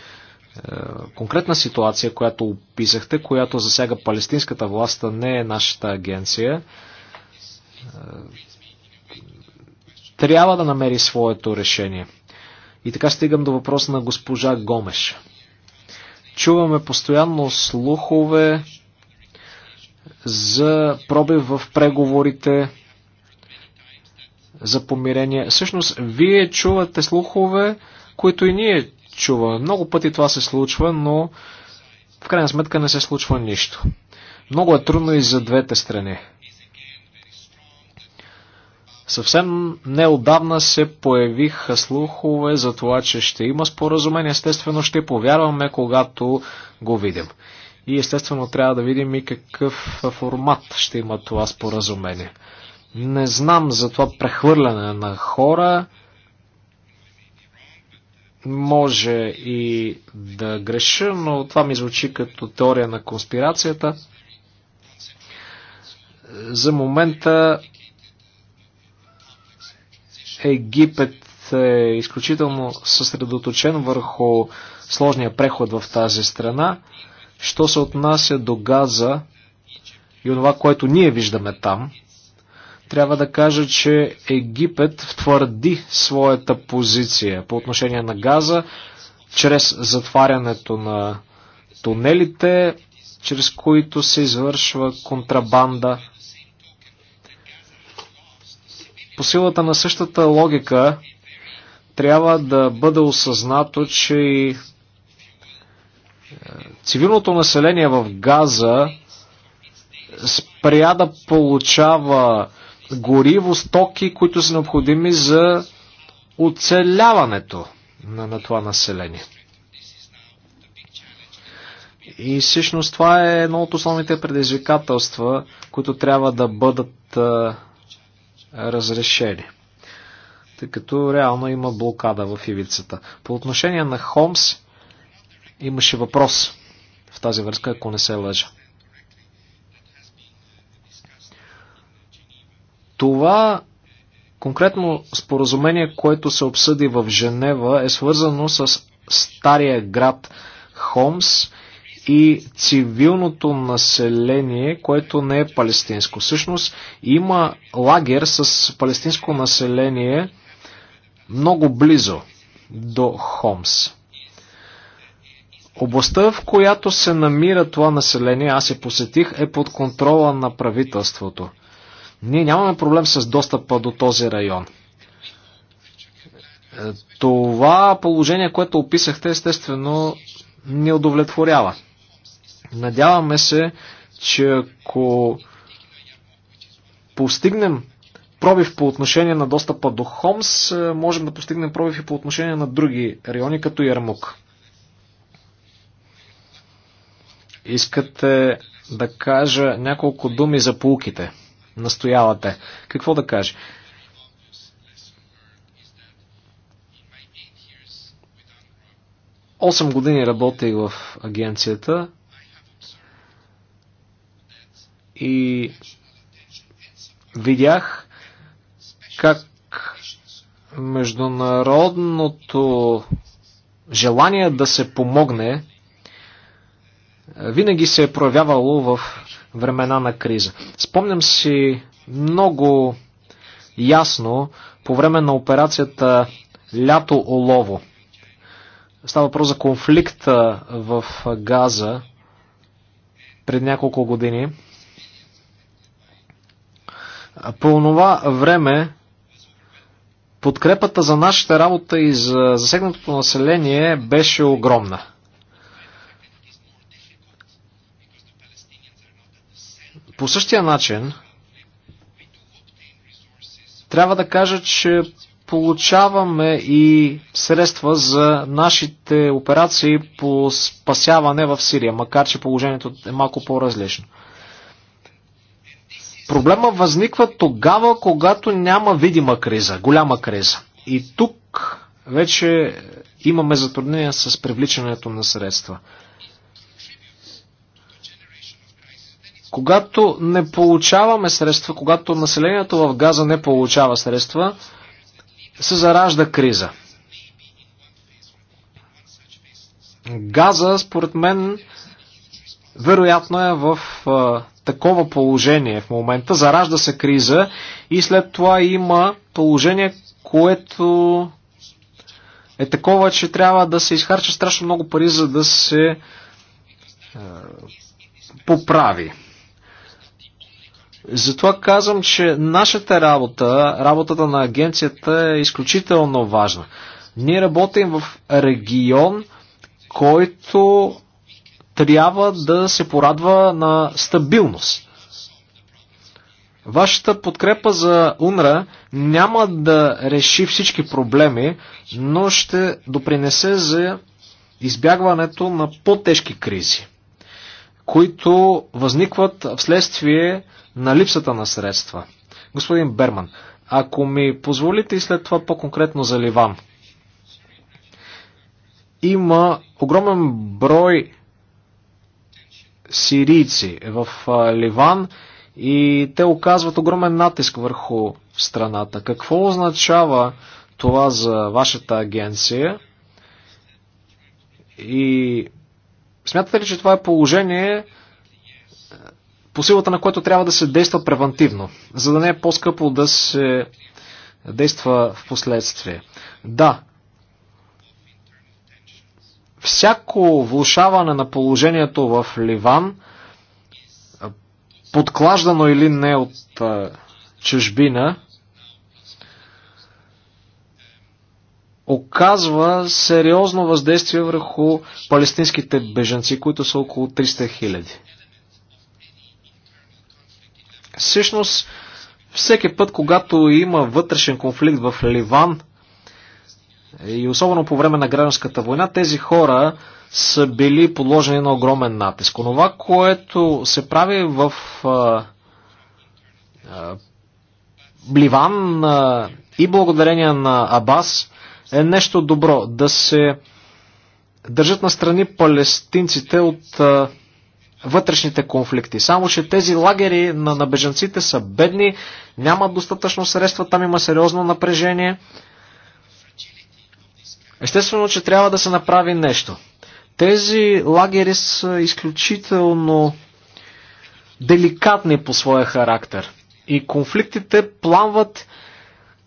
конкретна ситуация, която описахте, която засяга палестинската власт, не е нашата агенция. Е, трябва да намери своето решение. И така стигам до въпроса на госпожа Гомеш. Чуваме постоянно слухове за пробив в преговорите за помирение. Всъщност, вие чувате слухове, които и ние чуваме. Много пъти това се случва, но в крайна сметка не се случва нищо. Много е трудно и за двете страни. Съвсем неодавна се появиха слухове за това, че ще има споразумение. Естествено ще повярваме, когато го видим. И естествено трябва да видим и какъв формат ще има това споразумение. Не знам за това прехвърляне на хора. Може и да греша, но това ми звучи като теория на конспирацията. За момента Египет е изключително съсредоточен върху сложния преход в тази страна. Що се отнася до Газа и това, което ние виждаме там, трябва да кажа, че Египет втвърди своята позиция по отношение на Газа чрез затварянето на тунелите, чрез които се извършва контрабанда по силата на същата логика трябва да бъде осъзнато, че е, цивилното население в Газа спря да получава гориво, стоки, които са необходими за оцеляването на, на това население. И всъщност това е едно от основните предизвикателства, които трябва да бъдат а, е, разрешени, тъй като реално има блокада в ивицата. По отношение на Холмс имаше въпрос в тази връзка, ако не се лъжа. Това конкретно споразумение, което се обсъди в Женева, е свързано с стария град Холмс и цивилното население, което не е палестинско. Всъщност има лагер с палестинско население много близо до Хомс. Областта, в която се намира това население, аз я посетих, е под контрола на правителството. Ние нямаме проблем с достъпа до този район. Е, това положение, което описахте, естествено, не удовлетворява Надяваме се, че ако постигнем пробив по отношение на достъпа до Хомс, е, можем да постигнем пробив и по отношение на други райони, като Ярмук. Искате да кажа няколко думи за полуките. Настоявате. Какво да кажа? Осем години работих в агенцията и видях как международното желание да се помогне винаги се е проявявало в времена на криза. Спомням си много ясно по време на операцията Лято Олово. Става въпрос за конфликта в Газа пред няколко години. По това време подкрепата за нашата работа и за засегнатото население беше огромна. По същия начин, трябва да кажа, че получаваме и средства за нашите операции по спасяване в Сирия, макар че положението е малко по-различно. Проблема възниква тогава, когато няма видима криза, голяма криза. И тук вече имаме затруднения с привличането на средства. Когато не получаваме средства, когато населението в Газа не получава средства, се заражда криза. Газа, според мен, вероятно е в такова положение в момента. Заражда се криза и след това има положение, което е такова, че трябва да се изхарча страшно много пари, за да се е, поправи. Затова казвам, че нашата работа, работата на агенцията е изключително важна. Ние работим в регион, който трябва да се порадва на стабилност. Вашата подкрепа за УНРА няма да реши всички проблеми, но ще допринесе за избягването на по-тежки кризи, които възникват вследствие на липсата на средства. Господин Берман, ако ми позволите и след това по-конкретно за Ливан. Има огромен брой сирийци в Ливан и те оказват огромен натиск върху страната. Какво означава това за вашата агенция? И смятате ли, че това е положение, е, по силата на което трябва да се действа превантивно, за да не е по-скъпо да се действа в последствие? Да, всяко влушаване на положението в Ливан, подклаждано или не от чужбина, оказва сериозно въздействие върху палестинските бежанци, които са около 300 хиляди. Всъщност, всеки път, когато има вътрешен конфликт в Ливан, и особено по време на гражданската война тези хора са били подложени на огромен натиск. Онова, което се прави в а, а, Ливан а, и благодарение на Абас е нещо добро. Да се държат настрани палестинците от а, вътрешните конфликти. Само, че тези лагери на, на бежанците са бедни, нямат достатъчно средства, там има сериозно напрежение. А, Естествено, че трябва да се направи нещо. Тези лагери са изключително деликатни по своя характер. И конфликтите пламват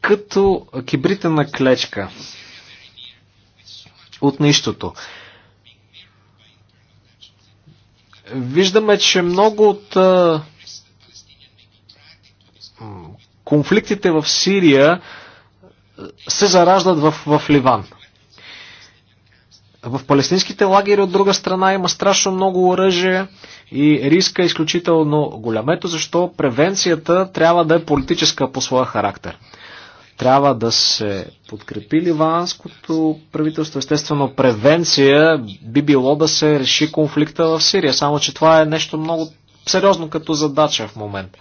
като кибрите на клечка. От нищото. Виждаме, че много от конфликтите в Сирия се зараждат в, в Ливан. В палестинските лагери от друга страна има страшно много оръжие и риска е изключително голям. Ето защо превенцията трябва да е политическа по своя характер. Трябва да се подкрепи ливанското правителство. Естествено, превенция би било да се реши конфликта в Сирия, само че това е нещо много сериозно като задача в момента.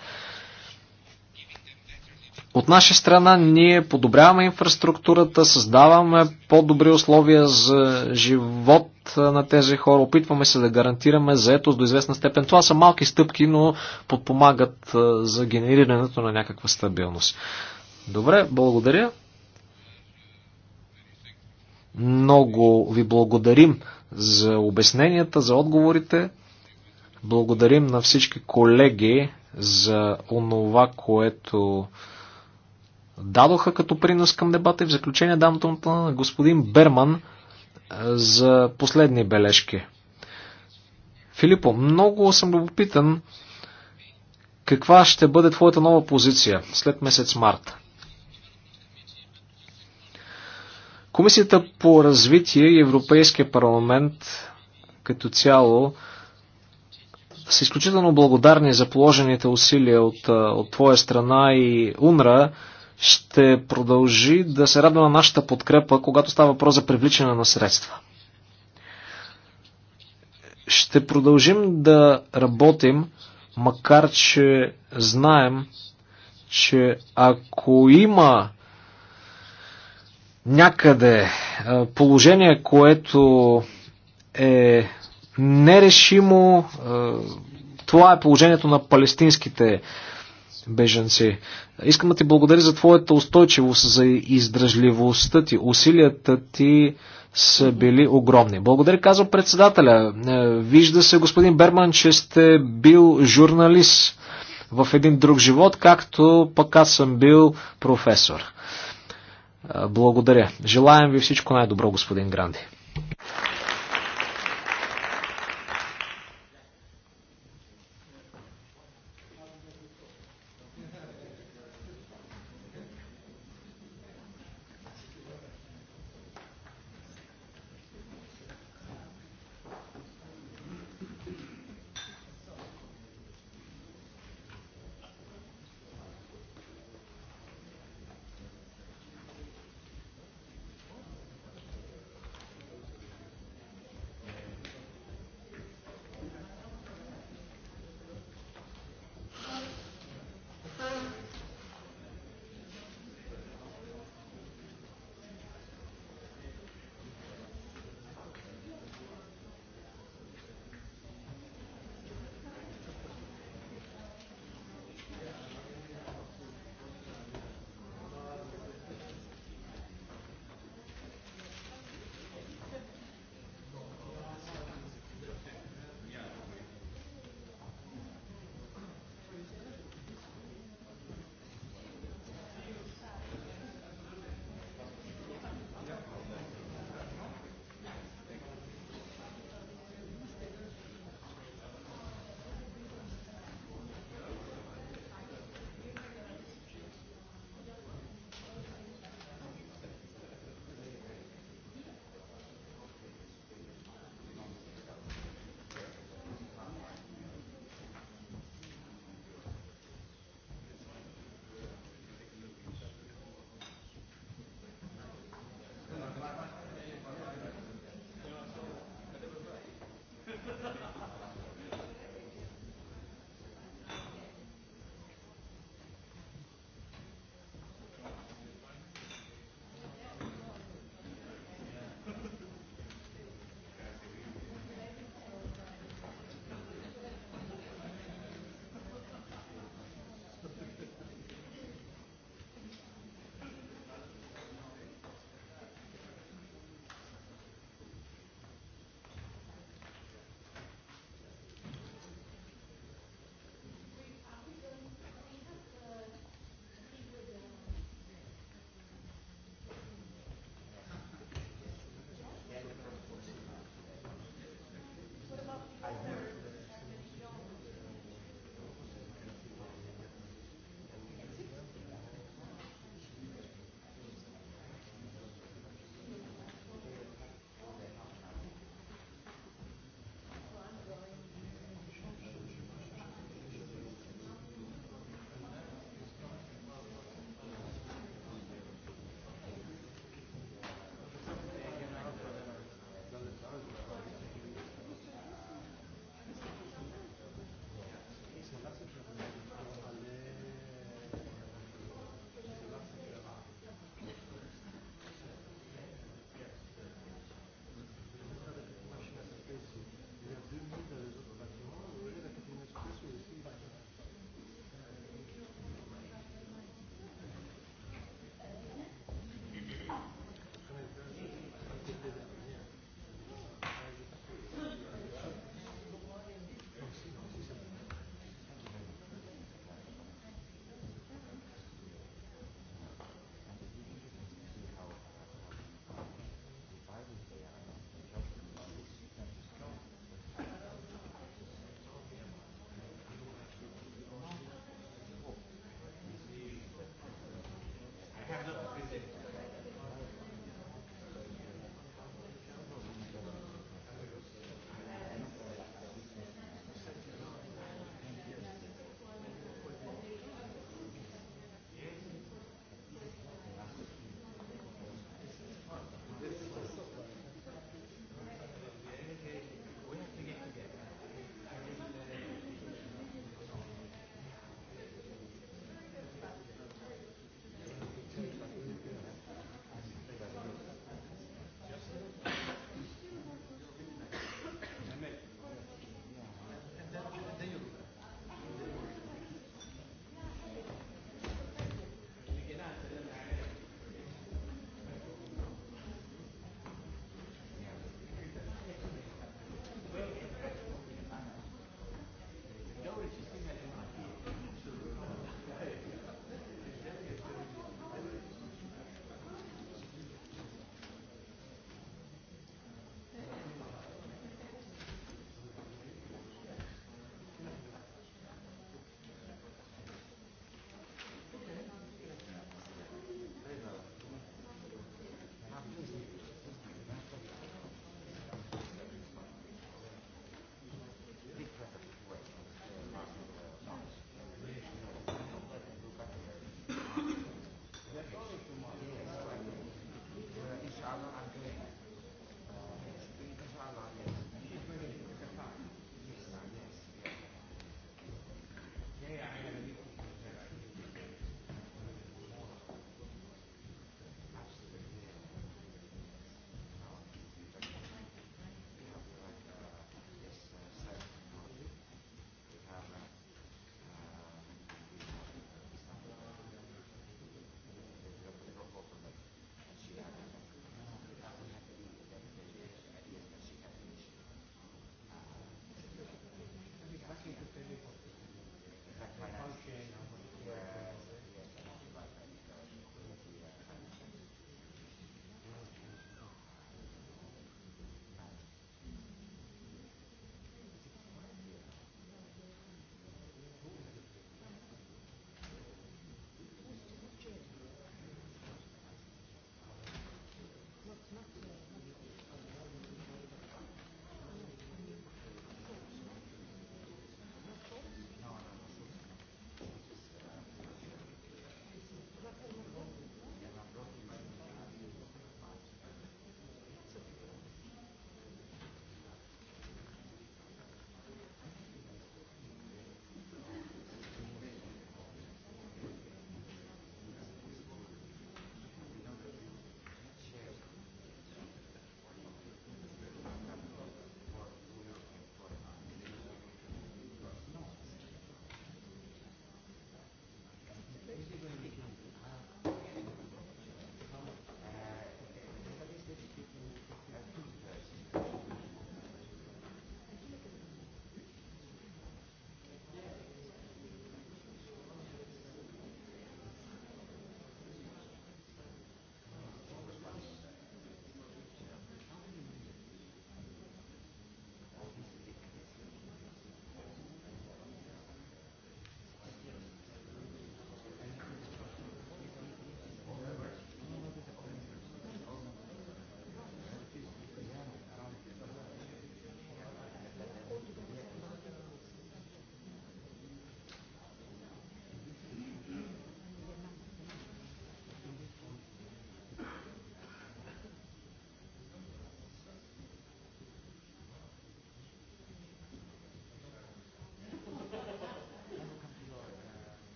От наша страна ние подобряваме инфраструктурата, създаваме по-добри условия за живот на тези хора, опитваме се да гарантираме заетост до известна степен. Това са малки стъпки, но подпомагат за генерирането на някаква стабилност. Добре, благодаря. Много ви благодарим за обясненията, за отговорите. Благодарим на всички колеги за онова, което дадоха като принос към дебата и в заключение дам думата на господин Берман е, за последни бележки. Филипо, много съм любопитан каква ще бъде твоята нова позиция след месец март. Комисията по развитие и Европейския парламент като цяло са изключително благодарни за положените усилия от, е, от твоя страна и УНРА ще продължи да се радва на нашата подкрепа, когато става въпрос за привличане на средства. Ще продължим да работим, макар че знаем, че ако има някъде е, положение, което е нерешимо, е, това е положението на палестинските беженци. Искам да ти благодаря за твоята устойчивост, за издръжливостта ти. Усилията ти са били огромни. Благодаря, казва председателя. Е, вижда се, господин Берман, че сте бил журналист в един друг живот, както пък аз съм бил професор. Е, благодаря. Желаем ви всичко най-добро, господин Гранди.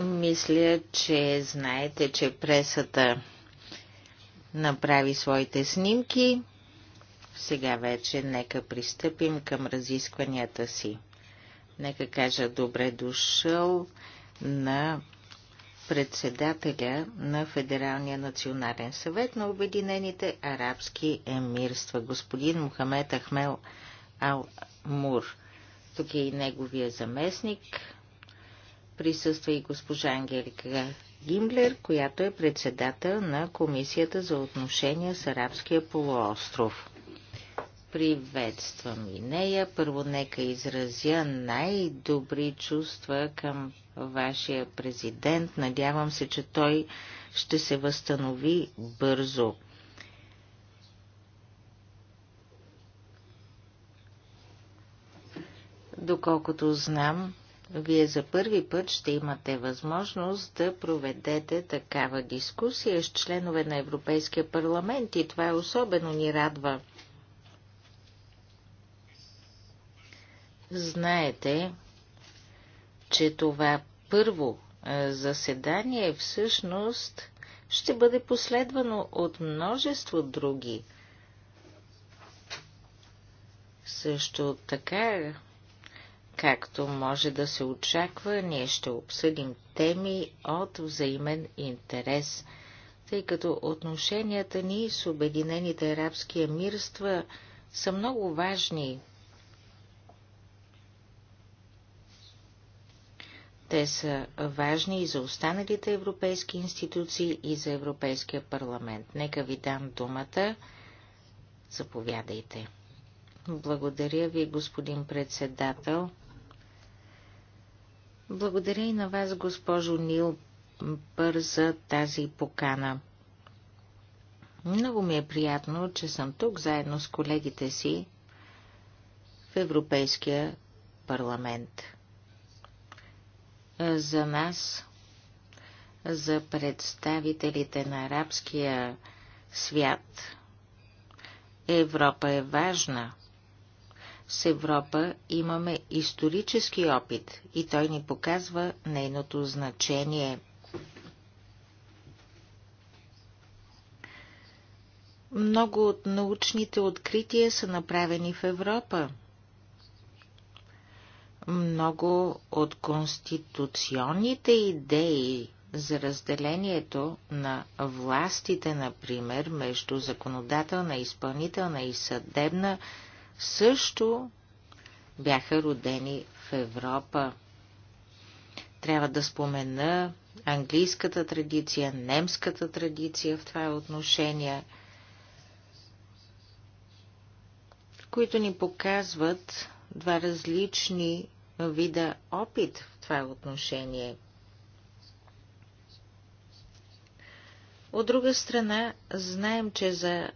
Мисля, че знаете, че пресата направи своите снимки. Сега вече нека пристъпим към разискванията си. Нека кажа добре дошъл на председателя на Федералния национален съвет на Обединените арабски емирства, господин Мухамед Ахмел Ал Мур. Тук е и неговия заместник. Присъства и госпожа Ангелика Гимлер, която е председател на Комисията за отношения с Арабския полуостров. Приветствам и нея. Първо нека изразя най-добри чувства към вашия президент. Надявам се, че той ще се възстанови бързо. Доколкото знам, вие за първи път ще имате възможност да проведете такава дискусия с членове на Европейския парламент и това е особено ни радва. Знаете, че това първо заседание всъщност ще бъде последвано от множество други. Също така Както може да се очаква, ние ще обсъдим теми от взаимен интерес, тъй като отношенията ни с Обединените арабски емирства са много важни. Те са важни и за останалите европейски институции и за Европейския парламент. Нека ви дам думата. Заповядайте. Благодаря ви, господин председател. Благодаря и на вас, госпожо Нил, за тази покана. Много ми е приятно, че съм тук заедно с колегите си в Европейския парламент. За нас, за представителите на арабския свят, Европа е важна – с Европа имаме исторически опит и той ни показва нейното значение. Много от научните открития са направени в Европа. Много от конституционните идеи за разделението на властите, например, между законодателна, изпълнителна и съдебна, също бяха родени в Европа. Трябва да спомена английската традиция, немската традиция в това отношение, които ни показват два различни вида опит в това отношение. От друга страна, знаем, че за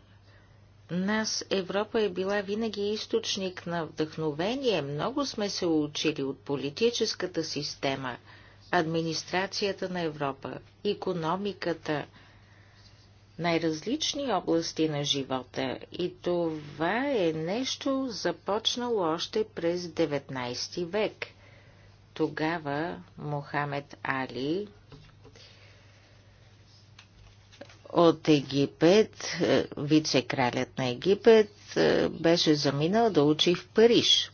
нас Европа е била винаги източник на вдъхновение. Много сме се учили от политическата система, администрацията на Европа, економиката, най-различни области на живота. И това е нещо започнало още през 19 век. Тогава Мохамед Али от Египет, е, вице-кралят на Египет, е, беше заминал да учи в Париж.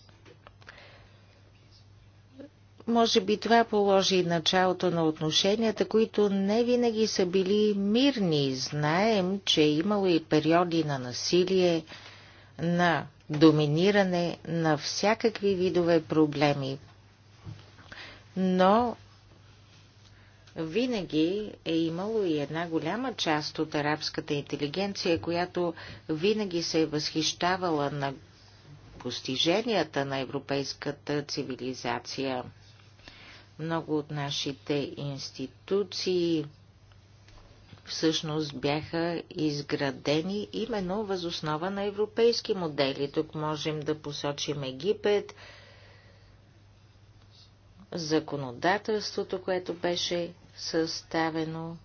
Може би това положи началото на отношенията, които не винаги са били мирни. Знаем, че е имало и периоди на насилие, на доминиране, на всякакви видове проблеми. Но винаги е имало и една голяма част от арабската интелигенция, която винаги се е възхищавала на постиженията на европейската цивилизация. Много от нашите институции всъщност бяха изградени именно възоснова на европейски модели. Тук можем да посочим Египет, законодателството, което беше съставено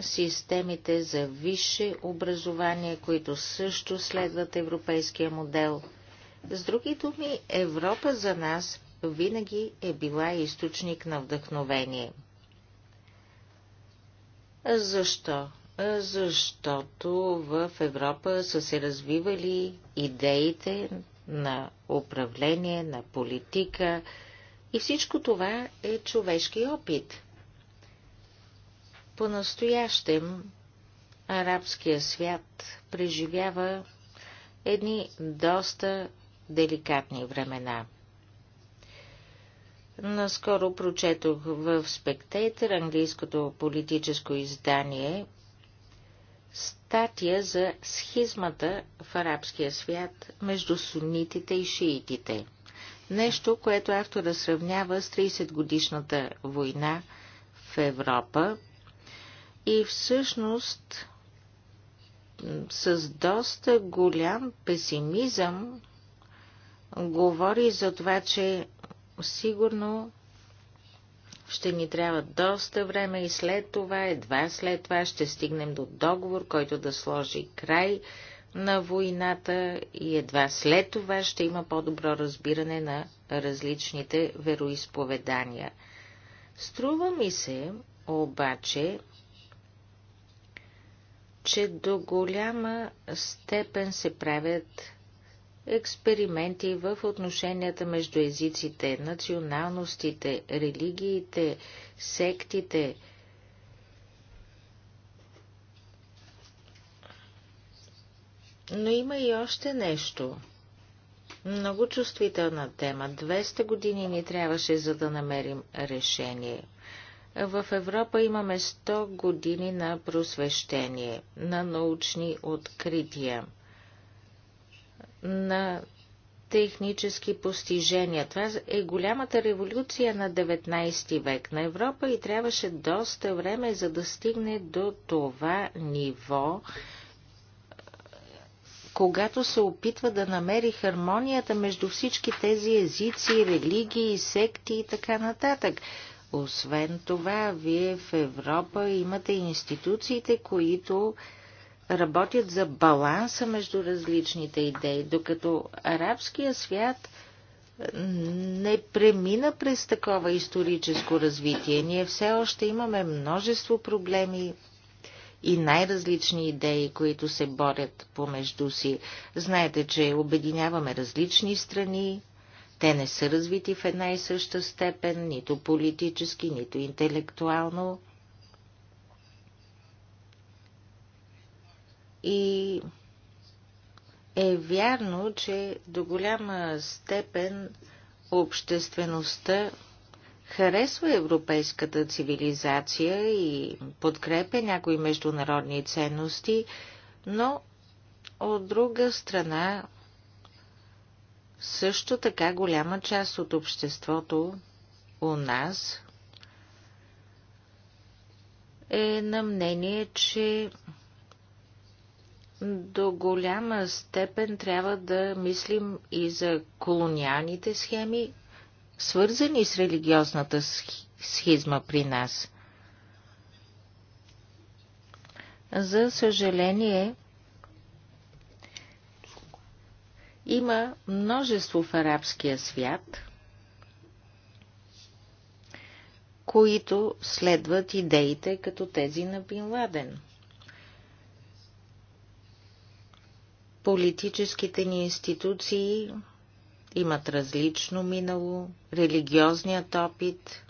системите за висше образование, които също следват европейския модел. С други думи, Европа за нас винаги е била източник на вдъхновение. Защо? Защото в Европа са се развивали идеите на управление, на политика, и всичко това е човешки опит. По-настоящем арабския свят преживява едни доста деликатни времена. Наскоро прочетох в Спектейтър, английското политическо издание, статия за схизмата в арабския свят между сунитите и шиитите – Нещо, което автора сравнява с 30-годишната война в Европа и всъщност с доста голям песимизъм говори за това, че сигурно ще ни трябва доста време и след това, едва след това ще стигнем до договор, който да сложи край на войната и едва след това ще има по-добро разбиране на различните вероисповедания. Струва ми се, обаче, че до голяма степен се правят експерименти в отношенията между езиците, националностите, религиите, сектите – Но има и още нещо. Много чувствителна тема. 200 години ни трябваше, за да намерим решение. В Европа имаме 100 години на просвещение, на научни открития, на технически постижения. Това е голямата революция на 19 век на Европа и трябваше доста време, за да стигне до това ниво когато се опитва да намери хармонията между всички тези езици, религии, секти и така нататък. Освен това, вие в Европа имате институциите, които работят за баланса между различните идеи, докато арабския свят не премина през такова историческо развитие. Ние все още имаме множество проблеми, и най-различни идеи, които се борят помежду си. Знаете, че обединяваме различни страни, те не са развити в една и съща степен, нито политически, нито интелектуално. И е вярно, че до голяма степен обществеността харесва европейската цивилизация и подкрепя някои международни ценности, но от друга страна също така голяма част от обществото у нас е на мнение, че до голяма степен трябва да мислим и за колониалните схеми, свързани с религиозната схизма при нас. За съжаление, има множество в арабския свят, които следват идеите като тези на Бин Ладен. Политическите ни институции имат различно минало, религиозният опит,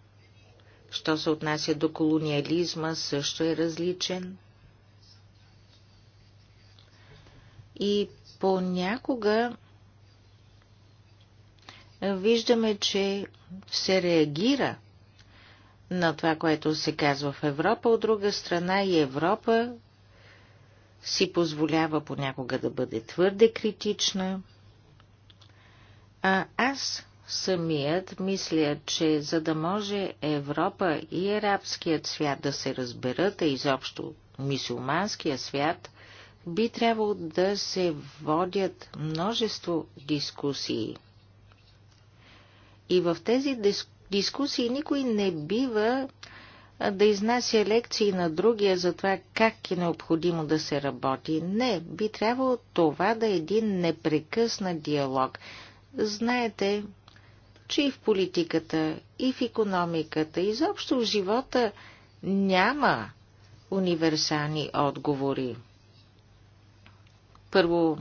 що се отнася до колониализма, също е различен. И понякога виждаме, че се реагира на това, което се казва в Европа, от друга страна и Европа си позволява понякога да бъде твърде критична, а аз самият мисля, че за да може Европа и арабският свят да се разберат, а изобщо мисулманския свят, би трябвало да се водят множество дискусии. И в тези дискусии никой не бива да изнася лекции на другия за това как е необходимо да се работи. Не, би трябвало това да е един непрекъснат диалог. Знаете, че и в политиката, и в економиката, изобщо в живота няма универсални отговори. Първо,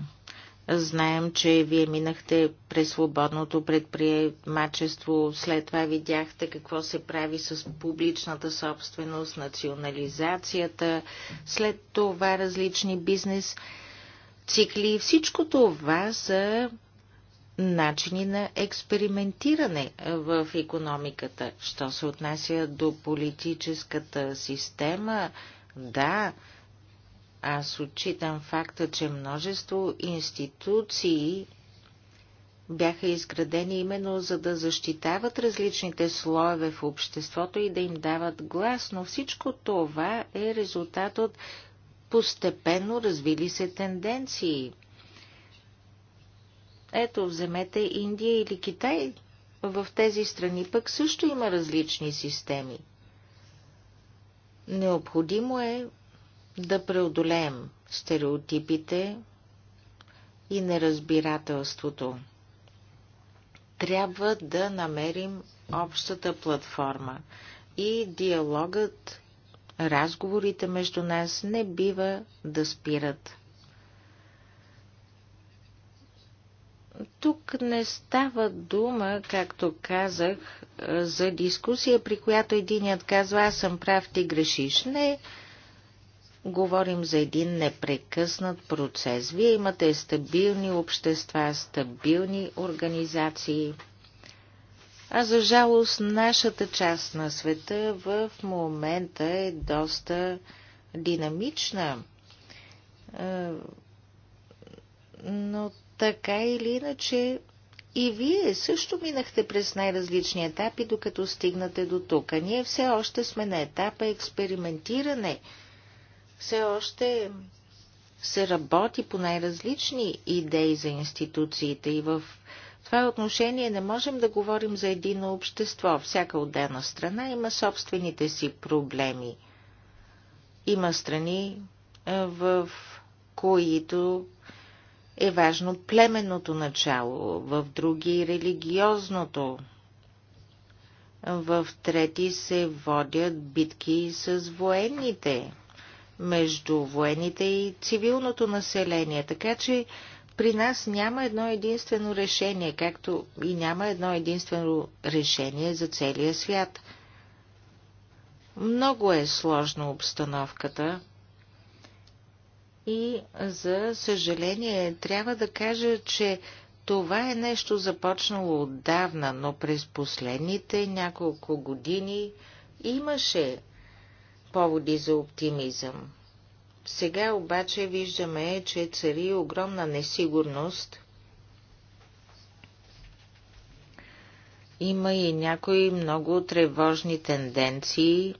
знаем, че вие минахте през свободното предприемачество, след това видяхте какво се прави с публичната собственост, национализацията, след това различни бизнес цикли. Всичко това са начини на експериментиране в економиката. Що се отнася до политическата система, да, аз отчитам факта, че множество институции бяха изградени именно за да защитават различните слоеве в обществото и да им дават глас, но всичко това е резултат от постепенно развили се тенденции – ето, вземете Индия или Китай. В тези страни пък също има различни системи. Необходимо е да преодолеем стереотипите и неразбирателството. Трябва да намерим общата платформа и диалогът, разговорите между нас не бива да спират. Тук не става дума, както казах, е, за дискусия, при която единият казва аз съм прав, ти грешиш. Не, говорим за един непрекъснат процес. Вие имате стабилни общества, стабилни организации. А за жалост, нашата част на света в момента е доста динамична. Е, но така или иначе, и вие също минахте през най-различни етапи, докато стигнате до тук. А ние все още сме на етапа експериментиране. Все още се работи по най-различни идеи за институциите и в това отношение не можем да говорим за едино общество. Всяка отделна страна има собствените си проблеми. Има страни, в които е важно племенното начало, в други религиозното. В трети се водят битки с военните, между военните и цивилното население, така че при нас няма едно единствено решение, както и няма едно единствено решение за целия свят. Много е сложна обстановката, и за съжаление трябва да кажа, че това е нещо започнало отдавна, но през последните няколко години имаше поводи за оптимизъм. Сега обаче виждаме, че цари огромна несигурност. Има и някои много тревожни тенденции,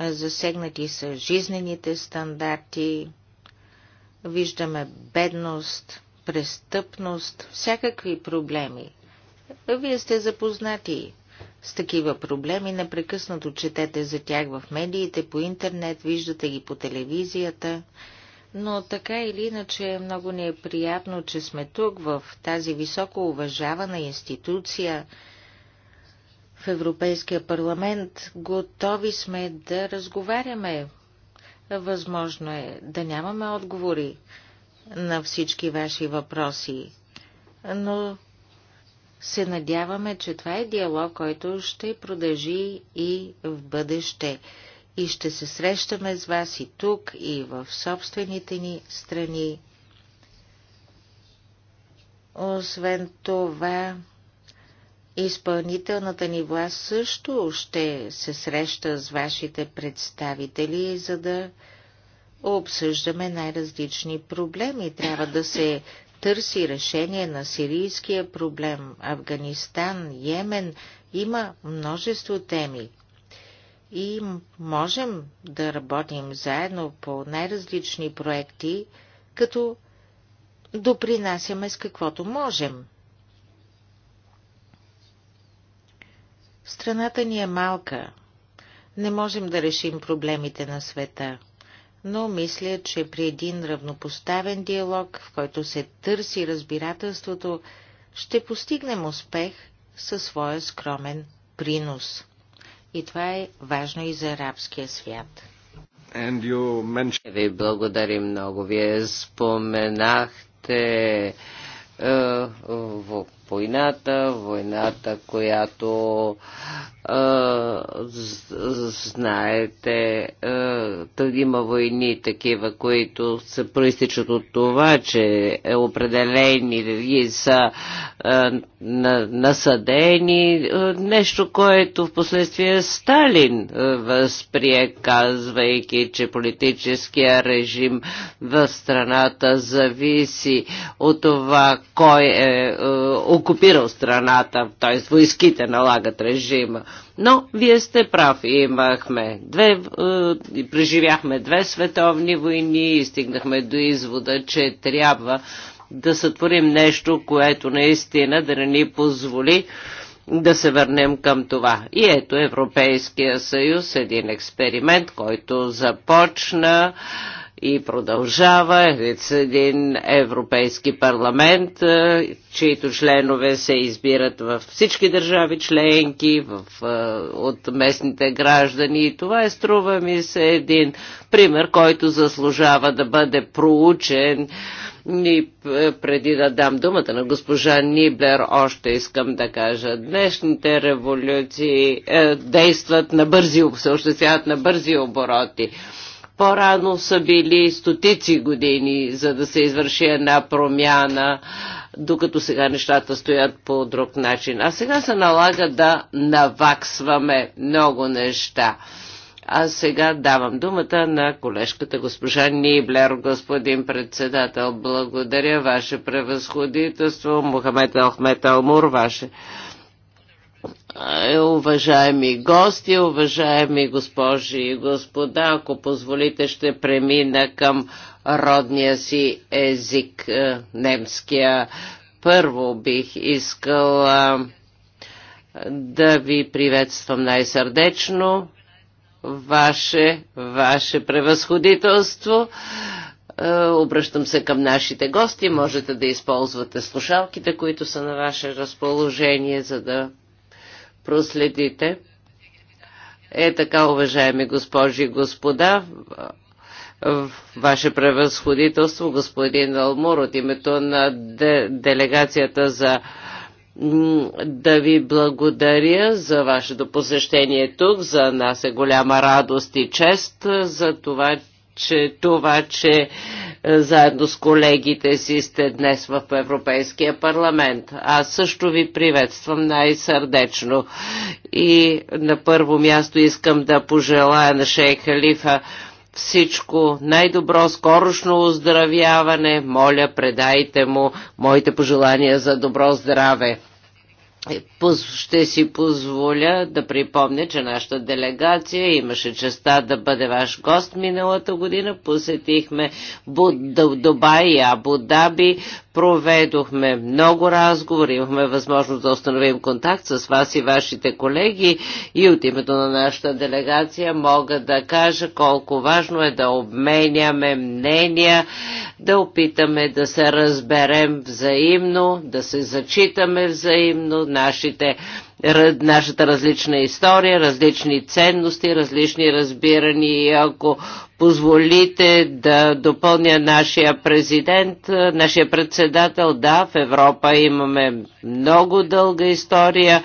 засегнати са жизнените стандарти, Виждаме бедност, престъпност, всякакви проблеми. Вие сте запознати с такива проблеми, непрекъснато четете за тях в медиите, по интернет, виждате ги по телевизията. Но така или иначе много ни е приятно, че сме тук, в тази високо уважавана институция, в Европейския парламент. Готови сме да разговаряме Възможно е да нямаме отговори на всички ваши въпроси, но се надяваме, че това е диалог, който ще продължи и в бъдеще. И ще се срещаме с вас и тук, и в собствените ни страни. Освен това, Изпълнителната ни власт също ще се среща с вашите представители, за да обсъждаме най-различни проблеми. Трябва да се търси решение на сирийския проблем, Афганистан, Йемен. Има множество теми. И можем да работим заедно по най-различни проекти, като допринасяме с каквото можем. Страната ни е малка. Не можем да решим проблемите на света, но мисля, че при един равнопоставен диалог, в който се търси разбирателството, ще постигнем успех със своя скромен принос. И това е важно и за арабския свят. Ви благодарим много. Вие споменахте е, войната, войната, която е, знаете, е, има войни такива, които се проистичат от това, че е определени и са е, на, насадени, е, нещо, което в последствие Сталин е, възприе, казвайки, че политическия режим в страната зависи от това кой е, е окупирал страната, т.е. войските налагат режима. Но вие сте прав, имахме две, е, преживяхме две световни войни и стигнахме до извода, че трябва да сътворим нещо, което наистина да не ни позволи да се върнем към това. И ето Европейския съюз, един експеримент, който започна и продължава с един Европейски парламент, е, чието членове се избират във всички държави членки, в, е, от местните граждани. И това е, струва ми се, един пример, който заслужава да бъде проучен. И е, преди да дам думата на госпожа Нибер, още искам да кажа, днешните революции е, действат на бързи, се осъществяват на бързи обороти по-рано са били стотици години, за да се извърши една промяна, докато сега нещата стоят по друг начин. А сега се налага да наваксваме много неща. А сега давам думата на колежката госпожа Ниблер, господин председател. Благодаря, ваше превъзходителство, Мохамед Алхмет Алмур, ваше е, уважаеми гости, уважаеми госпожи и господа, ако позволите, ще премина към родния си език, е, немския. Първо бих искала е, да ви приветствам най-сърдечно, ваше, ваше превъзходителство. Обръщам се към нашите гости. Можете да използвате слушалките, които са на ваше разположение, за да проследите. Е така, уважаеми госпожи и господа, Ваше превъзходителство, господин Алмур, от името на делегацията за да ви благодаря за вашето посещение тук. За нас е голяма радост и чест за това, че това, че е, заедно с колегите си сте днес в Европейския парламент. Аз също ви приветствам най-сърдечно и на първо място искам да пожелая на шейх Халифа всичко най-добро, скорошно оздравяване. Моля, предайте му моите пожелания за добро здраве. Е, ще си позволя да припомня, че нашата делегация имаше честа да бъде ваш гост миналата година. Посетихме Буд, Дубай и Абу Даби, Проведохме много разговори, имахме възможност да установим контакт с вас и вашите колеги и от името на нашата делегация мога да кажа колко важно е да обменяме мнения, да опитаме да се разберем взаимно, да се зачитаме взаимно, нашите нашата различна история, различни ценности, различни разбирания и ако позволите да допълня нашия президент, нашия председател, да, в Европа имаме много дълга история,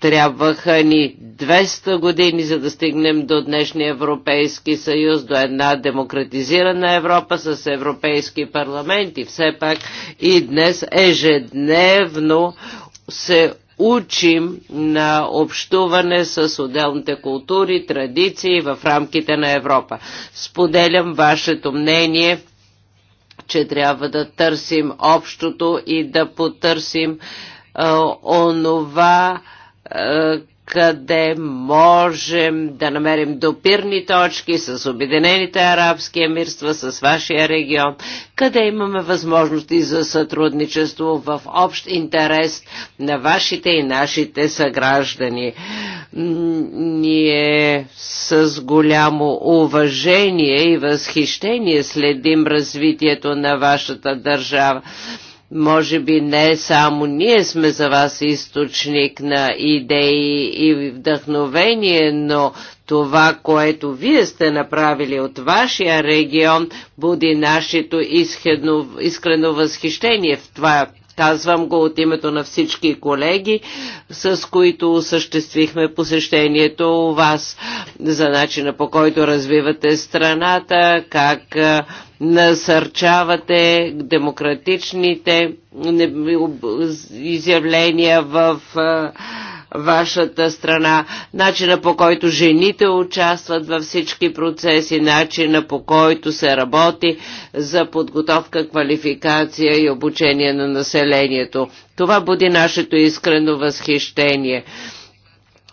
Трябваха ни 200 години, за да стигнем до днешния Европейски съюз, до една демократизирана Европа с европейски парламенти. Все пак и днес ежедневно се учим на общуване с отделните култури, традиции в рамките на Европа. Споделям вашето мнение, че трябва да търсим общото и да потърсим а, онова, е, къде можем да намерим допирни точки с Обединените арабски емирства, с вашия регион, къде имаме възможности за сътрудничество в общ интерес на вашите и нашите съграждани. Ние с голямо уважение и възхищение следим развитието на вашата държава. Може би не само ние сме за вас източник на идеи и вдъхновение, но това, което вие сте направили от вашия регион, буди нашето искрено, искрено възхищение. В това Казвам го от името на всички колеги, с които осъществихме посещението у вас за начина по който развивате страната, как насърчавате демократичните изявления в вашата страна, начина по който жените участват във всички процеси, начина по който се работи за подготовка, квалификация и обучение на населението. Това буди нашето искрено възхищение.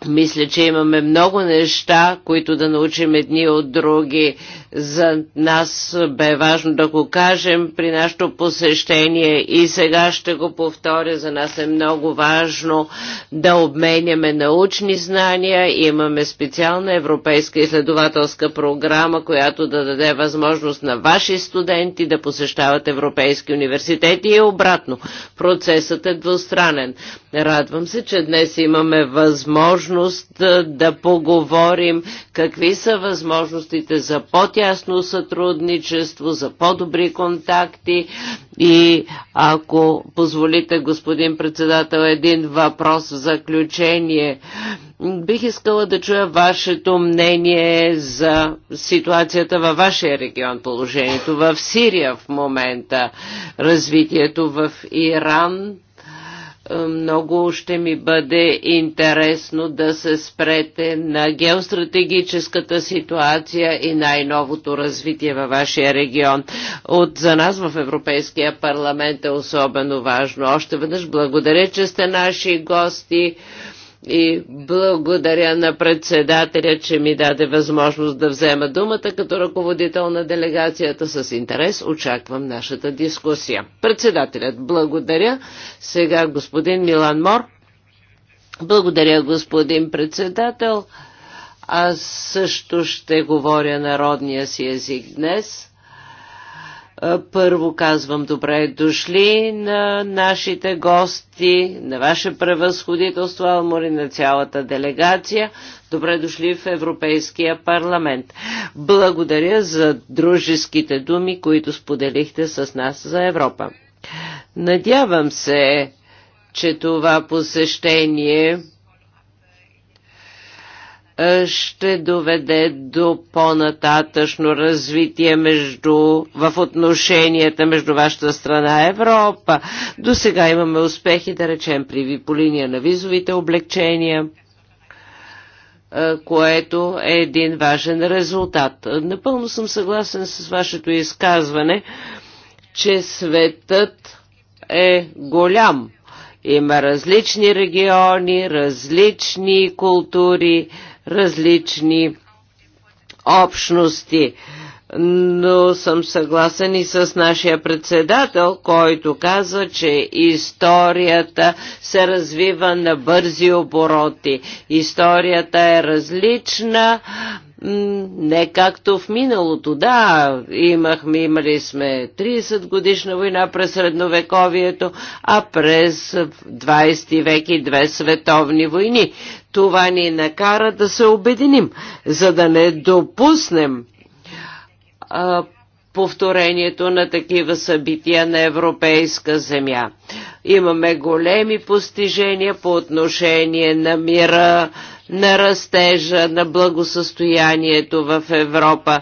Мисля, че имаме много неща, които да научим едни от други. За нас бе важно да го кажем при нашето посещение и сега ще го повторя. За нас е много важно да обменяме научни знания. Имаме специална европейска изследователска програма, която да даде възможност на ваши студенти да посещават европейски университети и обратно. Процесът е двустранен. Радвам се, че днес имаме възможност възможност да поговорим какви са възможностите за по-тясно сътрудничество, за по-добри контакти и ако позволите, господин председател, един въпрос в заключение. Бих искала да чуя вашето мнение за ситуацията във вашия регион, положението в Сирия в момента, развитието в Иран, е, много ще ми бъде интересно да се спрете на геостратегическата ситуация и най-новото развитие във вашия регион. От за нас в Европейския парламент е особено важно. Още веднъж благодаря, че сте наши гости и благодаря на председателя, че ми даде възможност да взема думата като ръководител на делегацията. С интерес очаквам нашата дискусия. Председателят, благодаря. Сега господин Милан Мор. Благодаря, господин председател. Аз също ще говоря народния си език днес е, първо казвам добре дошли на нашите гости, на ваше превъзходителство Алмори, на цялата делегация. Добре дошли в Европейския парламент. Благодаря за дружеските думи, които споделихте с нас за Европа. Надявам се, че това посещение е, ще доведе до по-нататъчно развитие между, в отношенията между вашата страна и Европа. До сега имаме успехи, да речем, при, по линия на визовите облегчения е, което е един важен резултат. Напълно съм съгласен с вашето изказване, че светът е голям. Има различни региони, различни култури, различни общности. Но съм съгласен и с нашия председател, който каза, че историята се развива на бързи обороти. Историята е различна, не както в миналото. Да, имахме, имали сме 30 годишна война през средновековието, а през 20 век и две световни войни. Това ни накара да се обединим, за да не допуснем а, повторението на такива събития на европейска земя. Имаме големи постижения по отношение на мира, на растежа, на благосъстоянието в Европа.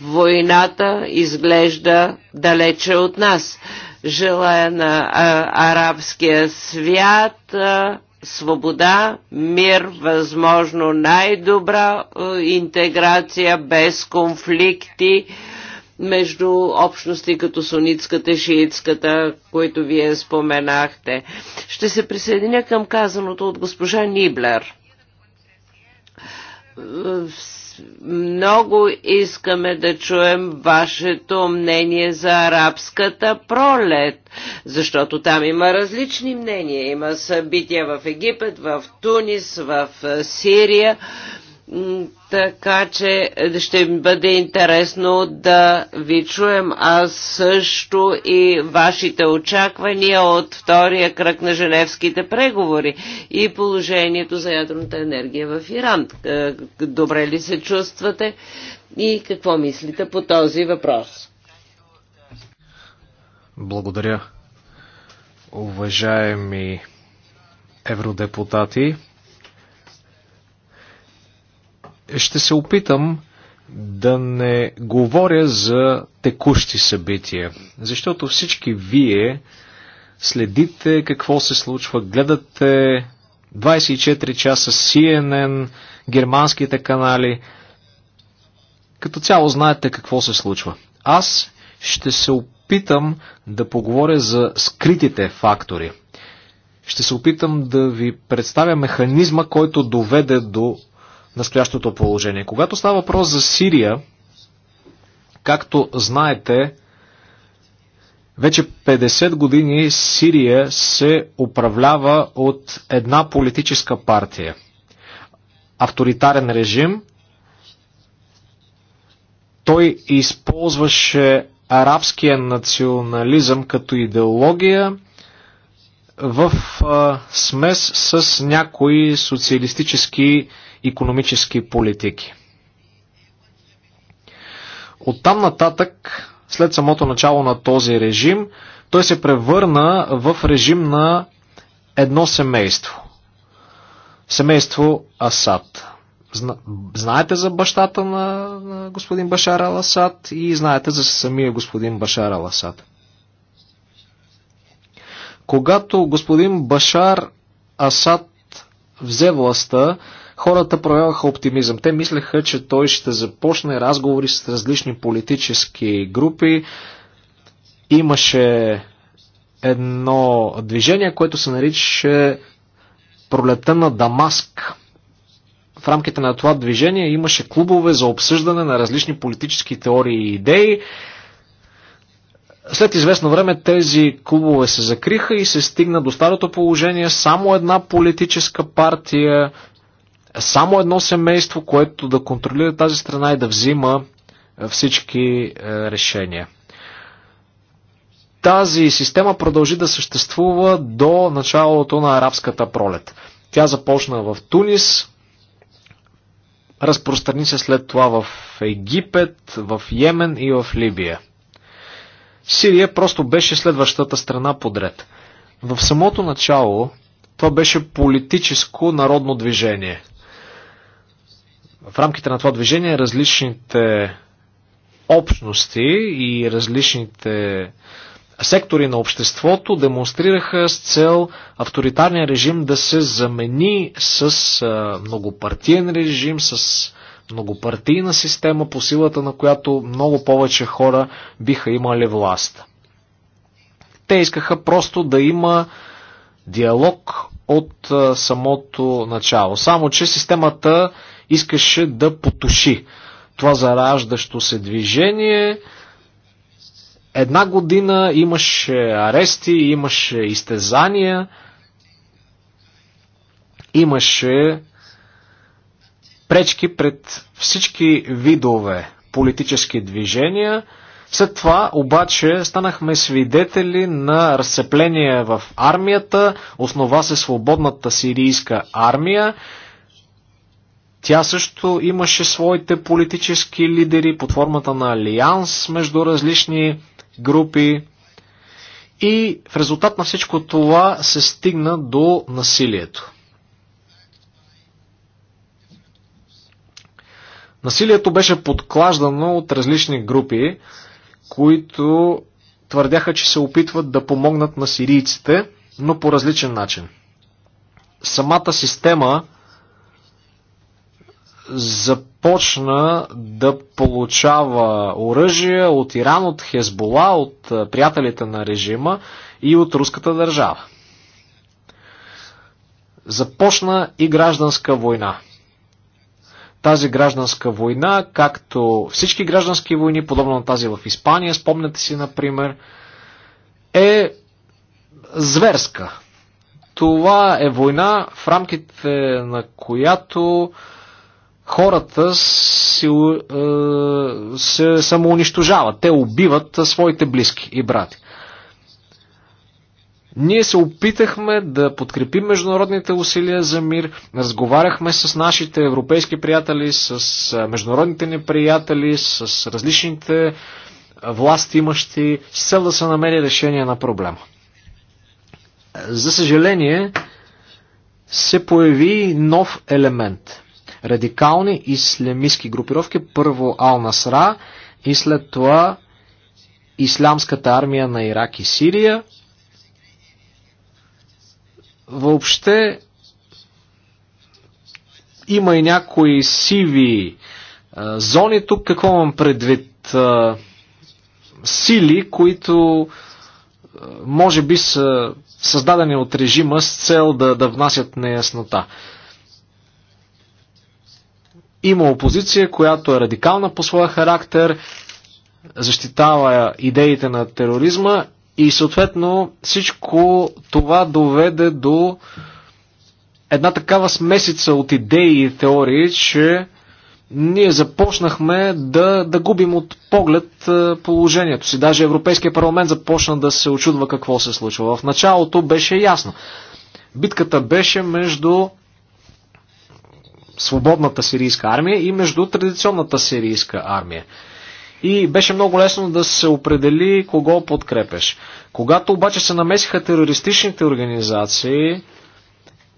Войната изглежда далече от нас. Желая на а, арабския свят а, свобода, мир, възможно най-добра е, интеграция без конфликти между общности като сунитската и шиитската, които вие споменахте. Ще се присъединя към казаното от госпожа Ниблер е, много искаме да чуем вашето мнение за арабската пролет, защото там има различни мнения. Има събития в Египет, в Тунис, в е, Сирия. Така че ще ми бъде интересно да ви чуем, аз също и вашите очаквания от втория кръг на женевските преговори и положението за ядрената енергия в Иран. Е, добре ли се чувствате и какво мислите по този въпрос? Благодаря, уважаеми евродепутати. Ще се опитам да не говоря за текущи събития, защото всички вие следите какво се случва, гледате 24 часа CNN, германските канали. Като цяло знаете какво се случва. Аз ще се опитам да поговоря за скритите фактори. Ще се опитам да ви представя механизма, който доведе до настоящото положение. Когато става въпрос за Сирия, както знаете, вече 50 години Сирия се управлява от една политическа партия. Авторитарен режим. Той използваше арабския национализъм като идеология в смес с някои социалистически економически политики. От там нататък, след самото начало на този режим, той се превърна в режим на едно семейство. Семейство Асад. Знаете за бащата на, на господин Башар Аласад и знаете за самия господин Башар Аласад. Когато господин Башар Асад взе властта, Хората проявяваха оптимизъм. Те мислеха, че той ще започне разговори с различни политически групи. Имаше едно движение, което се наричаше пролета на Дамаск. В рамките на това движение имаше клубове за обсъждане на различни политически теории и идеи. След известно време тези клубове се закриха и се стигна до старото положение. Само една политическа партия само едно семейство, което да контролира тази страна и да взима е, всички е, решения. Тази система продължи да съществува до началото на арабската пролет. Тя започна в Тунис, разпространи се след това в Египет, в Йемен и в Либия. Сирия просто беше следващата страна подред. В самото начало това беше политическо народно движение – в рамките на това движение различните общности и различните сектори на обществото демонстрираха с цел авторитарния режим да се замени с многопартиен режим, с многопартийна система, по силата на която много повече хора биха имали власт. Те искаха просто да има диалог от самото начало. Само, че системата искаше да потуши това зараждащо се движение. Една година имаше арести, имаше изтезания, имаше пречки пред всички видове политически движения. След това обаче станахме свидетели на разцепление в армията, основа се свободната сирийска армия тя също имаше своите политически лидери под формата на алианс между различни групи. И в резултат на всичко това се стигна до насилието. Насилието беше подклаждано от различни групи, които твърдяха, че се опитват да помогнат на сирийците, но по различен начин. Самата система започна да получава оръжия от Иран, от Хезбола, от приятелите на режима и от руската държава. Започна и гражданска война. Тази гражданска война, както всички граждански войни, подобно на тази в Испания, спомняте си, например, е зверска. Това е война, в рамките на която хората е, се самоунищожават. Те убиват своите близки и брати. Ние се опитахме да подкрепим международните усилия за мир, разговаряхме с нашите европейски приятели, с е, международните ни приятели, с различните власти имащи, с цел да се намери решение на проблема. За съжаление, се появи нов елемент – радикални ислямистски групировки. Първо Ал-Насра и след това Ислямската армия на Ирак и Сирия. Въобще има и някои сиви а, зони тук. Какво имам предвид? А, сили, които а, може би са създадени от режима с цел да, да внасят неяснота. Има опозиция, която е радикална по своя характер, защитава идеите на тероризма и съответно всичко това доведе до една такава смесица от идеи и теории, че ние започнахме да, да губим от поглед е, положението си. Даже Европейския парламент започна да се очудва какво се случва. В началото беше ясно. Битката беше между свободната сирийска армия и между традиционната сирийска армия. И беше много лесно да се определи кого подкрепеш. Когато обаче се намесиха терористичните организации,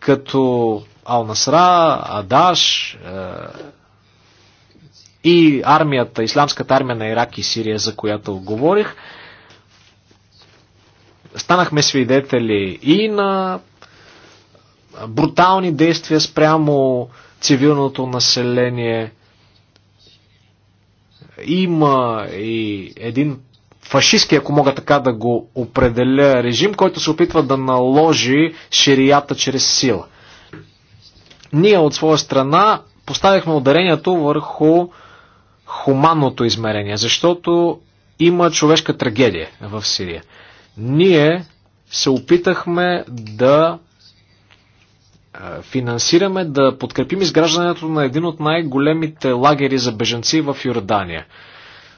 като Алнасра, Адаш е, и армията, исламската армия на Ирак и Сирия, за която говорих, станахме свидетели и на брутални действия спрямо цивилното население. Има и един фашистски, ако мога така да го определя, режим, който се опитва да наложи ширията чрез сила. Ние от своя страна поставихме ударението върху хуманното измерение, защото има човешка трагедия в Сирия. Ние се опитахме да е, финансираме да подкрепим изграждането на един от най-големите лагери за беженци в Йордания.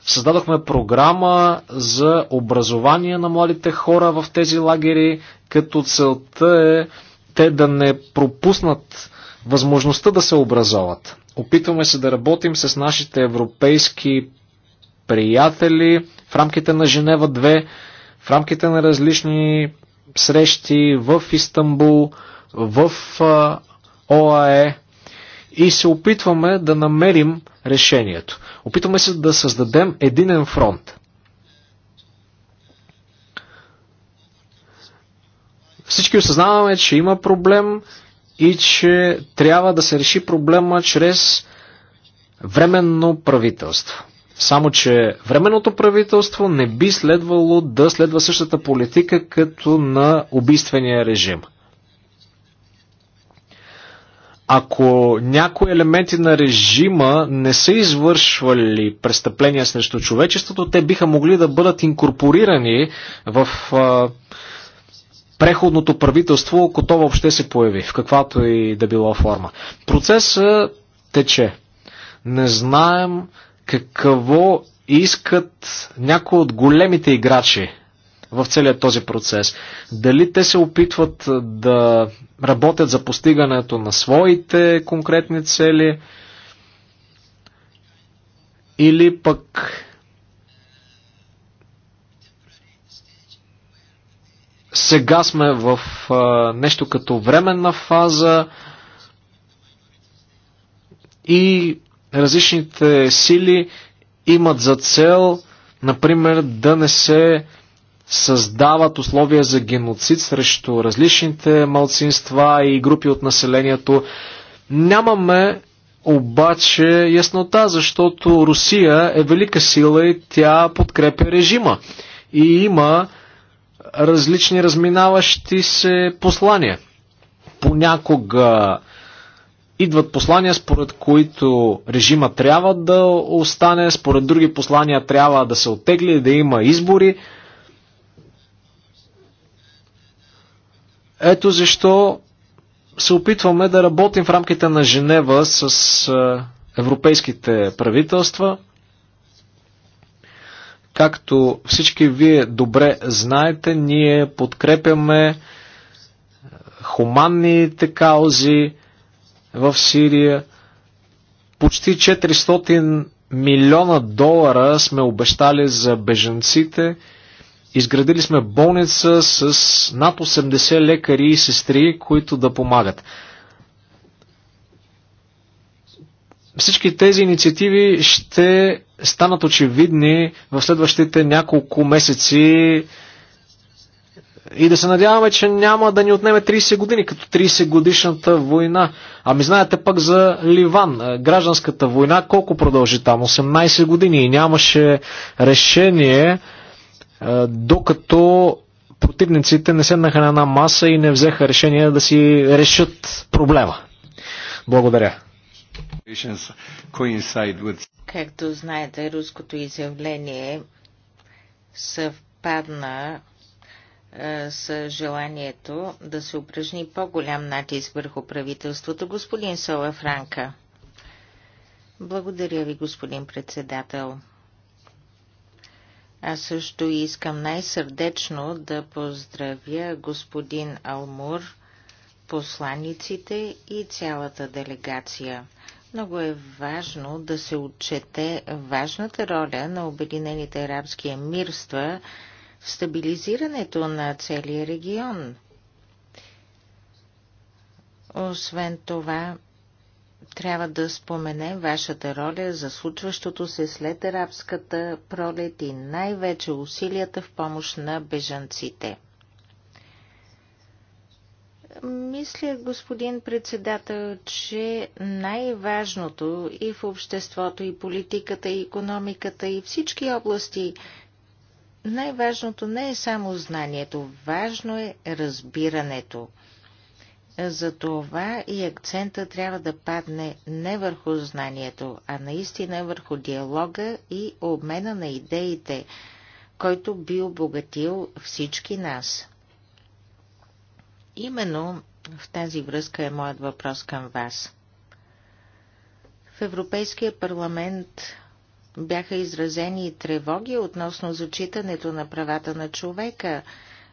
Създадохме програма за образование на младите хора в тези лагери, като целта е те да не пропуснат възможността да се образоват. Опитваме се да работим с нашите европейски приятели в рамките на Женева 2, в рамките на различни срещи в Истанбул, в ОАЕ и се опитваме да намерим решението. Опитваме се да създадем единен фронт. Всички осъзнаваме, че има проблем и че трябва да се реши проблема чрез временно правителство. Само, че временното правителство не би следвало да следва същата политика като на убийствения режим – ако някои елементи на режима не са извършвали престъпления срещу човечеството, те биха могли да бъдат инкорпорирани в а, преходното правителство, ако то въобще се появи, в каквато и да било форма. Процесът тече. Не знаем какво искат някои от големите играчи в целият този процес. Дали те се опитват да работят за постигането на своите конкретни цели или пък сега сме в а, нещо като временна фаза и различните сили имат за цел, например, да не се създават условия за геноцид срещу различните малцинства и групи от населението. Нямаме обаче яснота, защото Русия е велика сила и тя подкрепя режима. И има различни разминаващи се послания. Понякога идват послания, според които режима трябва да остане, според други послания трябва да се оттегли, да има избори. Ето защо се опитваме да работим в рамките на Женева с европейските правителства. Както всички вие добре знаете, ние подкрепяме хуманните каузи в Сирия. Почти 400 милиона долара сме обещали за беженците. Изградили сме болница с над 80 лекари и сестри, които да помагат. Всички тези инициативи ще станат очевидни в следващите няколко месеци и да се надяваме, че няма да ни отнеме 30 години, като 30 годишната война. Ами знаете пък за Ливан, гражданската война, колко продължи там? 18 години и нямаше решение докато противниците не седнаха на една маса и не взеха решение да си решат проблема. Благодаря. Както знаете, руското изявление съвпадна с желанието да се упражни по-голям натиск върху правителството. Господин Сола Франка. Благодаря ви, господин председател. Аз също искам най-сърдечно да поздравя господин Алмур, посланиците и цялата делегация. Много е важно да се отчете важната роля на Обединените арабски емирства в стабилизирането на целия регион. Освен това, трябва да споменем вашата роля за случващото се след арабската пролет и най-вече усилията в помощ на бежанците. Мисля, господин председател, че най-важното и в обществото, и политиката, и економиката, и всички области, най-важното не е само знанието, важно е разбирането – за това и акцента трябва да падне не върху знанието, а наистина върху диалога и обмена на идеите, който би обогатил всички нас. Именно в тази връзка е моят въпрос към вас. В Европейския парламент бяха изразени и тревоги относно зачитането на правата на човека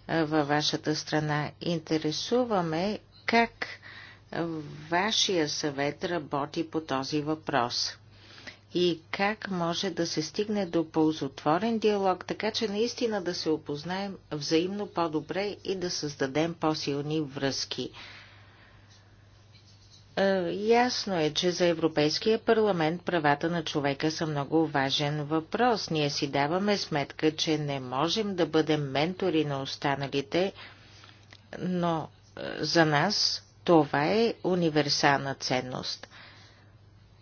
във вашата страна. Интересуваме как вашия съвет работи по този въпрос? И как може да се стигне до ползотворен диалог, така че наистина да се опознаем взаимно по-добре и да създадем по-силни връзки? Е, ясно е, че за Европейския парламент правата на човека са много важен въпрос. Ние си даваме сметка, че не можем да бъдем ментори на останалите, но за нас това е универсална ценност.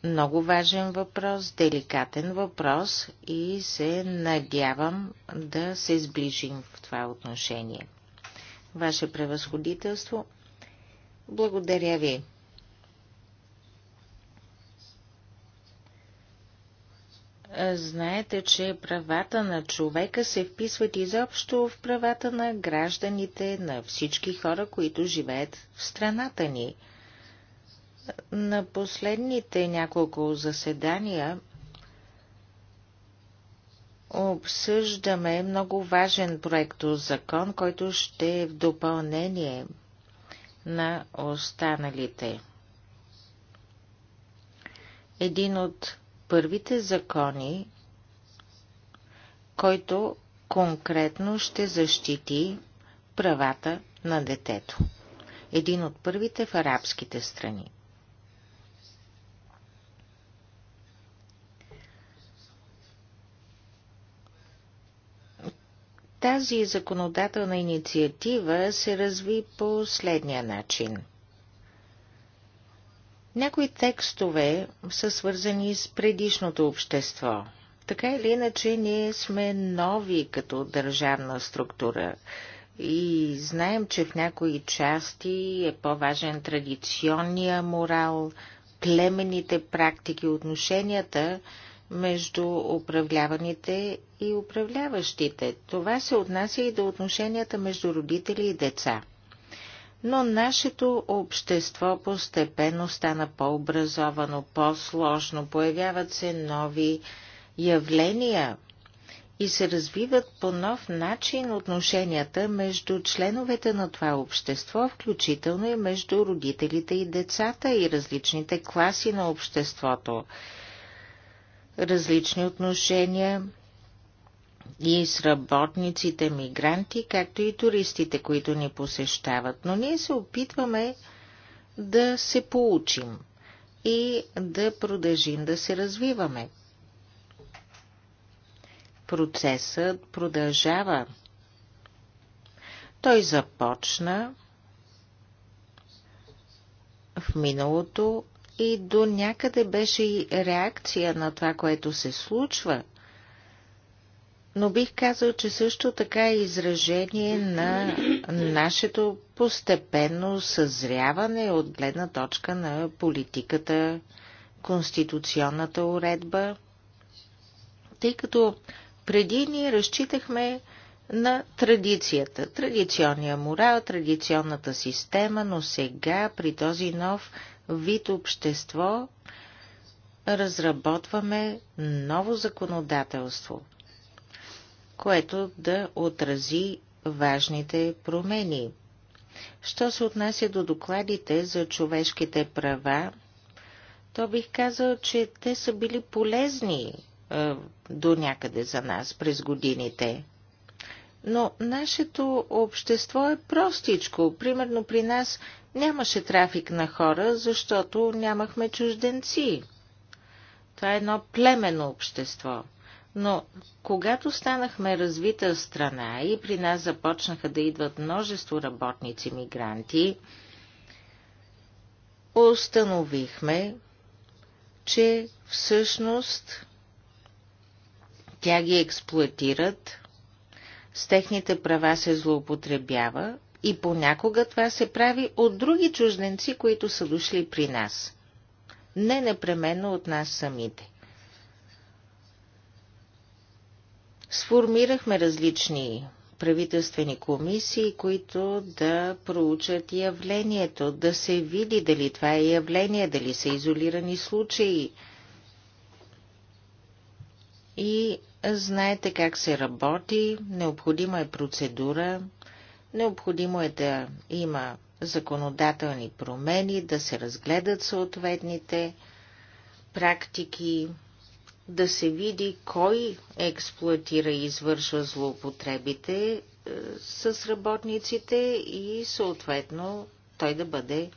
Много важен въпрос, деликатен въпрос и се надявам да се сближим в това отношение. Ваше превъзходителство, благодаря ви. Знаете, че правата на човека се вписват изобщо в правата на гражданите, на всички хора, които живеят в страната ни. На последните няколко заседания обсъждаме много важен проекто закон, който ще е в допълнение на останалите. Един от първите закони, който конкретно ще защити правата на детето. Един от първите в арабските страни. Тази законодателна инициатива се разви по следния начин – някои текстове са свързани с предишното общество. Така или иначе, ние сме нови като държавна структура и знаем, че в някои части е по-важен традиционния морал, племените практики, отношенията между управляваните и управляващите. Това се отнася и до отношенията между родители и деца – но нашето общество постепенно стана по-образовано, по-сложно, появяват се нови явления и се развиват по нов начин отношенията между членовете на това общество, включително и между родителите и децата и различните класи на обществото. Различни отношения и с работниците мигранти, както и туристите, които ни посещават. Но ние се опитваме да се получим и да продължим да се развиваме. Процесът продължава. Той започна в миналото и до някъде беше и реакция на това, което се случва но бих казал, че също така е изражение на нашето постепенно съзряване от гледна точка на политиката, конституционната уредба, тъй като преди ние разчитахме на традицията, традиционния морал, традиционната система, но сега при този нов вид общество разработваме ново законодателство – което да отрази важните промени. Що се отнася до докладите за човешките права, то бих казал, че те са били полезни е, до някъде за нас през годините. Но нашето общество е простичко. Примерно при нас нямаше трафик на хора, защото нямахме чужденци. Това е едно племено общество – но когато станахме развита страна и при нас започнаха да идват множество работници мигранти, установихме, че всъщност тя ги експлуатират, с техните права се злоупотребява и понякога това се прави от други чужденци, които са дошли при нас. Не непременно от нас самите. Сформирахме различни правителствени комисии, които да проучат явлението, да се види дали това е явление, дали са изолирани случаи. И знаете как се работи, необходима е процедура, необходимо е да има законодателни промени, да се разгледат съответните практики, да се види кой експлуатира и извършва злоупотребите е, с работниците и съответно той да бъде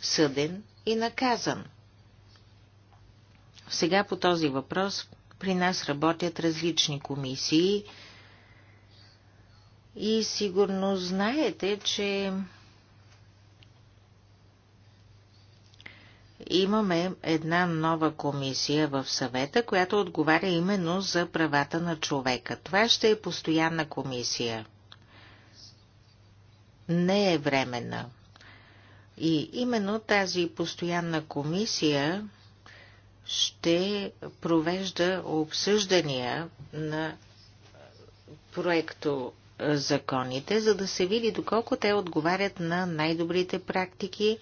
съден и наказан. Сега по този въпрос при нас работят различни комисии и сигурно знаете, че имаме една нова комисия в съвета, която отговаря именно за правата на човека. Това ще е постоянна комисия. Не е временна. И именно тази постоянна комисия ще провежда обсъждания на проекто законите, за да се види доколко те отговарят на най-добрите практики,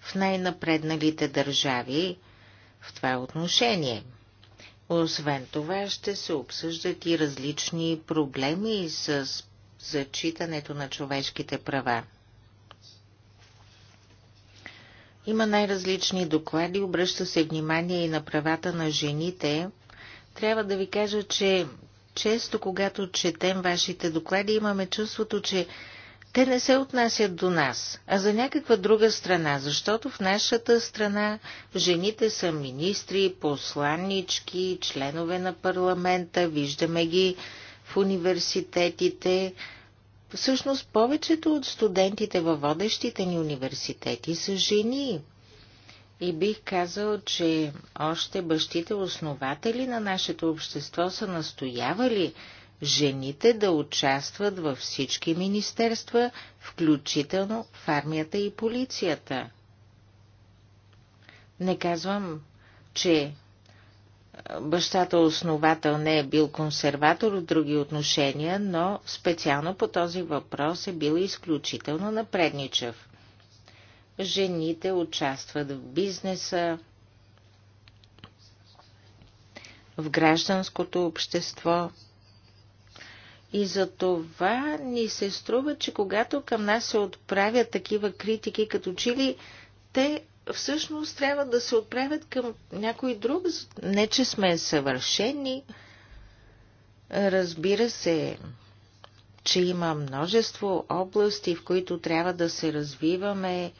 в най-напредналите държави в това отношение. Освен това ще се обсъждат и различни проблеми с зачитането на човешките права. Има най-различни доклади, обръща се внимание и на правата на жените. Трябва да ви кажа, че често, когато четем вашите доклади, имаме чувството, че те не се отнасят до нас, а за някаква друга страна, защото в нашата страна жените са министри, посланнички, членове на парламента, виждаме ги в университетите. Всъщност повечето от студентите във водещите ни университети са жени. И бих казал, че още бащите основатели на нашето общество са настоявали – жените да участват във всички министерства, включително в армията и полицията. Не казвам, че бащата основател не е бил консерватор в други отношения, но специално по този въпрос е бил изключително напредничав. Жените участват в бизнеса, в гражданското общество – и за това ни се струва, че когато към нас се отправят такива критики, като че ли те всъщност трябва да се отправят към някой друг. Не, че сме съвършени. Разбира се, че има множество области, в които трябва да се развиваме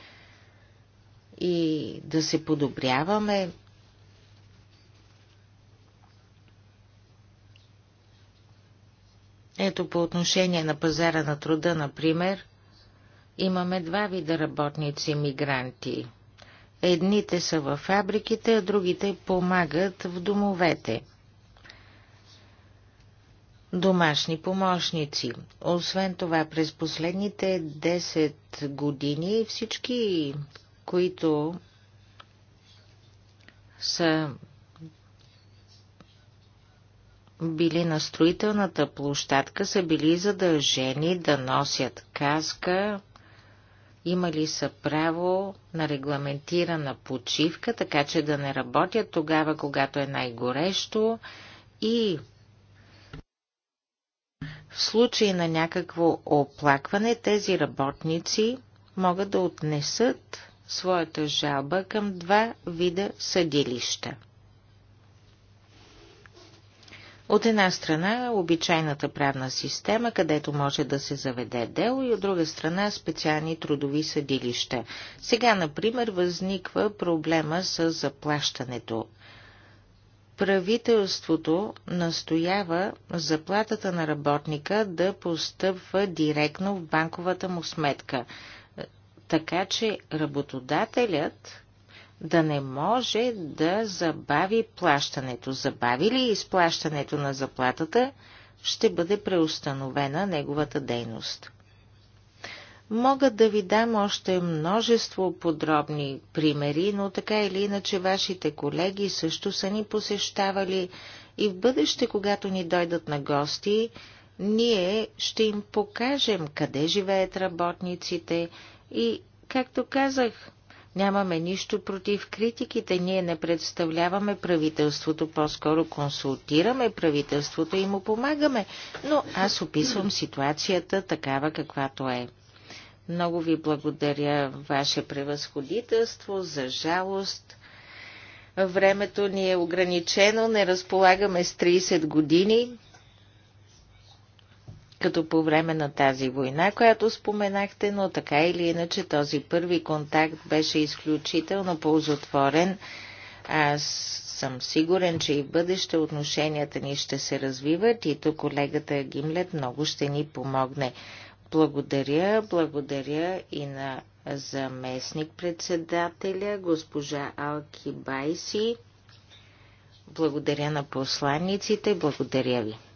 и да се подобряваме. Ето по отношение на пазара на труда, например, имаме два вида работници мигранти. Едните са във фабриките, а другите помагат в домовете. Домашни помощници. Освен това, през последните 10 години всички, които са били на строителната площадка, са били задължени да носят каска, имали са право на регламентирана почивка, така че да не работят тогава, когато е най-горещо и в случай на някакво оплакване тези работници могат да отнесат своята жалба към два вида съдилища – от една страна обичайната правна система, където може да се заведе дело и от друга страна специални трудови съдилища. Сега, например, възниква проблема с заплащането. Правителството настоява заплатата на работника да постъпва директно в банковата му сметка, така че работодателят да не може да забави плащането. Забави ли изплащането на заплатата, ще бъде преустановена неговата дейност. Мога да ви дам още множество подробни примери, но така или иначе вашите колеги също са ни посещавали и в бъдеще, когато ни дойдат на гости, ние ще им покажем къде живеят работниците и, както казах, Нямаме нищо против критиките. Ние не представляваме правителството, по-скоро консултираме правителството и му помагаме. Но аз описвам ситуацията такава каквато е. Много ви благодаря, ваше превъзходителство, за жалост. Времето ни е ограничено, не разполагаме с 30 години като по време на тази война, която споменахте, но така или иначе този първи контакт беше изключително ползотворен. Аз съм сигурен, че и в бъдеще отношенията ни ще се развиват и тук колегата Гимлет много ще ни помогне. Благодаря, благодаря и на заместник-председателя, госпожа Алки Байси. Благодаря на посланниците, благодаря ви.